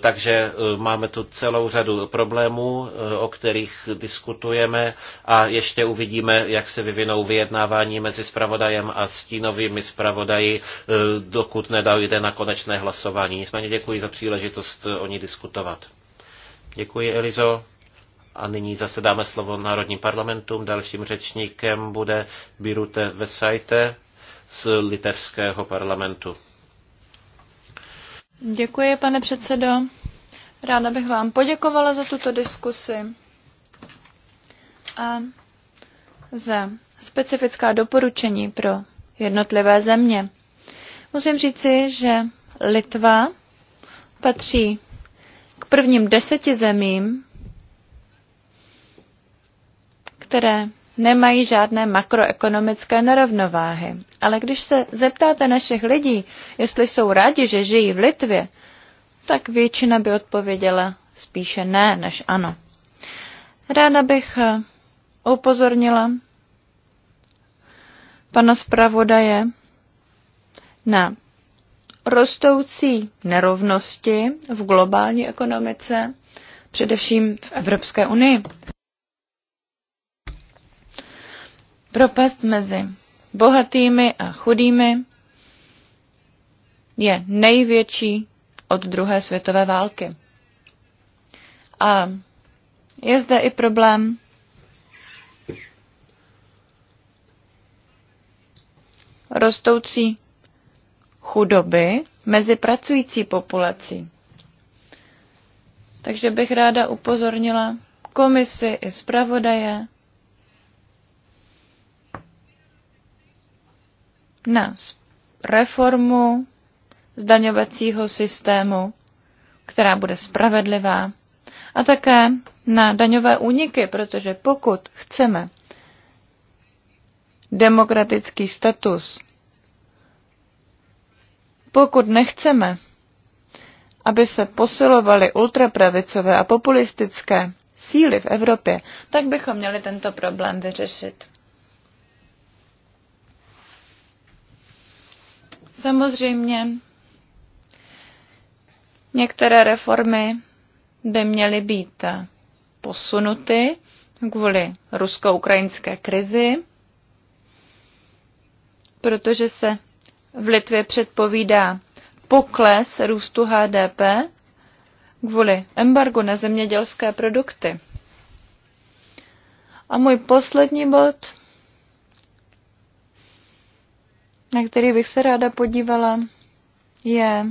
Takže máme tu celou řadu problémů, problémů, eh, o kterých diskutujeme a ještě uvidíme, jak se vyvinou vyjednávání mezi spravodajem a stínovými zpravodaji, eh, dokud nedojde na konečné hlasování. Nicméně děkuji za příležitost eh, o ní diskutovat. Děkuji, Elizo. A nyní zase dáme slovo Národním parlamentům. Dalším řečníkem bude Birute Vesajte z litevského parlamentu. Děkuji, pane předsedo. Ráda bych vám poděkovala za tuto diskusi a za specifická doporučení pro jednotlivé země. Musím říci, že Litva patří k prvním deseti zemím, které nemají žádné makroekonomické nerovnováhy. Ale když se zeptáte našich lidí, jestli jsou rádi, že žijí v Litvě, tak většina by odpověděla spíše ne než ano. Ráda bych eh, upozornila pana zpravodaje na rostoucí nerovnosti v globální ekonomice, především v Evropské unii. Propast mezi bohatými a chudými je největší od druhé světové války. A je zde i problém rostoucí chudoby mezi pracující populací. Takže bych ráda upozornila komisi i zpravodaje na reformu zdaňovacího systému, která bude spravedlivá, a také na daňové úniky, protože pokud chceme demokratický status, pokud nechceme, aby se posilovaly ultrapravicové a populistické síly v Evropě, tak bychom měli tento problém vyřešit. Samozřejmě Některé reformy by měly být posunuty kvůli rusko-ukrajinské krizi, protože se v Litvě předpovídá pokles růstu HDP kvůli embargu na zemědělské produkty. A můj poslední bod, na který bych se ráda podívala, je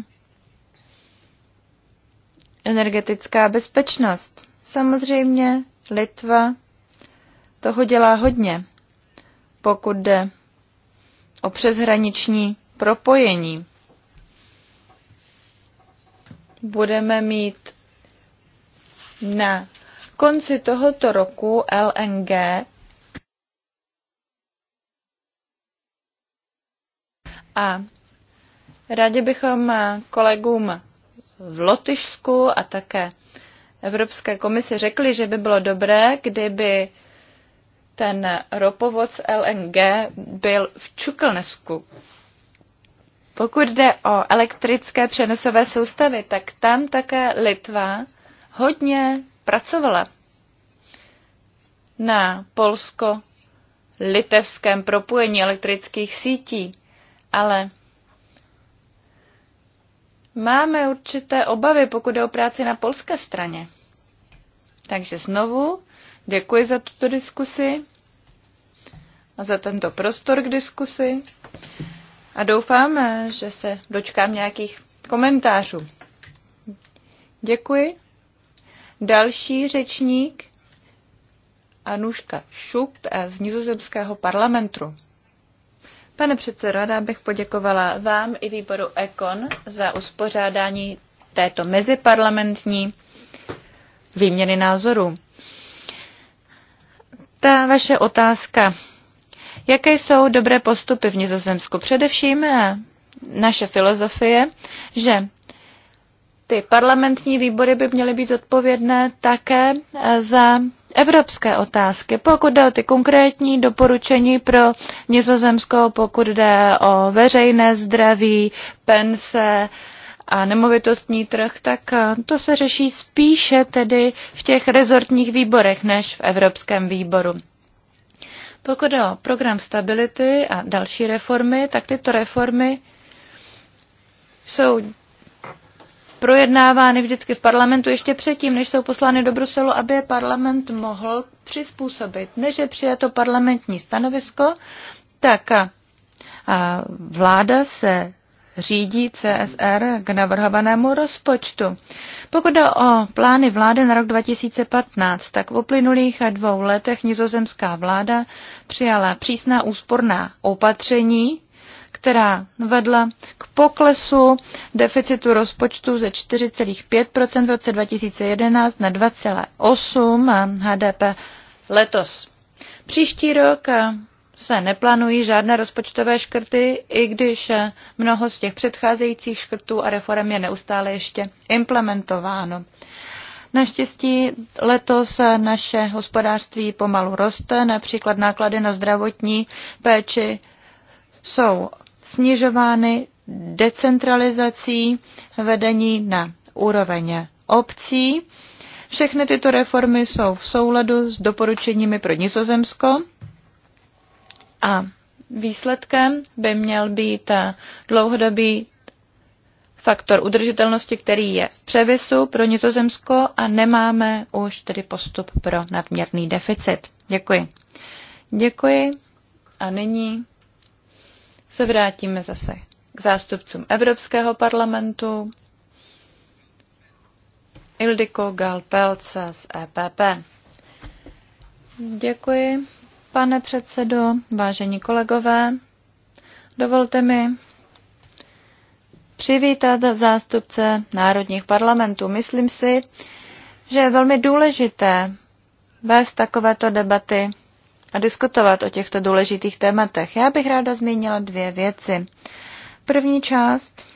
energetická bezpečnost. Samozřejmě Litva toho dělá hodně, pokud jde o přeshraniční propojení. Budeme mít na konci tohoto roku LNG a rádi bychom kolegům v Lotyšsku a také Evropské komisi řekli, že by bylo dobré, kdyby ten ropovod z LNG byl v Čuklnesku. Pokud jde o elektrické přenosové soustavy, tak tam také Litva hodně pracovala na polsko-litevském propojení elektrických sítí, ale máme určité obavy, pokud je o práci na polské straně. Takže znovu děkuji za tuto diskusi a za tento prostor k diskusi a doufám, že se dočkám nějakých komentářů. Děkuji. Další řečník Anuška Šukt z nizozemského parlamentu. Pane předsedo, ráda bych poděkovala vám i výboru EKON za uspořádání této meziparlamentní výměny názorů. Ta vaše otázka, jaké jsou dobré postupy v Nizozemsku? Především eh, naše filozofie, že ty parlamentní výbory by měly být odpovědné také eh, za evropské otázky. Pokud jde o ty konkrétní doporučení pro Nizozemsko, pokud jde o veřejné zdraví, pense, a nemovitostní trh, tak eh, to se řeší spíše tedy v těch rezortních výborech než v Evropském výboru. Pokud o program stability a další reformy, tak tyto reformy jsou projednávány vždycky v parlamentu ještě předtím, než jsou poslány do Bruselu, aby je parlament mohl přizpůsobit. Než je přijato parlamentní stanovisko, tak a vláda se řídí CSR k navrhovanému rozpočtu. Pokud jde o plány vlády na rok 2015, tak v uplynulých dvou letech nizozemská vláda přijala přísná úsporná opatření která vedla k poklesu deficitu rozpočtu ze 4,5 v roce 2011 na 2,8 HDP letos. Příští rok se neplánují žádné rozpočtové škrty, i když mnoho z těch předcházejících škrtů a reform je neustále ještě implementováno. Naštěstí letos naše hospodářství pomalu roste, například náklady na zdravotní péči jsou snižovány decentralizací vedení na úroveň obcí. Všechny tyto reformy jsou v souladu s doporučeními pro Nizozemsko a výsledkem by měl být dlouhodobý faktor udržitelnosti, který je v převisu pro Nizozemsko a nemáme už tedy postup pro nadměrný deficit. Děkuji. Děkuji. A nyní se vrátíme zase k zástupcům Evropského parlamentu. Ildiko Galpelce z EPP. Děkuji, pane předsedo, vážení kolegové. Dovolte mi přivítat zástupce národních parlamentů. Myslím si, že je velmi důležité vést takovéto debaty a diskutovat o těchto důležitých tématech. Já bych ráda zmínila dvě věci. První část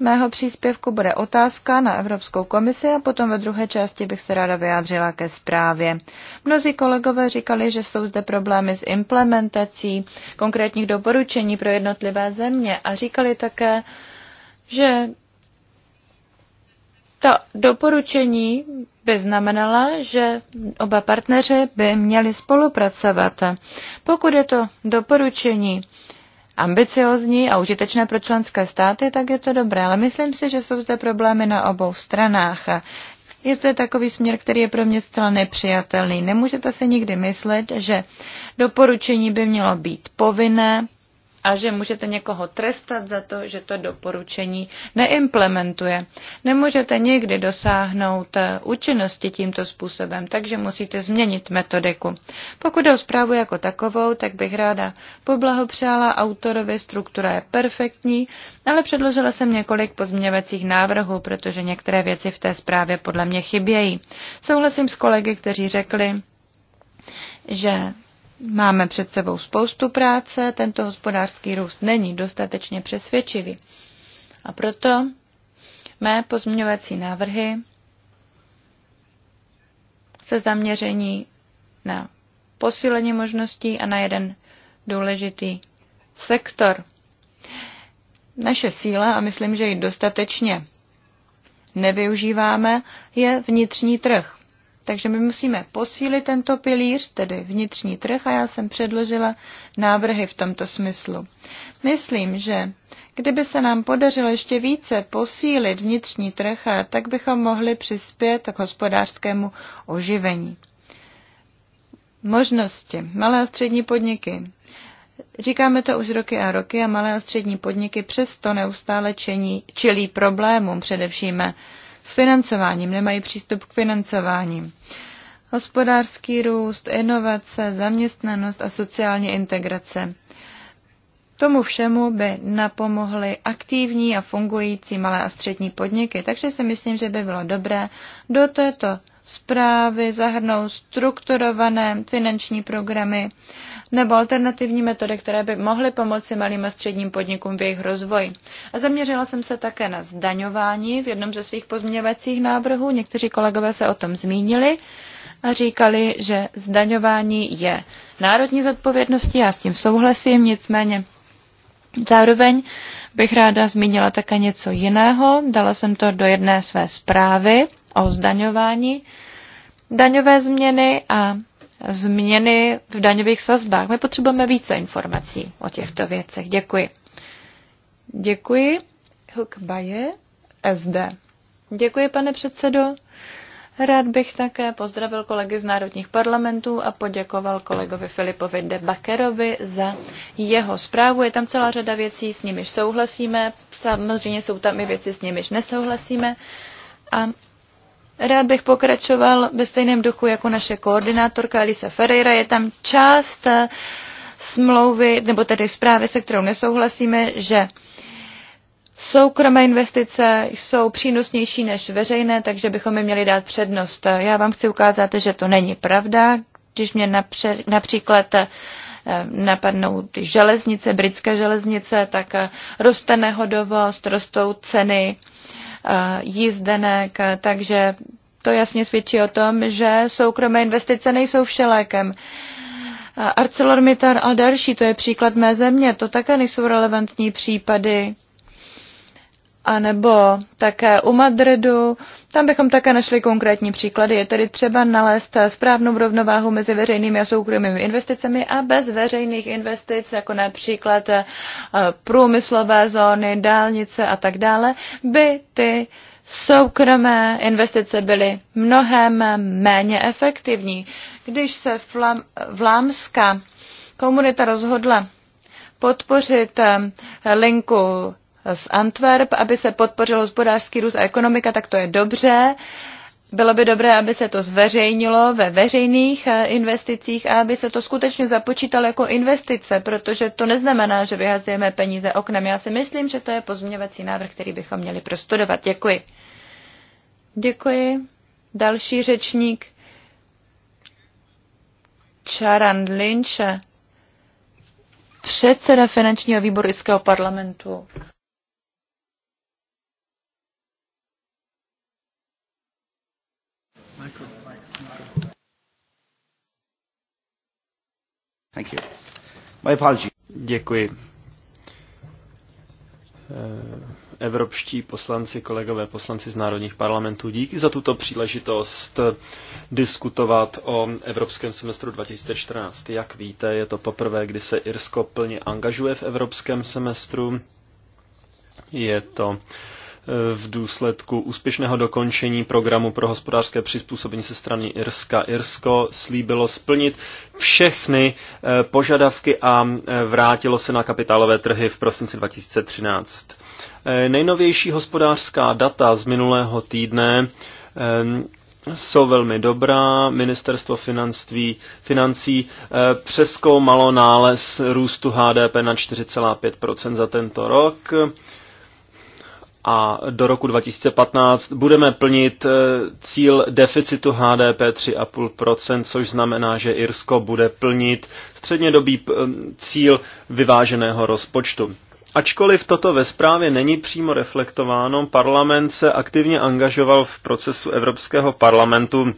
mého příspěvku bude otázka na Evropskou komisi a potom ve druhé části bych se ráda vyjádřila ke zprávě. Mnozí kolegové říkali, že jsou zde problémy s implementací konkrétních doporučení pro jednotlivé země a říkali také, že ta doporučení by znamenala, že oba partneři by měli spolupracovat. Pokud je to doporučení ambiciozní a užitečné pro členské státy, tak je to dobré, ale myslím si, že jsou zde problémy na obou stranách. Je to takový směr, který je pro mě zcela nepřijatelný. Nemůžete si nikdy myslet, že doporučení by mělo být povinné, a že můžete někoho trestat za to, že to doporučení neimplementuje. Nemůžete nikdy dosáhnout eh, účinnosti tímto způsobem, takže musíte změnit metodiku. Pokud jde o zprávu jako takovou, tak bych ráda poblahopřála autorovi, struktura je perfektní, ale předložila jsem několik pozměňovacích návrhů, protože některé věci v té zprávě podle mě chybějí. Souhlasím s kolegy, kteří řekli, že Máme před sebou spoustu práce, tento hospodářský růst není dostatečně přesvědčivý. A proto mé pozměňovací návrhy se zaměření na posílení možností a na jeden důležitý sektor. Naše síla, a myslím, že ji dostatečně nevyužíváme, je vnitřní trh. Takže my musíme posílit tento pilíř, tedy vnitřní trh, a já jsem předložila návrhy v tomto smyslu. Myslím, že kdyby se nám podařilo ještě více posílit vnitřní trh, tak bychom mohli přispět k hospodářskému oživení. Možnosti. Malé a střední podniky. Říkáme to už roky a roky a malé a střední podniky přesto neustále čení, čelí problémům, především s financováním, nemají přístup k financování. Hospodářský růst, inovace, zaměstnanost a sociální integrace. Tomu všemu by napomohly aktivní a fungující malé a střední podniky, takže si myslím, že by bylo dobré do této zprávy zahrnout strukturované finanční programy, nebo alternativní metody, které by mohly pomoci malým a středním podnikům v jejich rozvoji. A zaměřila jsem se také na zdaňování v jednom ze svých pozměňovacích návrhů. Někteří kolegové se o tom zmínili a říkali, že zdaňování je národní zodpovědností, já s tím souhlasím, nicméně zároveň bych ráda zmínila také něco jiného. Dala jsem to do jedné své zprávy o zdaňování, daňové změny a změny v daňových sazbách. My potřebujeme více informací o těchto věcech. Děkuji. Děkuji. Hukbaje SD. Děkuji, pane předsedo. Rád bych také pozdravil kolegy z národních parlamentů a poděkoval kolegovi Filipovi de Bakerovi za jeho zprávu. Je tam celá řada věcí, s nimiž souhlasíme. Samozřejmě jsou tam i věci, s nimiž nesouhlasíme. A Rád bych pokračoval ve stejném duchu jako naše koordinátorka Elisa Ferreira. Je tam část eh, smlouvy, nebo tedy zprávy, se kterou nesouhlasíme, že soukromé investice jsou přínosnější než veřejné, takže bychom je měli dát přednost. Já vám chci ukázat, že to není pravda. Když mě napře- například eh, napadnou ty železnice, britské železnice, tak eh, roste nehodovost, rostou ceny Eh, jízdenek, takže to jasně svědčí o tom, že soukromé investice nejsou všelékem. Eh, ArcelorMittal a další, to je příklad mé země, to také nejsou relevantní případy anebo také u Madridu. Tam bychom také našli konkrétní příklady. Je tedy třeba nalézt správnou rovnováhu mezi veřejnými a soukromými investicemi a bez veřejných investic, jako například eh, průmyslové zóny, dálnice a tak dále, by ty soukromé investice byly mnohem méně efektivní. Když se flam, vlámská komunita rozhodla podpořit eh, linku z Antwerp, aby se podpořil hospodářský růst a ekonomika, tak to je dobře. Bylo by dobré, aby se to zveřejnilo ve veřejných eh, investicích a aby se to skutečně započítalo jako investice, protože to neznamená, že vyhazujeme peníze oknem. Já si myslím, že to je pozměňovací návrh, který bychom měli prostudovat. Děkuji. Děkuji. Další řečník. Charan Lynch, eh, předseda finančního výboru Iského parlamentu. Děkuji. Eh, evropští poslanci, kolegové poslanci z národních parlamentů, díky za tuto příležitost diskutovat o Evropském semestru 2014. Jak víte, je to poprvé, kdy se Irsko plně angažuje v Evropském semestru. Je to v důsledku úspěšného dokončení programu pro hospodářské přizpůsobení se strany Irska. Irsko slíbilo splnit všechny eh, požadavky a eh, vrátilo se na kapitálové trhy v prosinci 2013. Eh, nejnovější hospodářská data z minulého týdne jsou velmi dobrá. Ministerstvo financí, financí přeskoumalo nález růstu HDP na 4,5% za tento rok a do roku 2015 budeme plnit eh, cíl deficitu HDP 3,5%, což znamená, že Irsko bude plnit střednědobý eh, cíl vyváženého rozpočtu. Ačkoliv toto ve zprávě není přímo reflektováno, parlament se aktivně angažoval v procesu Evropského parlamentu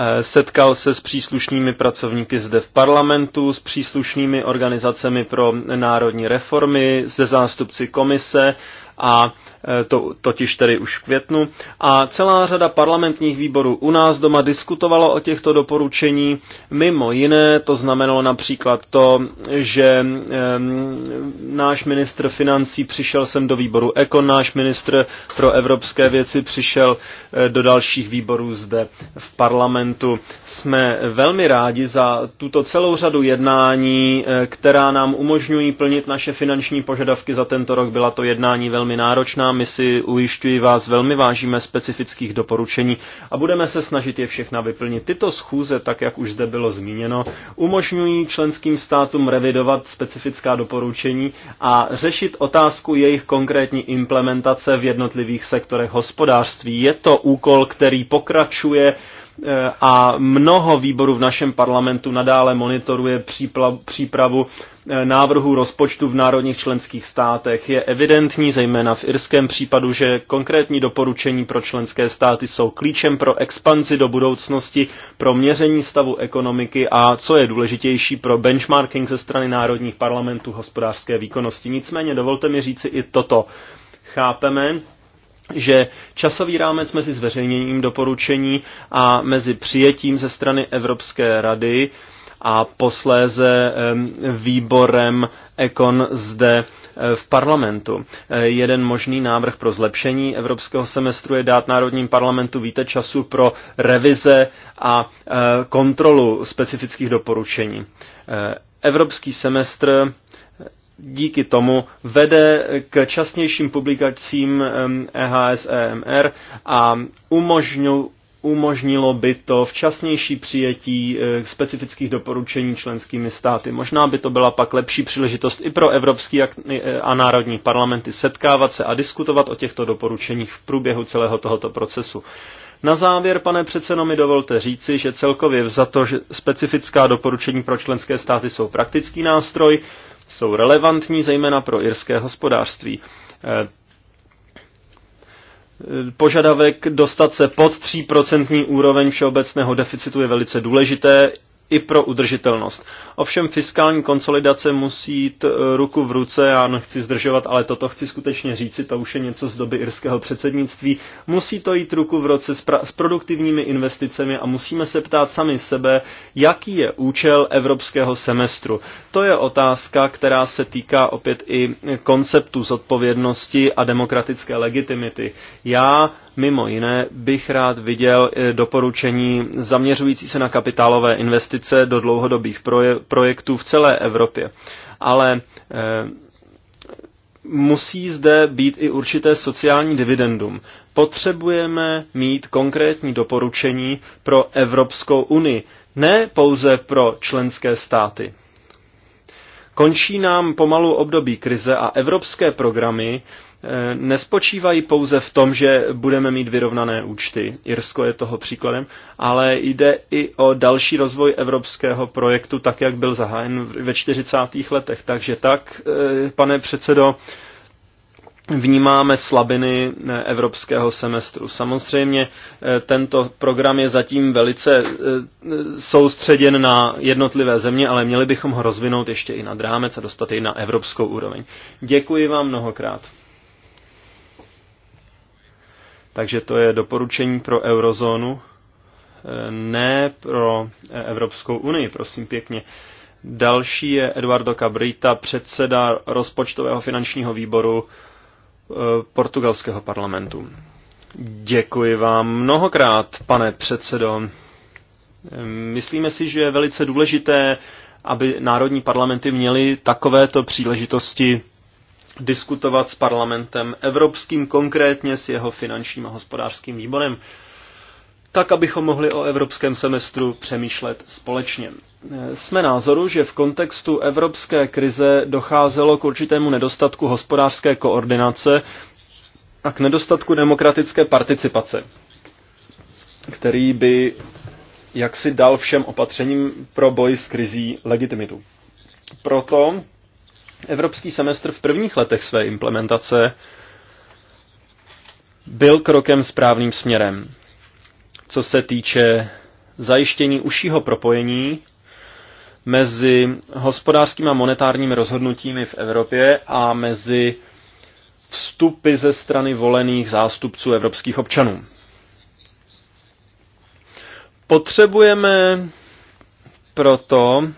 Eh, setkal se s příslušnými pracovníky zde v parlamentu, s příslušnými organizacemi pro národní reformy, se zástupci komise a Eh, to, totiž tedy už v květnu. A celá řada parlamentních výborů u nás doma diskutovalo o těchto doporučení. Mimo jiné to znamenalo například to, že náš ministr financí přišel sem do výboru Ekon, náš ministr pro evropské věci přišel eh, do dalších výborů zde v parlamentu. Jsme velmi rádi za tuto celou řadu jednání, eh, která nám umožňují plnit naše finanční požadavky za tento rok. Byla to jednání velmi náročná, my si ujišťuji vás, velmi vážíme specifických doporučení a budeme se snažit je všechna vyplnit. Tyto schůze, tak jak už zde bylo zmíněno, umožňují členským státům revidovat specifická doporučení a řešit otázku jejich konkrétní implementace v jednotlivých sektorech hospodářství. Je to úkol, který pokračuje Eh, a mnoho výborů v našem parlamentu nadále monitoruje přípravu eh, návrhu rozpočtu v národních členských státech. Je evidentní, zejména v irském případu, že konkrétní doporučení pro členské státy jsou klíčem pro expanzi do budoucnosti, pro měření stavu ekonomiky a, co je důležitější, pro benchmarking ze strany národních parlamentů hospodářské výkonnosti. Nicméně dovolte mi říci i toto. Chápeme, že časový rámec mezi zveřejněním doporučení a mezi přijetím ze strany Evropské rady a posléze výborem Ekon zde eh, v parlamentu. Eh, jeden možný návrh pro zlepšení evropského semestru je dát národním parlamentu více času pro revize a eh, kontrolu specifických doporučení. Evropský semestr díky tomu vede k časnějším publikacím EHS e EMR a umožnilo by to včasnější přijetí eh, specifických doporučení členskými státy. Možná by to byla pak lepší příležitost i pro evropský eh, a národní parlamenty setkávat se a diskutovat o těchto doporučeních v průběhu celého tohoto procesu. Na závěr, pane předsedo, mi dovolte říci, že celkově za to, že specifická doporučení pro členské státy jsou praktický nástroj, jsou relevantní zejména pro irské hospodářství. Eh, požadavek dostat se pod 3% úroveň všeobecného deficitu je velice důležité, i pro udržitelnost. Ovšem fiskální konsolidace musí jít e, ruku v ruce, já nechci zdržovat, ale toto chci skutečně říci, to už je něco z doby irského předsednictví. Musí to jít ruku v ruce s, s produktivními investicemi a musíme se ptát sami sebe, jaký je účel evropského semestru. To je otázka, která se týká opět i konceptu zodpovědnosti a demokratické legitimity. Já Mimo jiné bych rád viděl eh, doporučení zaměřující se na kapitálové investice do dlouhodobých proje- projektů v celé Evropě. Ale eh, musí zde být i určité sociální dividendum. Potřebujeme mít konkrétní doporučení pro Evropskou unii, ne pouze pro členské státy. Končí nám pomalu období krize a evropské programy Eh, nespočívají pouze v tom, že budeme mít vyrovnané účty, Irsko je toho příkladem, ale jde i o další rozvoj evropského projektu, tak jak byl zahájen ve 40. letech. Takže tak, eh, pane předsedo, vnímáme slabiny eh, evropského semestru. Samozřejmě tento program je zatím velice soustředěn na jednotlivé země, ale měli bychom ho rozvinout ještě i nad rámec a dostat jej na evropskou úroveň. Děkuji vám mnohokrát. Takže to je doporučení pro eurozónu, eh, ne pro eh, Evropskou unii, prosím pěkně. Další je Eduardo Cabrita, předseda rozpočtového finančního výboru eh, portugalského parlamentu. Děkuji vám mnohokrát, pane předsedo. Ehm, myslíme si, že je velice důležité, aby národní parlamenty měly takovéto příležitosti diskutovat s parlamentem evropským, konkrétně s jeho finančním a hospodářským výborem, tak abychom mohli o evropském semestru přemýšlet společně. Jsme názoru, že v kontextu evropské krize docházelo k určitému nedostatku hospodářské koordinace a k nedostatku demokratické participace, který by jaksi dal všem opatřením pro boj s krizí legitimitu. Proto Evropský semestr v prvních letech své implementace byl krokem správným směrem, co se týče zajištění užšího propojení mezi hospodářským a monetárními rozhodnutími v Evropě a mezi vstupy ze strany volených zástupců evropských občanů. Potřebujeme proto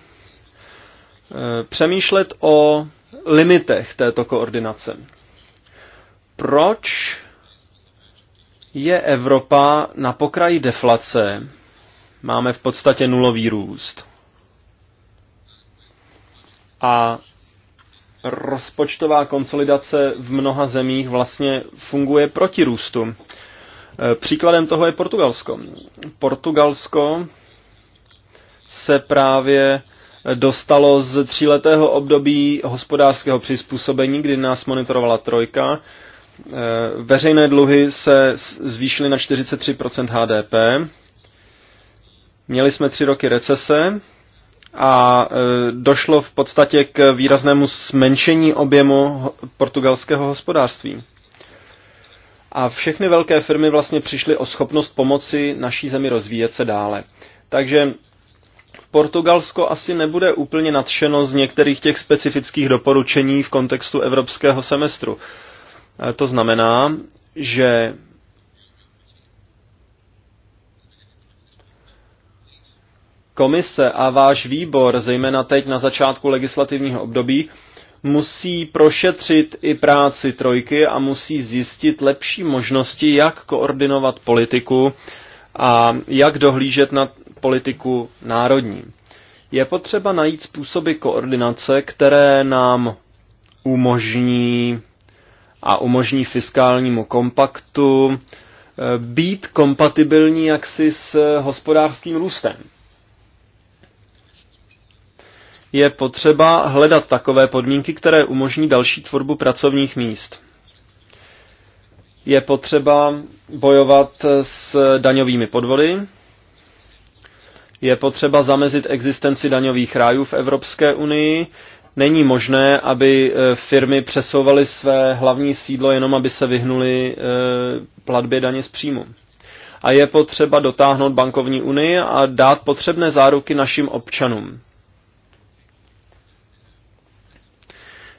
Eh, přemýšlet o limitech této koordinace. Proč je Evropa na pokraji deflace? Máme v podstatě nulový růst. A rozpočtová konsolidace v mnoha zemích vlastně funguje proti růstu. Eh, příkladem toho je Portugalsko. Portugalsko se právě dostalo z tříletého období hospodářského přizpůsobení, kdy nás monitorovala trojka. E, veřejné dluhy se zvýšily na 43% HDP. Měli jsme tři roky recese a e, došlo v podstatě k výraznému zmenšení objemu portugalského hospodářství. A všechny velké firmy vlastně přišly o schopnost pomoci naší zemi rozvíjet se dále. Takže Portugalsko asi nebude úplně nadšeno z některých těch specifických doporučení v kontextu evropského semestru. E, to znamená, že komise a váš výbor, zejména teď na začátku legislativního období, musí prošetřit i práci trojky a musí zjistit lepší možnosti, jak koordinovat politiku a jak dohlížet na politiku národní. Je potřeba najít způsoby koordinace, které nám umožní a umožní fiskálnímu kompaktu eh, být kompatibilní jaksi s hospodářským růstem. Je potřeba hledat takové podmínky, které umožní další tvorbu pracovních míst je potřeba bojovat s daňovými podvody, je potřeba zamezit existenci daňových rájů v Evropské unii. Není možné, aby eh, firmy přesouvaly své hlavní sídlo jenom, aby se vyhnuli eh, platbě daně z příjmu. A je potřeba dotáhnout bankovní unii a dát potřebné záruky našim občanům.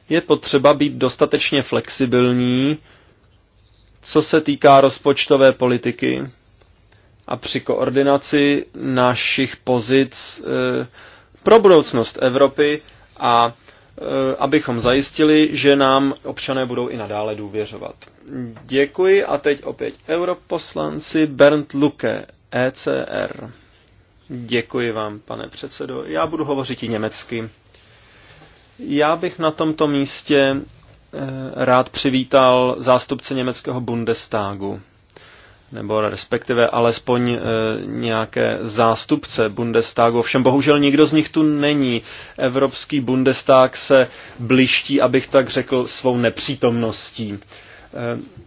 Je potřeba být dostatečně flexibilní, co se týká rozpočtové politiky a při koordinaci našich pozic eh, pro budoucnost Evropy a eh, abychom zajistili, že nám občané budou i nadále důvěřovat. Děkuji a teď opět europoslanci Bernd Luke, ECR. Děkuji vám, pane předsedo. Já budu hovořit i německy. Já bych na tomto místě Eh, rád přivítal zástupce německého Bundestagu, nebo respektive alespoň eh, nějaké zástupce Bundestagu. Ovšem bohužel nikdo z nich tu není. Evropský Bundestag se bliští, abych tak řekl, svou nepřítomností. Eh,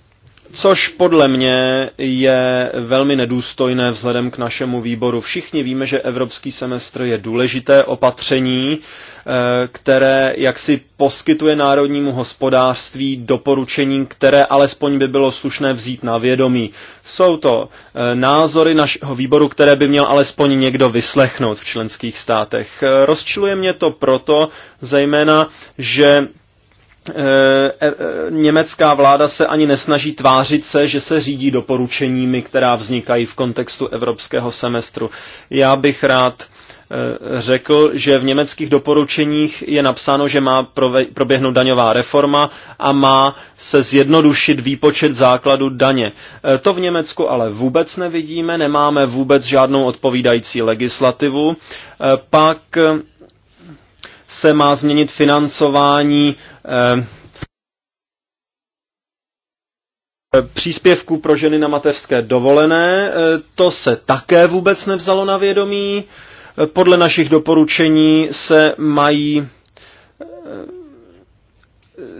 což podle mě je velmi nedůstojné vzhledem k našemu výboru. Všichni víme, že evropský semestr je důležité opatření, eh, které jaksi poskytuje národnímu hospodářství doporučení, které alespoň by bylo slušné vzít na vědomí. Jsou to eh, názory našeho výboru, které by měl alespoň někdo vyslechnout v členských státech. Eh, rozčiluje mě to proto, zejména, že Eh, eh, německá vláda se ani nesnaží tvářit se, že se řídí doporučeními, která vznikají v kontextu evropského semestru. Já bych rád eh, řekl, že v německých doporučeních je napsáno, že má proběhnout daňová reforma a má se zjednodušit výpočet základu daně. To v Německu ale vůbec nevidíme, nemáme vůbec žádnou odpovídající legislativu. Pak se má změnit financování eh, eh, příspěvku pro ženy na mateřské dovolené. Eh, to se také vůbec nevzalo na vědomí. Podle našich doporučení se mají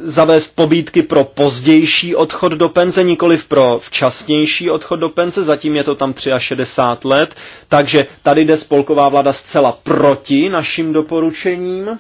zavést pobídky pro pozdější odchod do penze, nikoliv pro včasnější odchod do penze, zatím je to tam 63 let, takže tady jde spolková vláda zcela proti našim doporučením.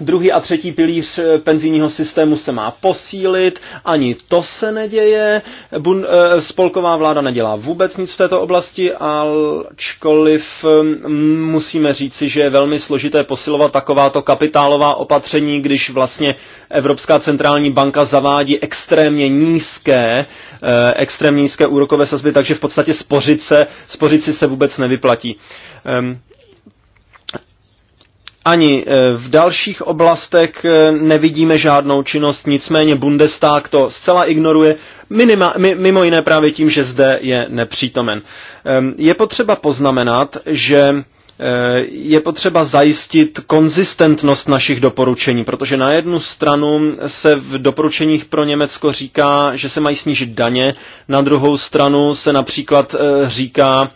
Druhý a třetí pilíř eh, penzijního systému se má posílit, ani to se neděje. Bun, eh, spolková vláda nedělá vůbec nic v této oblasti, ačkoliv eh, musíme říci, že je velmi složité posilovat takováto kapitálová opatření, když vlastně Evropská centrální banka zavádí extrémně nízké, extrémně nízké úrokové sazby, takže v podstatě spořit, se, spořit si se vůbec nevyplatí. Ehm, ani eh, v dalších oblastech eh, nevidíme žádnou činnost, nicméně Bundestag to zcela ignoruje, minima, mimo jiné právě tím, že zde je nepřítomen. Ehm, je potřeba poznamenat, že eh, je potřeba zajistit konzistentnost našich doporučení, protože na jednu stranu se v doporučeních pro Německo říká, že se mají snížit daně, na druhou stranu se například říká,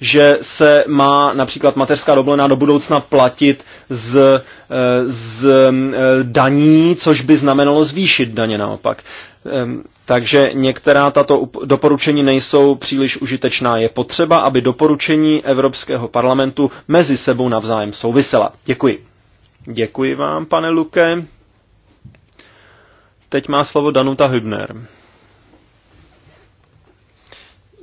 že se má například mateřská dovolená do budoucna platit z, eh, z eh, daní, což by znamenalo zvýšit daně naopak. Ehm, takže některá tato doporučení nejsou příliš užitečná. Je potřeba, aby doporučení Evropského parlamentu mezi sebou navzájem souvisela. Děkuji. Děkuji vám, pane Luke. Teď má slovo Danuta Hübner.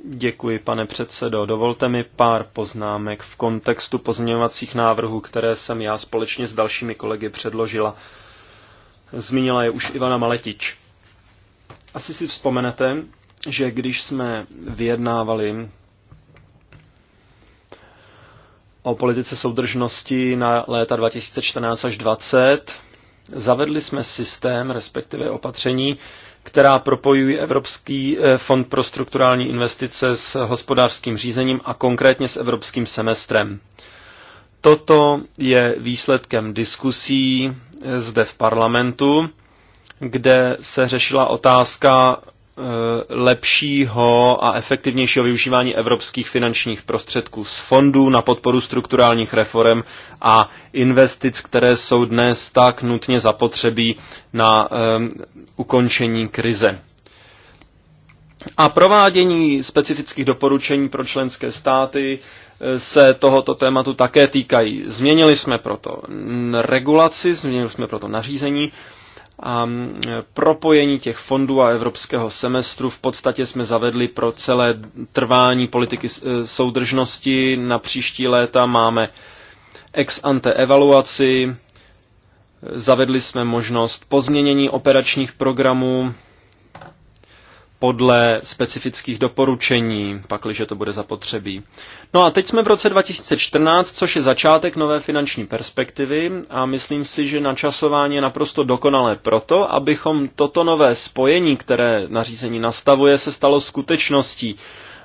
Děkuji, pane předsedo. Dovolte mi pár poznámek v kontextu pozměňovacích návrhů, které jsem já společně s dalšími kolegy předložila. Zmínila je už Ivana Maletič. Asi si vzpomenete, že když jsme vyjednávali o politice soudržnosti na léta 2014 až 2020, zavedli jsme systém, respektive opatření, která propojují Evropský eh, fond pro strukturální investice s hospodářským řízením a konkrétně s evropským semestrem. Toto je výsledkem diskusí eh, zde v parlamentu, kde se řešila otázka Eh, lepšího a efektivnějšího využívání evropských finančních prostředků z fondů na podporu strukturálních reform a investic, které jsou dnes tak nutně zapotřebí na um, ukončení krize. A provádění specifických doporučení pro členské státy eh, se tohoto tématu také týkají. Změnili jsme proto regulaci, změnili jsme proto nařízení a propojení těch fondů a evropského semestru v podstatě jsme zavedli pro celé trvání politiky e, soudržnosti. Na příští léta máme ex ante evaluaci, zavedli jsme možnost pozměnění operačních programů, podle specifických doporučení, pakliže to bude zapotřebí. No a teď jsme v roce 2014, což je začátek nové finanční perspektivy a myslím si, že načasování je naprosto dokonalé proto, abychom toto nové spojení, které nařízení nastavuje, se stalo skutečností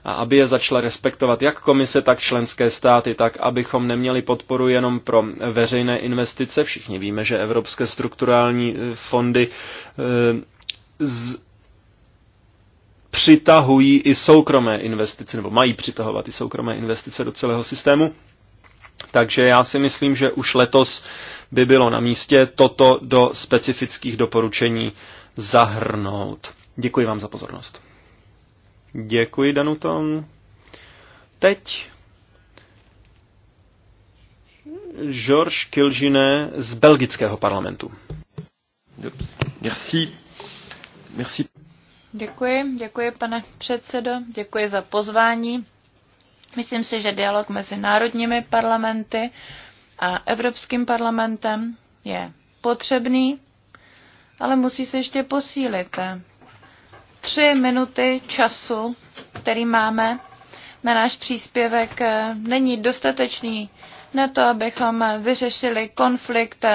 a aby je začala respektovat jak komise, tak členské státy, tak abychom neměli podporu jenom pro veřejné investice. Všichni víme, že evropské strukturální eh, fondy eh, z přitahují i soukromé investice, nebo mají přitahovat i soukromé investice do celého systému. Takže já si myslím, že už letos by bylo na místě toto do specifických doporučení zahrnout. Děkuji vám za pozornost. Děkuji, Danuton. Teď Georges Kilžine z belgického parlamentu. Merci. Merci. Děkuji, děkuji pane předsedo, děkuji za pozvání. Myslím si, že dialog mezi národními parlamenty a Evropským parlamentem je potřebný, ale musí se ještě posílit. Tři minuty času, který máme na náš příspěvek, není dostatečný na to, abychom vyřešili konflikt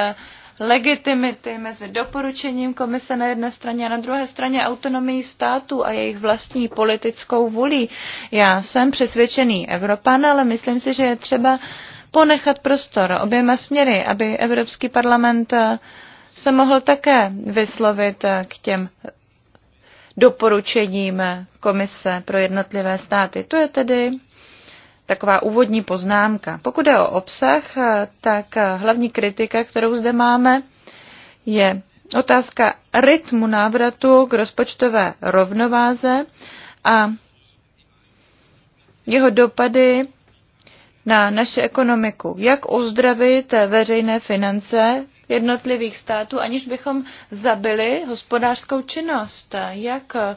legitimity mezi doporučením komise na jedné straně a na druhé straně autonomii států a jejich vlastní politickou vůlí. Já jsem přesvědčený Evropan, ale myslím si, že je třeba ponechat prostor oběma směry, aby Evropský parlament eh, se mohl také vyslovit eh, k těm doporučením eh, komise pro jednotlivé státy. To je tedy taková úvodní poznámka. Pokud je o obsah, eh, tak eh, hlavní kritika, kterou zde máme, je otázka rytmu návratu k rozpočtové rovnováze a jeho dopady na naši ekonomiku. Jak uzdravit veřejné finance jednotlivých států, aniž bychom zabili hospodářskou činnost? Jak eh,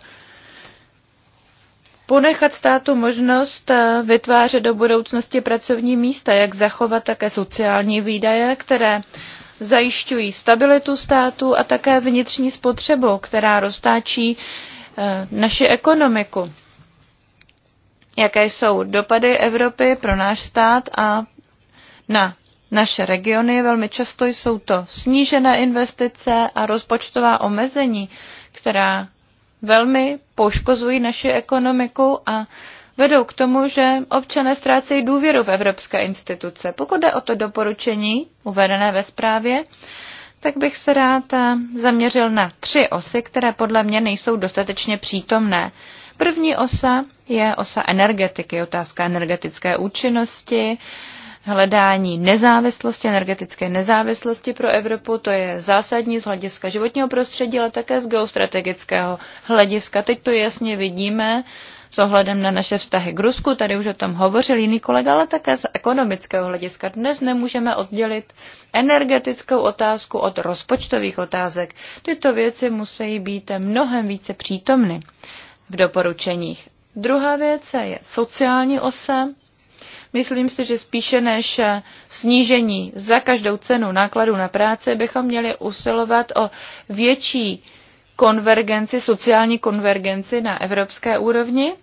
ponechat státu možnost eh, vytvářet do budoucnosti pracovní místa, jak zachovat také sociální výdaje, které zajišťují stabilitu státu a také vnitřní spotřebu, která roztáčí eh, naši ekonomiku. Jaké jsou dopady Evropy pro náš stát a na naše regiony? Velmi často jsou to snížené investice a rozpočtová omezení, která velmi poškozují naši ekonomiku a vedou k tomu, že občané ztrácejí důvěru v evropské instituce. Pokud jde o to doporučení uvedené ve zprávě, tak bych se rád eh, zaměřil na tři osy, které podle mě nejsou dostatečně přítomné. První osa je osa energetiky, otázka energetické účinnosti, hledání nezávislosti, energetické nezávislosti pro Evropu. To je zásadní z hlediska životního prostředí, ale také z geostrategického hlediska. Teď to jasně vidíme s ohledem na naše vztahy k Rusku, tady už o tom hovořil jiný kolega, ale také z ekonomického hlediska. Dnes nemůžeme oddělit energetickou otázku od rozpočtových otázek. Tyto věci musí být mnohem více přítomny v doporučeních. Druhá věc je sociální osa. Myslím si, že spíše než eh, snížení za každou cenu nákladů na práci bychom měli usilovat o větší konvergenci, sociální konvergenci na evropské úrovni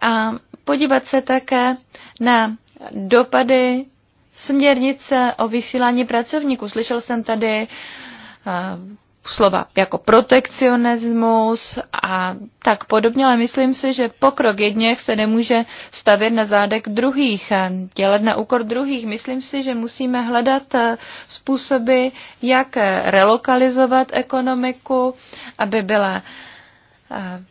a podívat se také na dopady směrnice o vysílání pracovníků. Slyšel jsem tady eh, slova jako protekcionismus a tak podobně, ale myslím si, že pokrok jedněch se nemůže stavět na zádek druhých a dělat na úkor druhých. Myslím si, že musíme hledat eh, způsoby, jak relokalizovat ekonomiku, aby byla eh,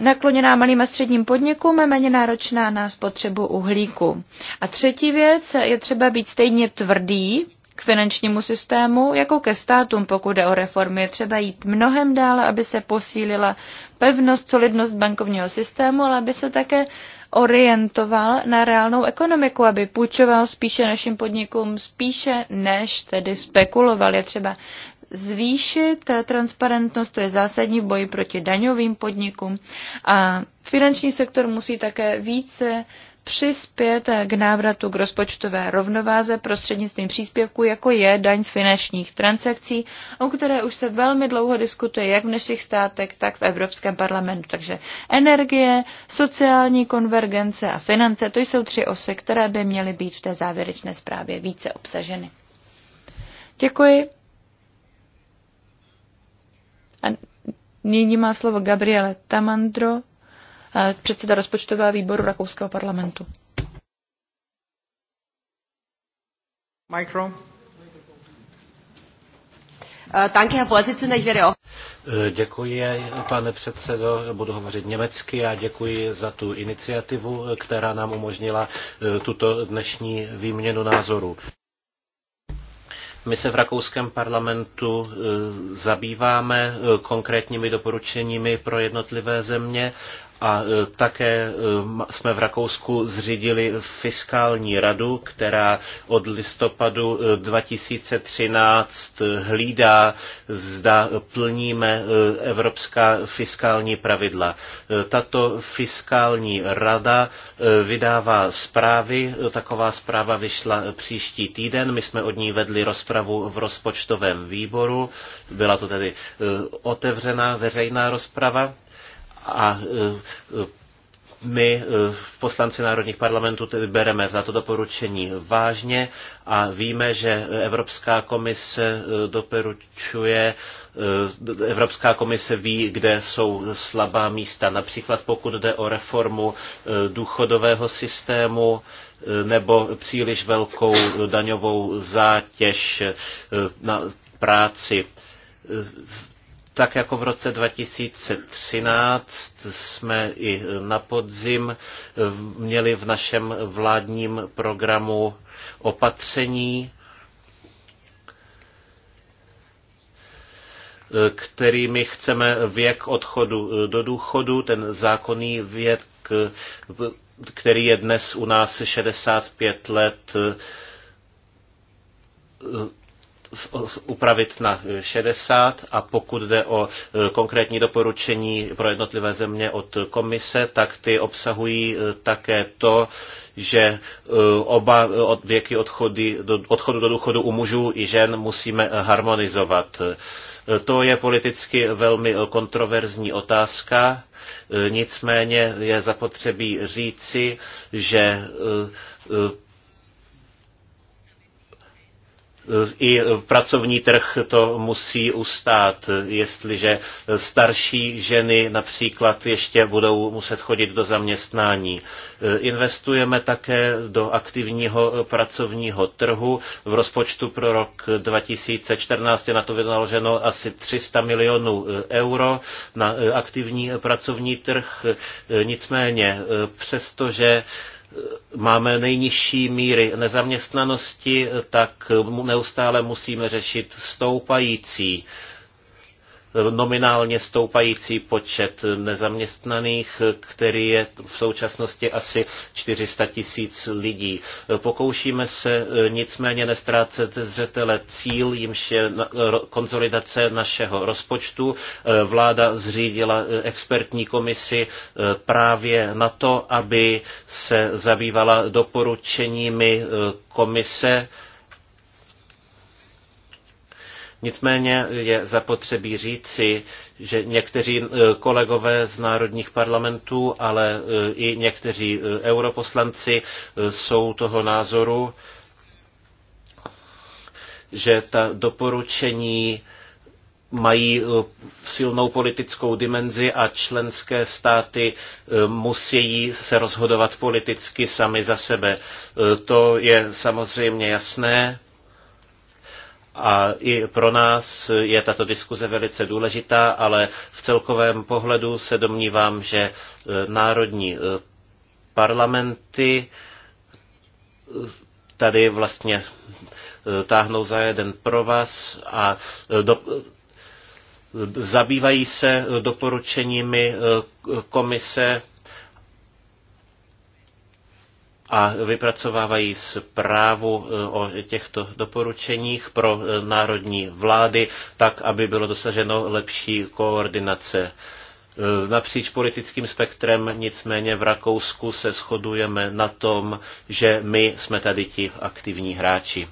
nakloněná malým a středním podnikům a méně náročná na spotřebu uhlíku. A třetí věc je třeba být stejně tvrdý k finančnímu systému jako ke státům, pokud jde o reformy. Je třeba jít mnohem dále, aby se posílila pevnost, solidnost bankovního systému, ale aby se také orientoval na reálnou ekonomiku, aby půjčoval spíše našim podnikům, spíše než tedy spekuloval. Je třeba zvýšit transparentnost, to je zásadní v boji proti daňovým podnikům a finanční sektor musí také více přispět k návratu k rozpočtové rovnováze prostřednictvím příspěvků, jako je daň z finančních transakcí, o které už se velmi dlouho diskutuje jak v našich státech, tak v Evropském parlamentu. Takže energie, sociální konvergence a finance, to jsou tři osy, které by měly být v té závěrečné zprávě více obsaženy. Děkuji. A nyní má slovo Gabriele Tamandro Eh, předseda rozpočtového výboru Rakouského parlamentu. Micro. Eh, danke, Herr Vorsitzender. Ich werde auch eh, Děkuji, pane předsedo, budu hovořit německy a děkuji za tu iniciativu, která nám umožnila tuto dnešní výměnu názorů. My se v rakouském parlamentu zabýváme konkrétními doporučeními pro jednotlivé země a e, také e, jsme v Rakousku zřídili fiskální radu, která od listopadu 2013 e, hlídá, zda plníme evropská fiskální pravidla. Tato fiskální rada vydává zprávy, taková zpráva vyšla příští týden, my jsme od ní vedli rozpravu v rozpočtovém výboru, byla to tedy otevřená veřejná rozprava a e, e, my, v e, poslanci národních parlamentů, tedy bereme za to doporučení vážně a víme, že Evropská komise doporučuje, Evropská komise ví, kde jsou slabá místa, například pokud jde o reformu důchodového systému nebo příliš velkou daňovou zátěž na práci tak jako v roce 2013 jsme i na podzim měli v našem vládním programu opatření, kterými chceme věk odchodu do důchodu, ten zákonný věk, který je dnes u nás 65 let, upravit na 60 a pokud jde o e, konkrétní doporučení pro jednotlivé země od komise, tak ty obsahují e, také to, že e, oba od věky odchody, do, odchodu do důchodu u mužů i žen musíme harmonizovat. To je politicky velmi kontroverzní otázka, nicméně je zapotřebí říci, že i pracovní trh to musí ustát, jestliže starší ženy například ještě budou muset chodit do zaměstnání. Investujeme také do aktivního pracovního trhu. V rozpočtu pro rok 2014 je na to vynaloženo asi 300 milionů euro na aktivní pracovní trh. Nicméně, přestože máme nejnižší míry nezaměstnanosti, tak neustále musíme řešit stoupající nominálně stoupající počet nezaměstnaných, který je v současnosti asi 400 tisíc lidí. Pokoušíme se eh, nicméně nestrácet ze zřetele cíl, jimž je eh, konzolidace našeho rozpočtu. Eh, vláda zřídila expertní komisi právě na to, aby se zabývala doporučeními komise, Nicméně je zapotřebí říci, že někteří eh, kolegové z národních parlamentů, ale eh, i někteří eh, europoslanci jsou toho názoru, že ta doporučení mají silnou politickou dimenzi a členské státy musí se rozhodovat politicky sami za sebe. To je samozřejmě jasné a i pro nás je tato diskuze velice důležitá, ale v celkovém pohledu se domnívám, že e, národní e, parlamenty e, tady vlastně táhnou za jeden pro vás a do, zabývají se doporučeními komise a vypracovávají zprávu e, o těchto doporučeních pro e, národní vlády, tak, aby bylo dosaženo lepší koordinace. E, napříč politickým spektrem nicméně v Rakousku se shodujeme na tom, že my jsme tady ti aktivní hráči.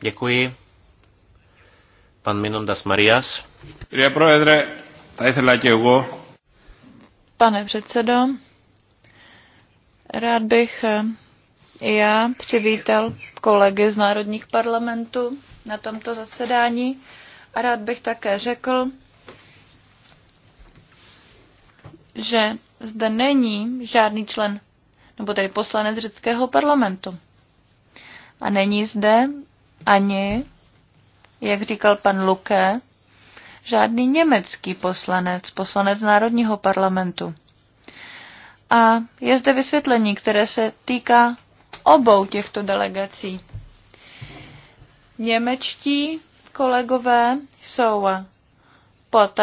Děkuji. Pan Minondas Marias. Pane předsedo, Rád bych eh, i já přivítal kolegy z národních parlamentů na tomto zasedání a rád bych také řekl, že zde není žádný člen, nebo tedy poslanec řeckého parlamentu. A není zde ani, jak říkal pan Luke, žádný německý poslanec, poslanec Národního parlamentu. A je zde vysvětlení, které se týká obou těchto delegací. Němečtí kolegové jsou pod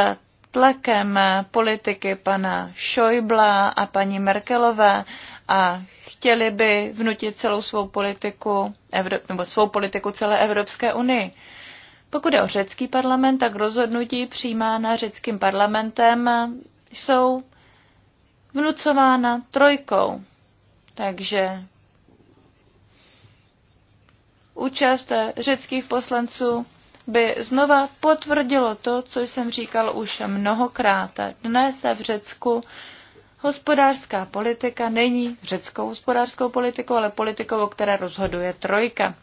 tlakem politiky pana Schäuble a paní Merkelové a chtěli by vnutit celou svou politiku, nebo svou politiku celé Evropské unii. Pokud je o řecký parlament, tak rozhodnutí přijímána řeckým parlamentem jsou vnucována trojkou. Takže účast řeckých poslanců by znova potvrdilo to, co jsem říkal už mnohokrát. Dnes v Řecku hospodářská politika není řeckou hospodářskou politikou, ale politikou, o které rozhoduje trojka.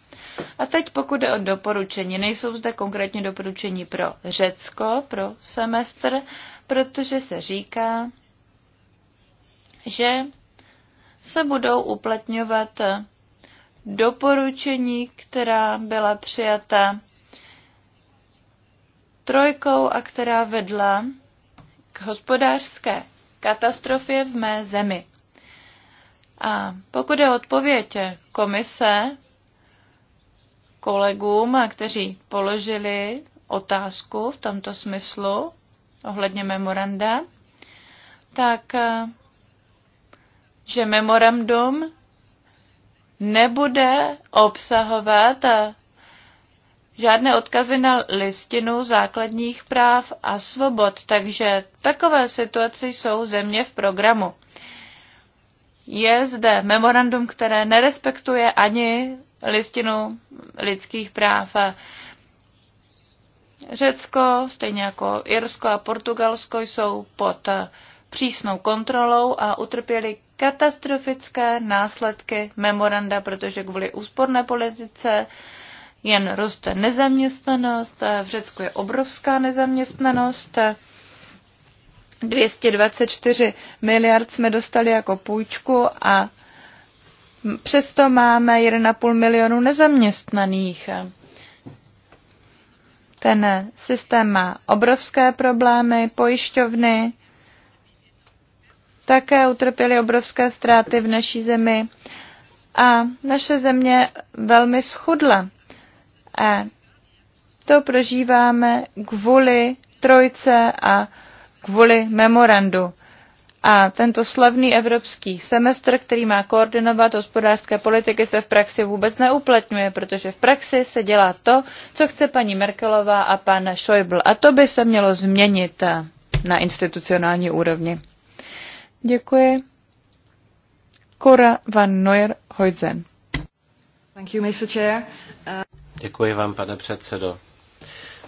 A teď pokud jde o doporučení, nejsou zde konkrétně doporučení pro Řecko, pro semestr, protože se říká, že se budou uplatňovat doporučení, která byla přijata trojkou a která vedla k hospodářské katastrofě v mé zemi. A pokud je odpověď komise kolegům, kteří položili otázku v tomto smyslu ohledně memoranda, tak že memorandum nebude obsahovat eh, žádné odkazy na listinu základních práv a svobod, takže takové situace jsou země v programu. Je zde memorandum, které nerespektuje ani listinu lidských práv. Řecko, stejně jako Irsko a Portugalsko, jsou pod přísnou kontrolou a utrpěli katastrofické následky memoranda, protože kvůli úsporné politice jen roste nezaměstnanost, v Řecku je obrovská nezaměstnanost. 224 miliard jsme dostali jako půjčku a přesto máme 1,5 milionu nezaměstnaných. Ten systém má obrovské problémy, pojišťovny také utrpěli obrovské ztráty v naší zemi a naše země velmi schudla. A to prožíváme kvůli trojce a kvůli memorandu. A tento slavný evropský semestr, který má koordinovat hospodářské politiky, se v praxi vůbec neuplatňuje, protože v praxi se dělá to, co chce paní Merkelová a pan Schäuble. A to by se mělo změnit na institucionální úrovni. Děkuji. Cora van Neuer Hoidzen. Thank you, Mr. Chair. Uh... Děkuji vám, pane předsedo.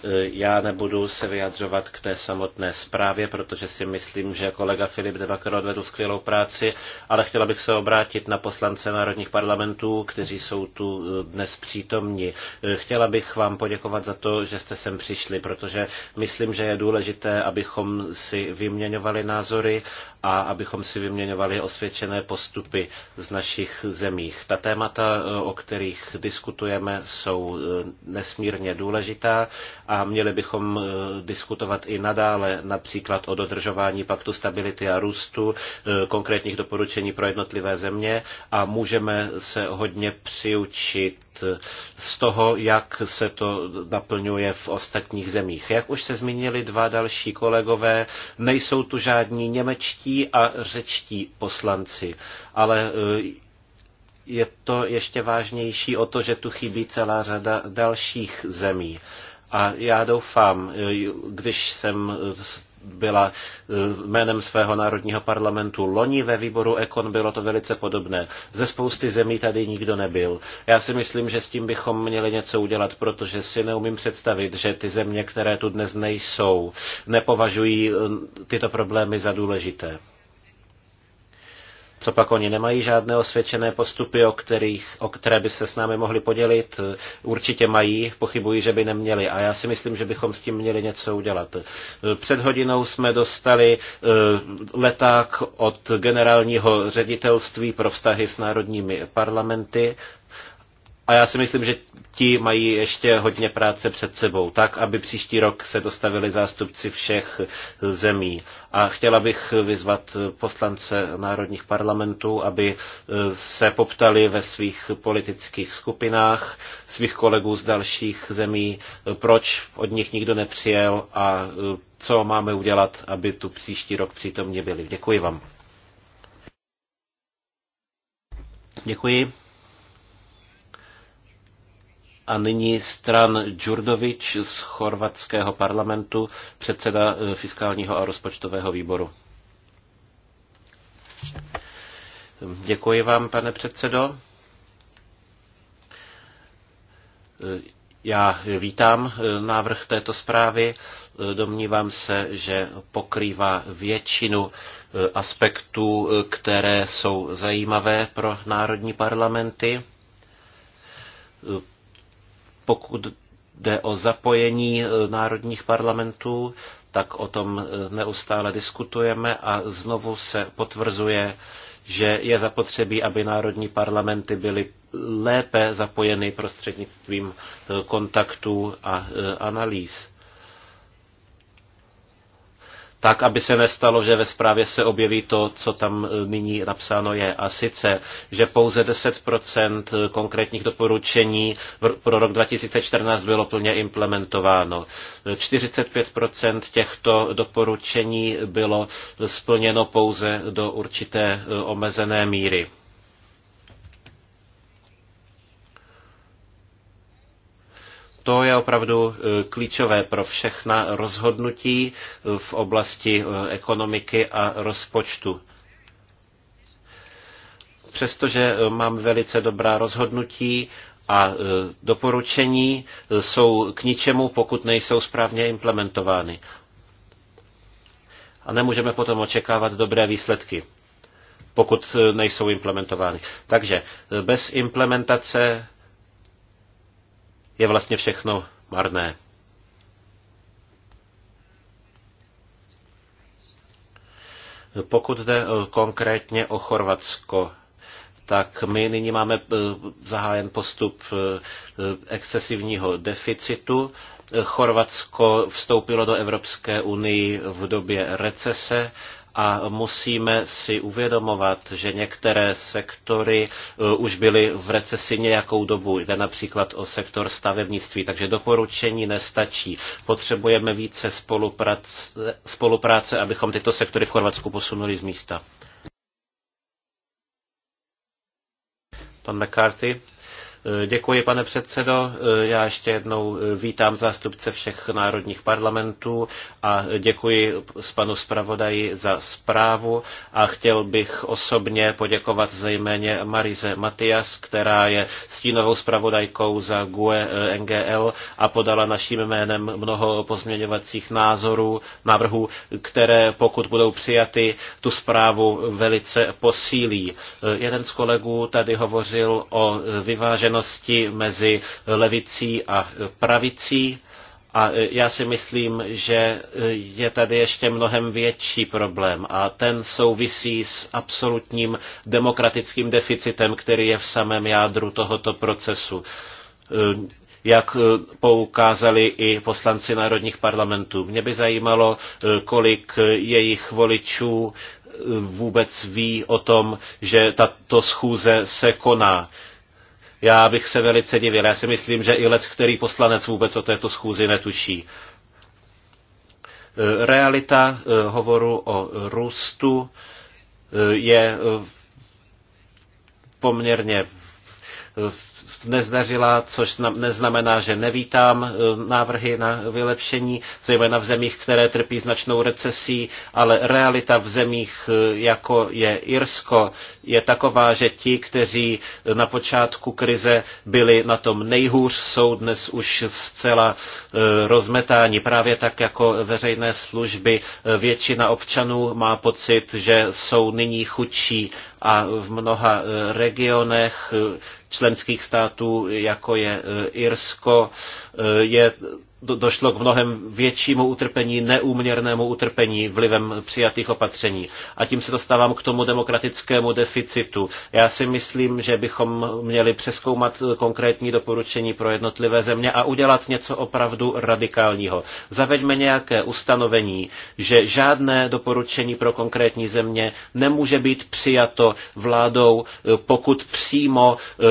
Eh, já nebudu se vyjadřovat k té samotné zprávě, protože si myslím, že kolega Filip de Bakker odvedl skvělou práci, ale chtěla bych se obrátit na poslance národních parlamentů, kteří jsou tu eh, dnes přítomni. Eh, chtěla bych vám poděkovat za to, že jste sem přišli, protože myslím, že je důležité, abychom si vyměňovali názory a abychom si vyměňovali osvědčené postupy z našich zemích. Ta témata, o kterých diskutujeme, jsou e, nesmírně důležitá a měli bychom e, diskutovat i nadále například o dodržování paktu stability a růstu, e, konkrétních doporučení pro jednotlivé země a můžeme se hodně přiučit z toho, jak se to naplňuje v ostatních zemích. Jak už se zmínili dva další kolegové, nejsou tu žádní němečtí a řečtí poslanci, ale eh, je to ještě vážnější o to, že tu chybí celá řada dalších zemí. A já doufám, eh, když jsem eh, byla eh, jménem svého národního parlamentu loni ve výboru Ekon, bylo to velice podobné. Ze spousty zemí tady nikdo nebyl. Já si myslím, že s tím bychom měli něco udělat, protože si neumím představit, že ty země, které tu dnes nejsou, nepovažují eh, tyto problémy za důležité. Co pak oni nemají žádné osvědčené postupy, o, kterých, o které by se s námi mohli podělit? Určitě mají, pochybuji, že by neměli. A já si myslím, že bychom s tím měli něco udělat. Před hodinou jsme dostali eh, leták od generálního ředitelství pro vztahy s národními parlamenty a já si myslím, že ti mají ještě hodně práce před sebou, tak, aby příští rok se dostavili zástupci všech zemí. A chtěla bych vyzvat poslance národních parlamentů, aby eh, se poptali ve svých politických skupinách, svých kolegů z dalších zemí, eh, proč od nich nikdo nepřijel a eh, co máme udělat, aby tu příští rok přítomně byli. Děkuji vám. Děkuji. A nyní stran Džurdovič z chorvatského parlamentu, předseda eh, fiskálního a rozpočtového výboru. Děkuji vám, pane předsedo. Eh, já vítám eh, návrh této zprávy. Domnívám se, že pokrývá většinu aspektů, které jsou zajímavé pro národní parlamenty pokud jde o zapojení e, národních parlamentů, tak o tom e, neustále diskutujeme a znovu se potvrzuje, že je zapotřebí, aby národní parlamenty byly lépe zapojeny prostřednictvím e, kontaktů a analýz tak, aby se nestalo, že ve zprávě se objeví to, co tam e, nyní napsáno je. A sice, že pouze 10% e, konkrétních doporučení pro rok 2014 bylo plně implementováno. 45% e, těchto doporučení bylo splněno pouze do určité omezené míry. to je opravdu e, klíčové pro všechna rozhodnutí v oblasti e, ekonomiky a rozpočtu přestože e, mám velice dobrá rozhodnutí a doporučení, jsou k ničemu, pokud nejsou správně implementovány. A nemůžeme potom očekávat dobré výsledky, pokud nejsou implementovány. Takže bez implementace je vlastně všechno marné. Pokud jde eh, konkrétně o Chorvatsko, tak my nyní máme eh, zahájen postup eh, excesivního deficitu. Chorvatsko vstoupilo do Evropské unii v době recese, a musíme si uvědomovat, že některé sektory eh, už byly v recesi nějakou dobu. Jde například o sektor stavebnictví, takže doporučení nestačí. Potřebujeme více spolupráce, spolupráce abychom tyto sektory v Chorvatsku posunuli z místa. Pan McCarthy. Děkuji, pane předsedo. Já ještě jednou vítám zástupce všech národních parlamentů a děkuji s panu zpravodaji za zprávu a chtěl bych osobně poděkovat zejména Marize Matias, která je stínovou zpravodajkou za GUE eh, NGL a podala naším jménem mnoho pozměňovacích názorů, návrhů, které pokud budou přijaty, tu zprávu velice posílí. Eh, jeden z kolegů tady hovořil o vyváženosti rozdílnosti mezi levicí a pravicí. A já si myslím, že je tady ještě mnohem větší problém a ten souvisí s absolutním demokratickým deficitem, který je v samém jádru tohoto procesu jak poukázali i poslanci národních parlamentů. Mě by zajímalo, kolik jejich voličů vůbec ví o tom, že tato schůze se koná já bych se velice divil. Já si myslím, že i lec, který poslanec vůbec o této schůzi netuší. E, realita e, hovoru o růstu e, je poměrně nezdařila, což neznamená, že nevítám e, návrhy na vylepšení, zejména v zemích, které trpí značnou recesí, ale realita v zemích, e, jako je Irsko, je taková, že ti, kteří na počátku krize byli na tom nejhůř, jsou dnes už zcela e, rozmetáni. Právě tak jako veřejné služby většina občanů má pocit, že jsou nyní chudší a v mnoha e, regionech e, členských států, jako je e, Irsko, je došlo k mnohem většímu utrpení, neúměrnému utrpení vlivem přijatých opatření. A tím se dostávám k tomu demokratickému deficitu. Já si myslím, že bychom měli přeskoumat konkrétní doporučení pro jednotlivé země a udělat něco opravdu radikálního. Zaveďme nějaké ustanovení, že žádné doporučení pro konkrétní země nemůže být přijato vládou, eh, pokud přímo eh,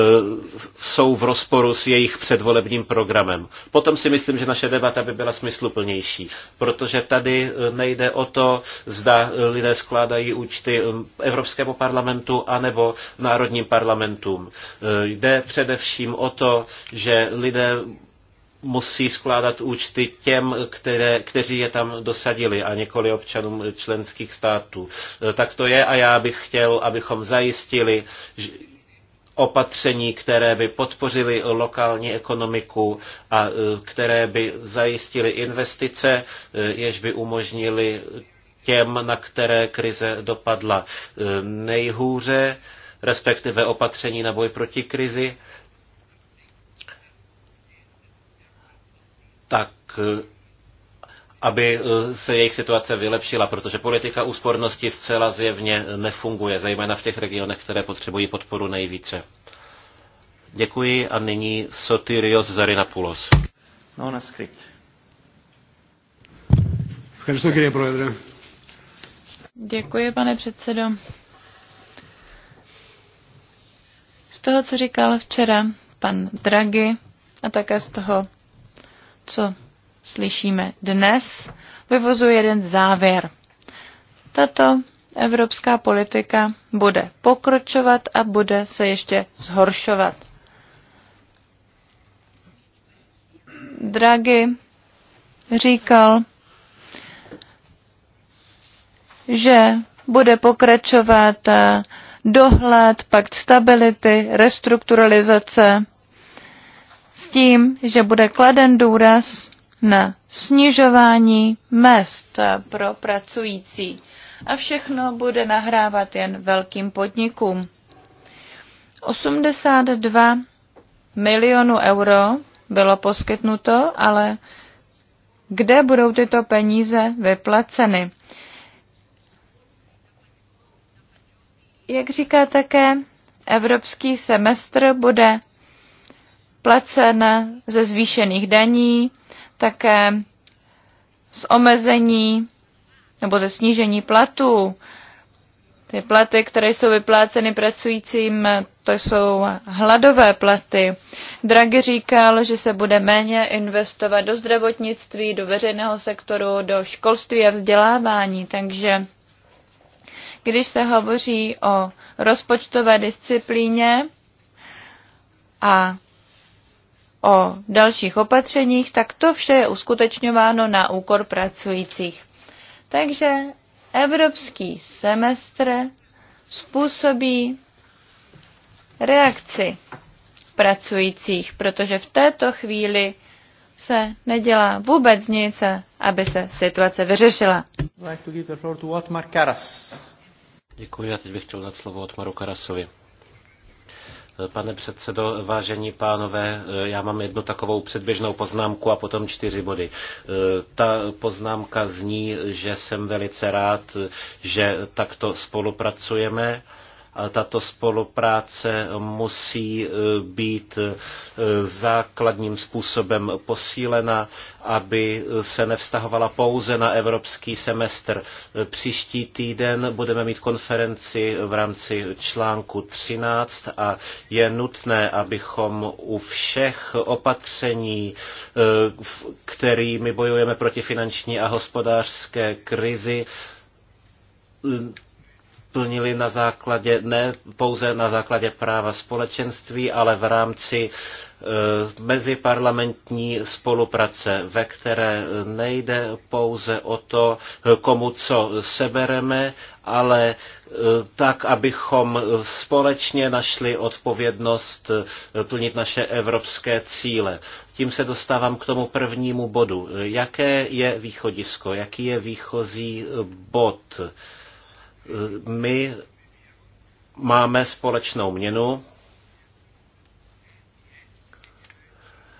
jsou v rozporu s jejich předvolebním programem. Potom si myslím, že naše naše debata by byla smysluplnější, protože tady e, nejde o to, zda e, lidé skládají účty e, Evropskému parlamentu anebo národním parlamentům. Jde především o to, že lidé musí skládat účty těm, které, kteří je tam dosadili a několik občanům členských států. Tak to je a já bych chtěl, abychom zajistili, opatření, které by podpořily lokální ekonomiku a e, které by zajistily investice, e, jež by umožnily těm, na které krize dopadla e, nejhůře, respektive opatření na boj proti krizi, tak aby eh, se jejich situace vylepšila, protože politika úspornosti zcela zjevně nefunguje, zejména v těch regionech, které potřebují podporu nejvíce. Děkuji a nyní Sotirios Zarinapoulos. No, na skript. Děkuji, pane předsedo. Z toho, co říkal včera pan Draghi a také z toho, co slyšíme dnes, vyvozuje jeden závěr. Tato evropská politika bude pokročovat a bude se ještě zhoršovat. Draghi říkal, že bude pokračovat dohled, pakt stability, restrukturalizace s tím, že bude kladen důraz na snižování mest pro pracující a všechno bude nahrávat jen velkým podnikům. 82 milionů euro bylo poskytnuto, ale kde budou tyto peníze vyplaceny? Jak říká také, evropský semestr bude placen ze zvýšených daní, také z omezení nebo ze snížení platů. Ty platy, které jsou vypláceny pracujícím, to jsou hladové platy. Draghi říkal, že se bude méně investovat do zdravotnictví, do veřejného sektoru, do školství a vzdělávání, takže když se hovoří o rozpočtové disciplíně a o dalších opatřeních, tak to vše je uskutečňováno na úkor pracujících. Takže evropský semestr způsobí reakci pracujících, protože v této chvíli se nedělá vůbec nic, aby se situace vyřešila. Děkuji a teď bych chtěl dát slovo Otmaru Karasovi. Pane předsedo, vážení pánové, já mám jednu takovou předběžnou poznámku a potom čtyři body. Ta poznámka zní, že jsem velice rád, že takto spolupracujeme. Tato spolupráce musí e, být e, základním způsobem posílena, aby se nevztahovala pouze na evropský semestr. E, příští týden budeme mít konferenci v rámci článku 13 a je nutné, abychom u všech opatření, kterými bojujeme proti finanční a hospodářské krizi, splnili na základě, ne pouze na základě práva společenství, ale v rámci e, meziparlamentní spolupráce, ve které nejde pouze o to, e, komu co sebereme, ale e, tak, abychom společně našli odpovědnost plnit naše evropské cíle. Tím se dostávám k tomu prvnímu bodu. Jaké je východisko? Jaký je výchozí bod? My máme společnou měnu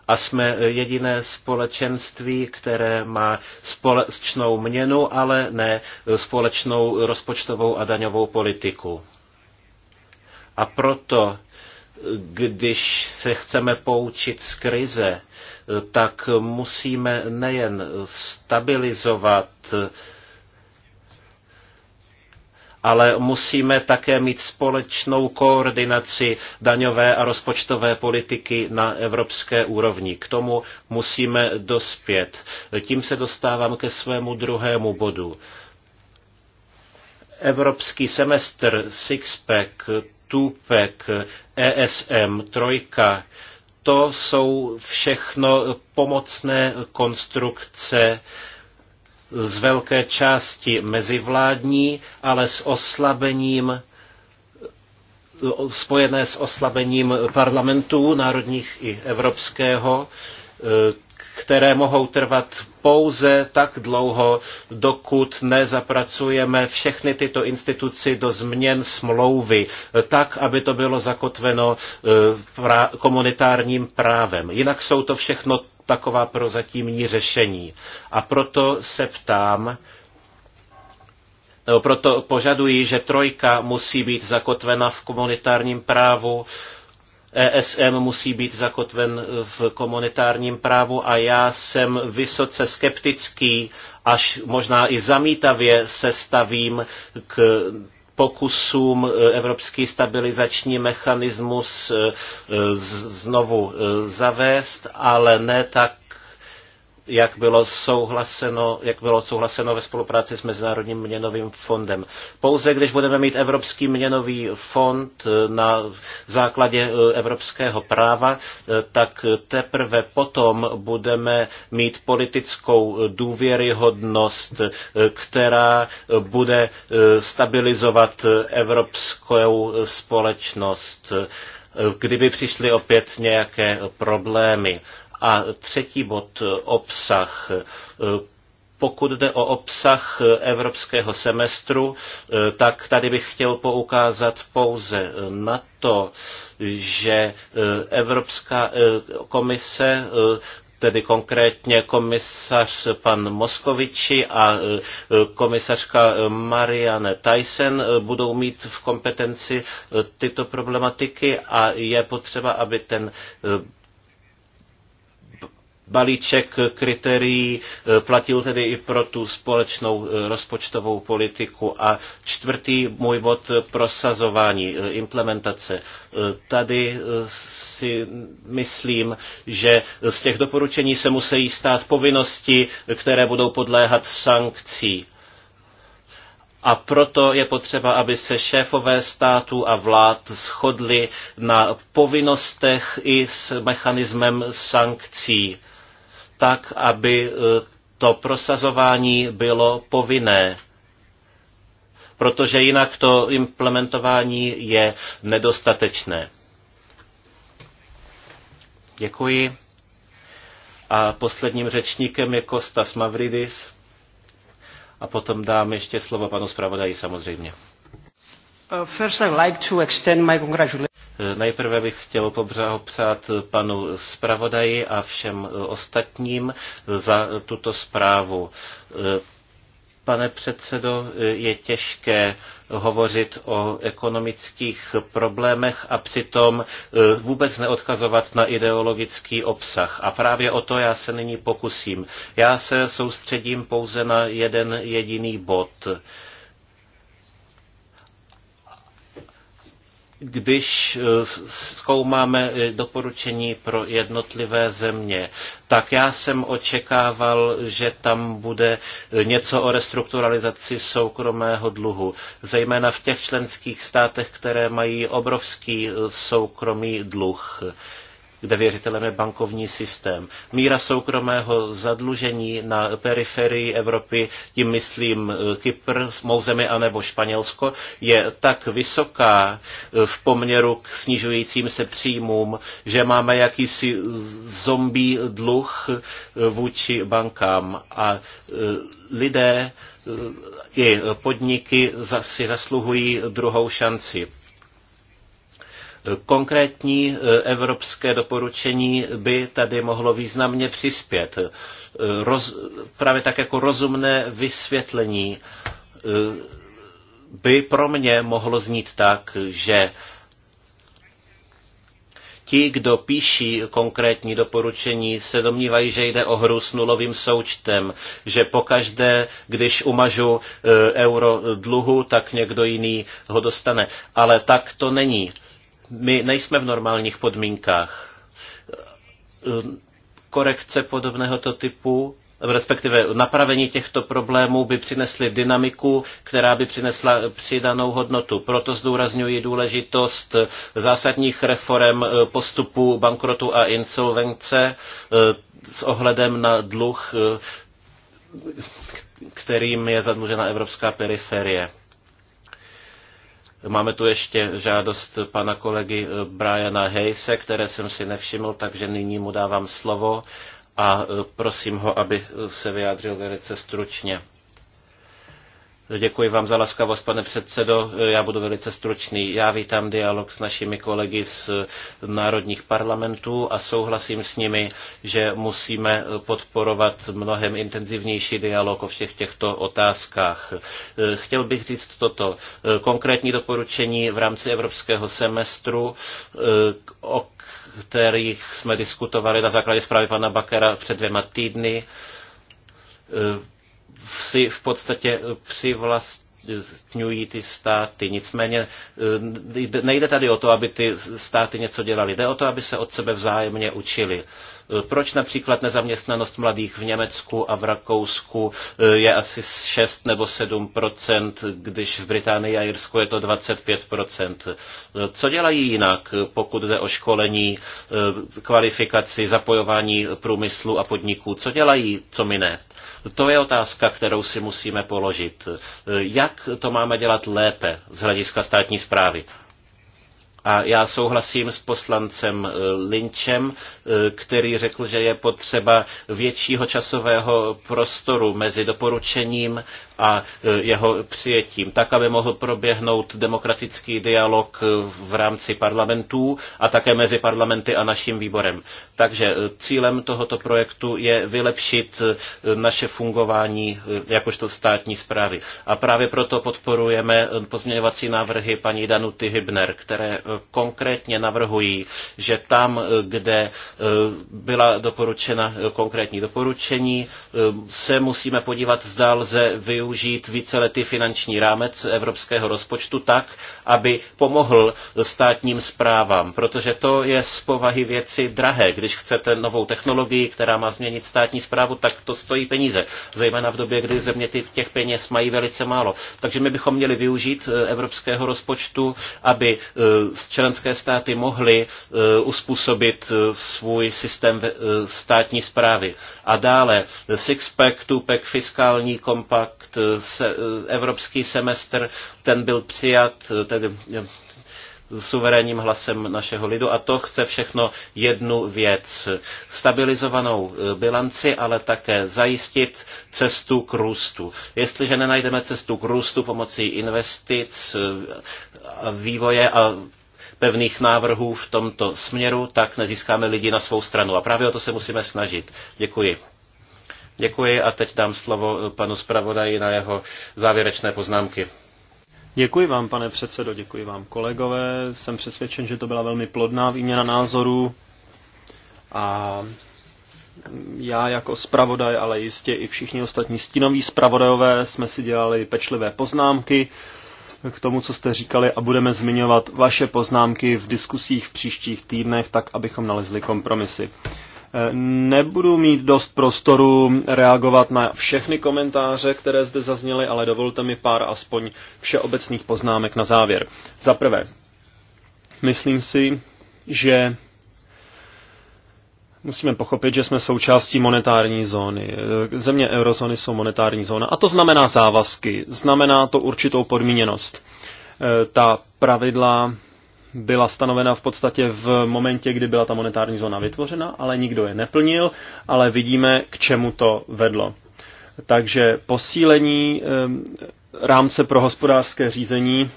a jsme jediné společenství, které má společnou měnu, ale ne společnou rozpočtovou a daňovou politiku. A proto, když se chceme poučit z krize, tak musíme nejen stabilizovat ale musíme také mít společnou koordinaci daňové a rozpočtové politiky na evropské úrovni. K tomu musíme dospět. Tím se dostávám ke svému druhému bodu. Evropský semestr, Sixpack, Tupek, ESM, Trojka, to jsou všechno pomocné konstrukce, z velké části mezivládní, ale s oslabením spojené s oslabením parlamentů národních i evropského, které mohou trvat pouze tak dlouho, dokud nezapracujeme všechny tyto instituci do změn smlouvy, tak, aby to bylo zakotveno eh, komunitárním právem. Jinak jsou to všechno taková prozatímní řešení. A proto se ptám, nebo proto požaduji, že trojka musí být zakotvena v komunitárním právu, ESM musí být zakotven v komunitárním právu a já jsem vysoce skeptický, až možná i zamítavě se stavím k pokusům eh, evropský stabilizační mechanismus eh, eh, znovu zavést, ale ne tak jak bylo souhlaseno, jak bylo souhlaseno ve spolupráci s Mezinárodním měnovým fondem. Pouze když budeme mít Evropský měnový fond eh, na základě eh, evropského práva, eh, tak teprve potom budeme mít politickou důvěryhodnost, která bude stabilizovat evropskou společnost kdyby přišly opět nějaké problémy. A třetí bod, obsah. Pokud jde o obsah evropského semestru, tak tady bych chtěl poukázat pouze na to, že Evropská komise tedy konkrétně komisař pan Moskoviči a komisařka Marianne Tyson budou mít v kompetenci tyto problematiky a je potřeba, aby ten balíček kritérií eh, platil tedy i pro tu společnou eh, rozpočtovou politiku. A čtvrtý můj bod eh, prosazování, implementace. Tady si myslím, že z těch doporučení se musí stát povinnosti, které budou podléhat sankcí. A proto je potřeba, aby se šéfové států a vlád shodli na povinnostech i s mechanismem sankcí tak, aby eh, to prosazování bylo povinné protože jinak to implementování je nedostatečné. Děkuji. A posledním řečníkem je Kostas Mavridis. A potom dám ještě slovo panu zpravodaji samozřejmě. Uh, first, I like to extend my Nejprve bych chtěl popřát panu zpravodaji a všem ostatním za tuto zprávu. Pane předsedo, je těžké hovořit o ekonomických problémech a přitom eh, vůbec neodkazovat na ideologický obsah. A právě o to já se nyní pokusím. Já se soustředím pouze na jeden jediný bod. když eh, zkoumáme eh, doporučení pro jednotlivé země, tak já jsem očekával, že tam bude eh, něco o restrukturalizaci soukromého dluhu, zejména v těch členských státech, které mají obrovský soukromý dluh kde věřitelem je bankovní systém. Míra soukromého zadlužení na periferii Evropy, tím myslím eh, Kypr, mou zemi anebo Španělsko, je tak vysoká eh, v poměru k snižujícím se příjmům, že máme jakýsi zombie dluh eh, vůči bankám a lidé i podniky si zasluhují druhou šanci. Konkrétní eh, evropské doporučení by tady mohlo významně přispět. Eh, roz, právě tak jako rozumné vysvětlení eh, by pro mě mohlo znít tak, že ti, kdo píší konkrétní doporučení, se domnívají, že jde o hru s nulovým součtem, že pokaždé, když umažu euro dluhu, tak někdo jiný ho dostane. Ale tak to není. My nejsme v normálních podmínkách. Korekce podobného typu respektive napravení těchto problémů by přinesly dynamiku, která by přinesla přidanou hodnotu. Proto zdůrazňuji důležitost zásadních reform postupu bankrotu a insolvence eh, s ohledem na dluh, eh, kterým je zadlužena evropská periferie. Máme tu ještě žádost pana kolegy eh, Briana Hejse, které jsem si nevšiml, takže nyní mu dávám slovo a eh, prosím ho, aby eh, se vyjádřil velice stručně. Děkuji vám za laskavost, pane předsedo. Já budu velice stručný. Já vítám dialog s našimi kolegy z národních parlamentů a souhlasím s nimi, že musíme podporovat mnohem intenzivnější dialog o všech těchto otázkách. Chtěl bych říct toto. Konkrétní doporučení v rámci evropského semestru, o kterých jsme diskutovali na základě zprávy pana Bakera před dvěma týdny, si v podstatě eh, přivlastní stňují ty státy. Nicméně eh, nejde tady o to, aby ty státy něco dělali. Jde o to, aby se od sebe vzájemně učili. Eh, proč například nezaměstnanost mladých v Německu a v Rakousku je asi 6 nebo 7 když v Británii a Irsku je to 25 Co dělají jinak, pokud jde o školení, kvalifikaci, zapojování průmyslu a podniků? Co dělají, co my ne? To je otázka, kterou si musíme položit. Jak to máme dělat lépe z hlediska státní zprávy? A já souhlasím s poslancem eh, Lynchem, eh, který řekl, že je potřeba většího časového prostoru mezi doporučením a e, jeho přijetím, tak, aby mohl proběhnout demokratický dialog v rámci parlamentů a také mezi parlamenty a naším výborem. Takže e, cílem tohoto projektu je vylepšit e, naše fungování jakožto státní zprávy. A právě proto podporujeme pozměňovací návrhy paní Danuty Hybner, které konkrétně navrhují, že tam, kde byla doporučena konkrétní doporučení, se musíme podívat, zda lze využít využít víceletý finanční rámec evropského rozpočtu tak, aby pomohl státním zprávám, protože to je z povahy věci drahé. Když chcete novou technologii, která má změnit státní zprávu, tak to stojí peníze, zejména v době, kdy země těch peněz mají velice málo. Takže my bychom měli využít e, evropského rozpočtu, aby e, členské státy mohly e, uspůsobit svůj systém státní zprávy. A dále Sixpack, Tupac, fiskální kompakt, Eh, se, eh, evropský semestr, ten byl přijat, eh, tedy suverénním hlasem našeho lidu a to chce všechno jednu věc. Stabilizovanou bilanci, ale také zajistit cestu k růstu. Jestliže nenajdeme cestu k růstu pomocí investic, vývoje a pevných návrhů v tomto směru, tak nezískáme lidi na svou stranu. A právě o to se musíme snažit. Děkuji. Děkuji a teď dám slovo panu zpravodaji na jeho závěrečné poznámky. Děkuji vám, pane předsedo, děkuji vám, kolegové. Jsem přesvědčen, že to byla velmi plodná výměna názorů a já jako zpravodaj, ale jistě i všichni ostatní stínoví zpravodajové jsme si dělali pečlivé poznámky k tomu, co jste říkali a budeme zmiňovat vaše poznámky v diskusích v příštích týdnech, tak abychom nalezli kompromisy. Nebudu mít dost prostoru reagovat na všechny komentáře, které zde zazněly, ale dovolte mi pár aspoň všeobecných poznámek na závěr. Za prvé, myslím si, že musíme pochopit, že jsme součástí monetární zóny. Země eurozóny jsou monetární zóna a to znamená závazky, znamená to určitou podmíněnost. Ta pravidla byla stanovena v podstatě v momentě, kdy byla ta monetární zóna vytvořena, ale nikdo je neplnil, ale vidíme, k čemu to vedlo. Takže posílení ehm, rámce pro hospodářské řízení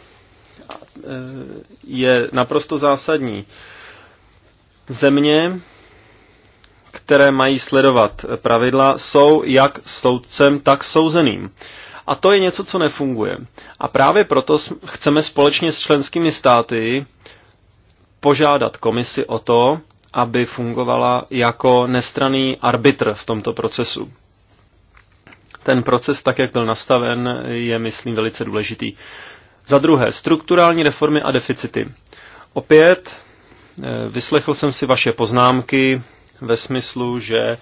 eh, je naprosto zásadní. Země, které mají sledovat pravidla, jsou jak soudcem, tak souzeným. A to je něco, co nefunguje. A právě proto chceme společně s členskými státy požádat komisi o to, aby fungovala jako nestraný arbitr v tomto procesu. Ten proces, tak jak byl nastaven, je, myslím, velice důležitý. Za druhé, strukturální reformy a deficity. Opět, eh, vyslechl jsem si vaše poznámky, ve smyslu, že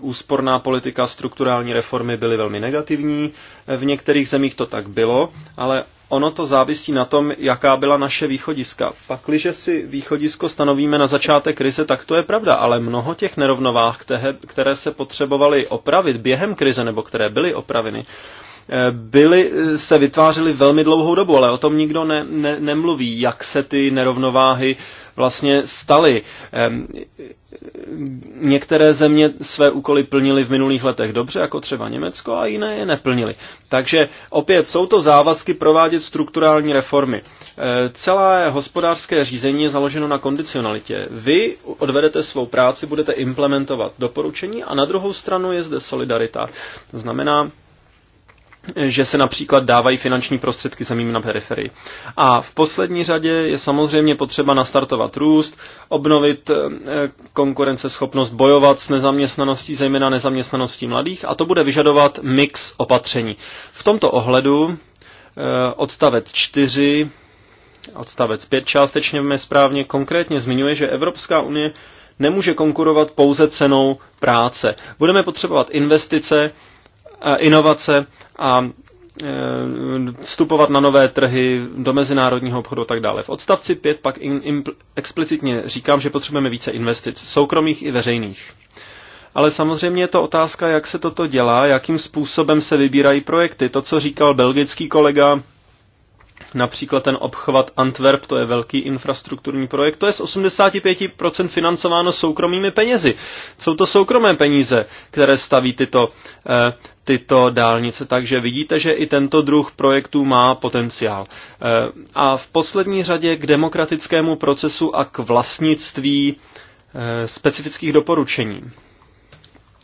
úsporná politika, strukturální reformy byly velmi negativní. V některých zemích to tak bylo, ale ono to závisí na tom, jaká byla naše východiska. Pakliže si východisko stanovíme na začátek krize, tak to je pravda, ale mnoho těch nerovnovách, které se potřebovaly opravit během krize nebo které byly opraveny, byly, se vytvářely velmi dlouhou dobu, ale o tom nikdo ne, ne, nemluví, jak se ty nerovnováhy vlastně staly. Některé země své úkoly plnily v minulých letech dobře, jako třeba Německo, a jiné je neplnily. Takže opět jsou to závazky provádět strukturální reformy. E, celé hospodářské řízení je založeno na kondicionalitě. Vy odvedete svou práci, budete implementovat doporučení a na druhou stranu je zde solidarita. To znamená, že se například dávají finanční prostředky zemím na periferii. A v poslední řadě je samozřejmě potřeba nastartovat růst, obnovit eh, konkurenceschopnost, bojovat s nezaměstnaností, zejména nezaměstnaností mladých, a to bude vyžadovat mix opatření. V tomto ohledu eh, odstavec 4, odstavec 5 částečně mě správně konkrétně zmiňuje, že Evropská unie nemůže konkurovat pouze cenou práce. Budeme potřebovat investice, inovace a e, vstupovat na nové trhy do mezinárodního obchodu a tak dále. V odstavci 5 pak in, in, explicitně říkám, že potřebujeme více investic, soukromých i veřejných. Ale samozřejmě je to otázka, jak se toto dělá, jakým způsobem se vybírají projekty. To, co říkal belgický kolega, Například ten obchvat Antwerp, to je velký infrastrukturní projekt, to je z 85% financováno soukromými penězi. Jsou to soukromé peníze, které staví tyto, eh, tyto dálnice, takže vidíte, že i tento druh projektů má potenciál. Eh, a v poslední řadě k demokratickému procesu a k vlastnictví eh, specifických doporučení.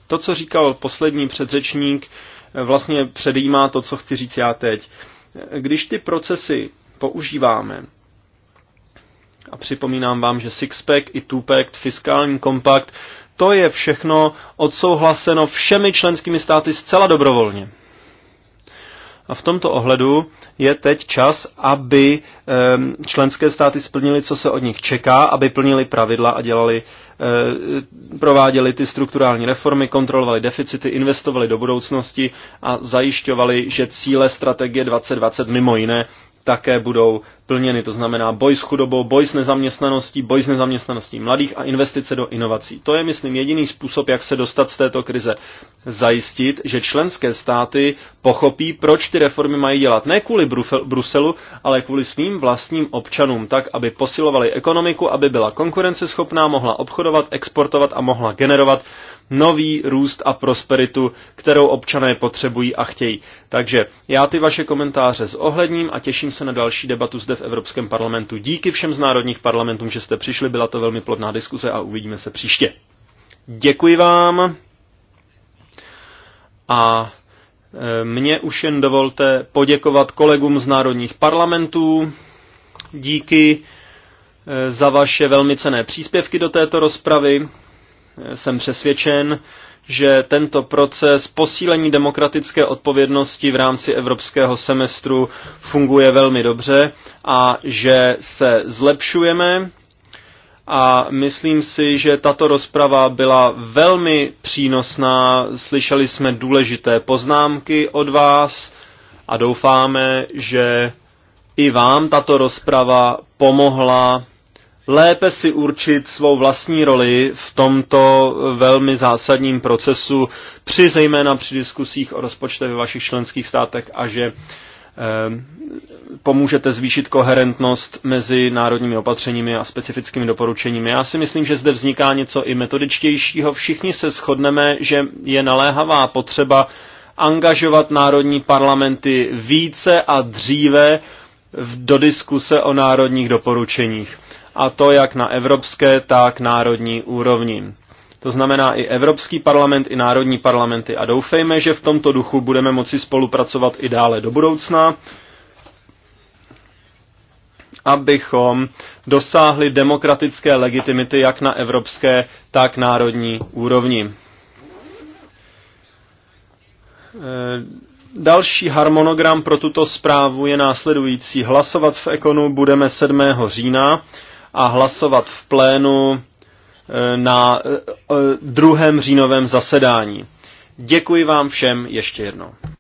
To, co říkal poslední předřečník, eh, vlastně předjímá to, co chci říct já teď. Když ty procesy používáme, a připomínám vám, že Sixpack i Tupac, fiskální kompakt, to je všechno odsouhlaseno všemi členskými státy zcela dobrovolně. A v tomto ohledu je teď čas, aby ehm, členské státy splnili, co se od nich čeká, aby plnili pravidla a dělali Eh, prováděli ty strukturální reformy, kontrolovali deficity, investovali do budoucnosti a zajišťovali, že cíle strategie 2020 mimo jiné také budou plněny. To znamená boj s chudobou, boj s nezaměstnaností, boj s nezaměstnaností mladých a investice do inovací. To je, myslím, jediný způsob, jak se dostat z této krize. Zajistit, že členské státy pochopí, proč ty reformy mají dělat. Ne kvůli Bruselu, ale kvůli svým vlastním občanům, tak, aby posilovali ekonomiku, aby byla konkurenceschopná, mohla obchodovat, exportovat a mohla generovat nový růst a prosperitu, kterou občané potřebují a chtějí. Takže já ty vaše komentáře zohledním a těším se na další debatu zde v Evropském parlamentu. Díky všem z národních parlamentům, že jste přišli, byla to velmi plodná diskuze a uvidíme se příště. Děkuji vám a e, mně už jen dovolte poděkovat kolegům z národních parlamentů. Díky e, za vaše velmi cené příspěvky do této rozpravy jsem přesvědčen, že tento proces posílení demokratické odpovědnosti v rámci evropského semestru funguje velmi dobře a že se zlepšujeme. A myslím si, že tato rozprava byla velmi přínosná. Slyšeli jsme důležité poznámky od vás a doufáme, že i vám tato rozprava pomohla lépe si určit svou vlastní roli v tomto velmi zásadním procesu, při zejména při diskusích o rozpočtech ve vašich členských státech a že eh, pomůžete zvýšit koherentnost mezi národními opatřeními a specifickými doporučeními. Já si myslím, že zde vzniká něco i metodičtějšího. Všichni se shodneme, že je naléhavá potřeba angažovat národní parlamenty více a dříve do diskuse o národních doporučeních a to jak na evropské, tak národní úrovni. To znamená i Evropský parlament, i národní parlamenty a doufejme, že v tomto duchu budeme moci spolupracovat i dále do budoucna, abychom dosáhli demokratické legitimity jak na evropské, tak národní úrovni. Eh, další harmonogram pro tuto zprávu je následující. Hlasovat v Ekonu budeme 7. října a hlasovat v plénu e, na e, e, druhém říjnovém zasedání. Děkuji vám všem ještě jednou.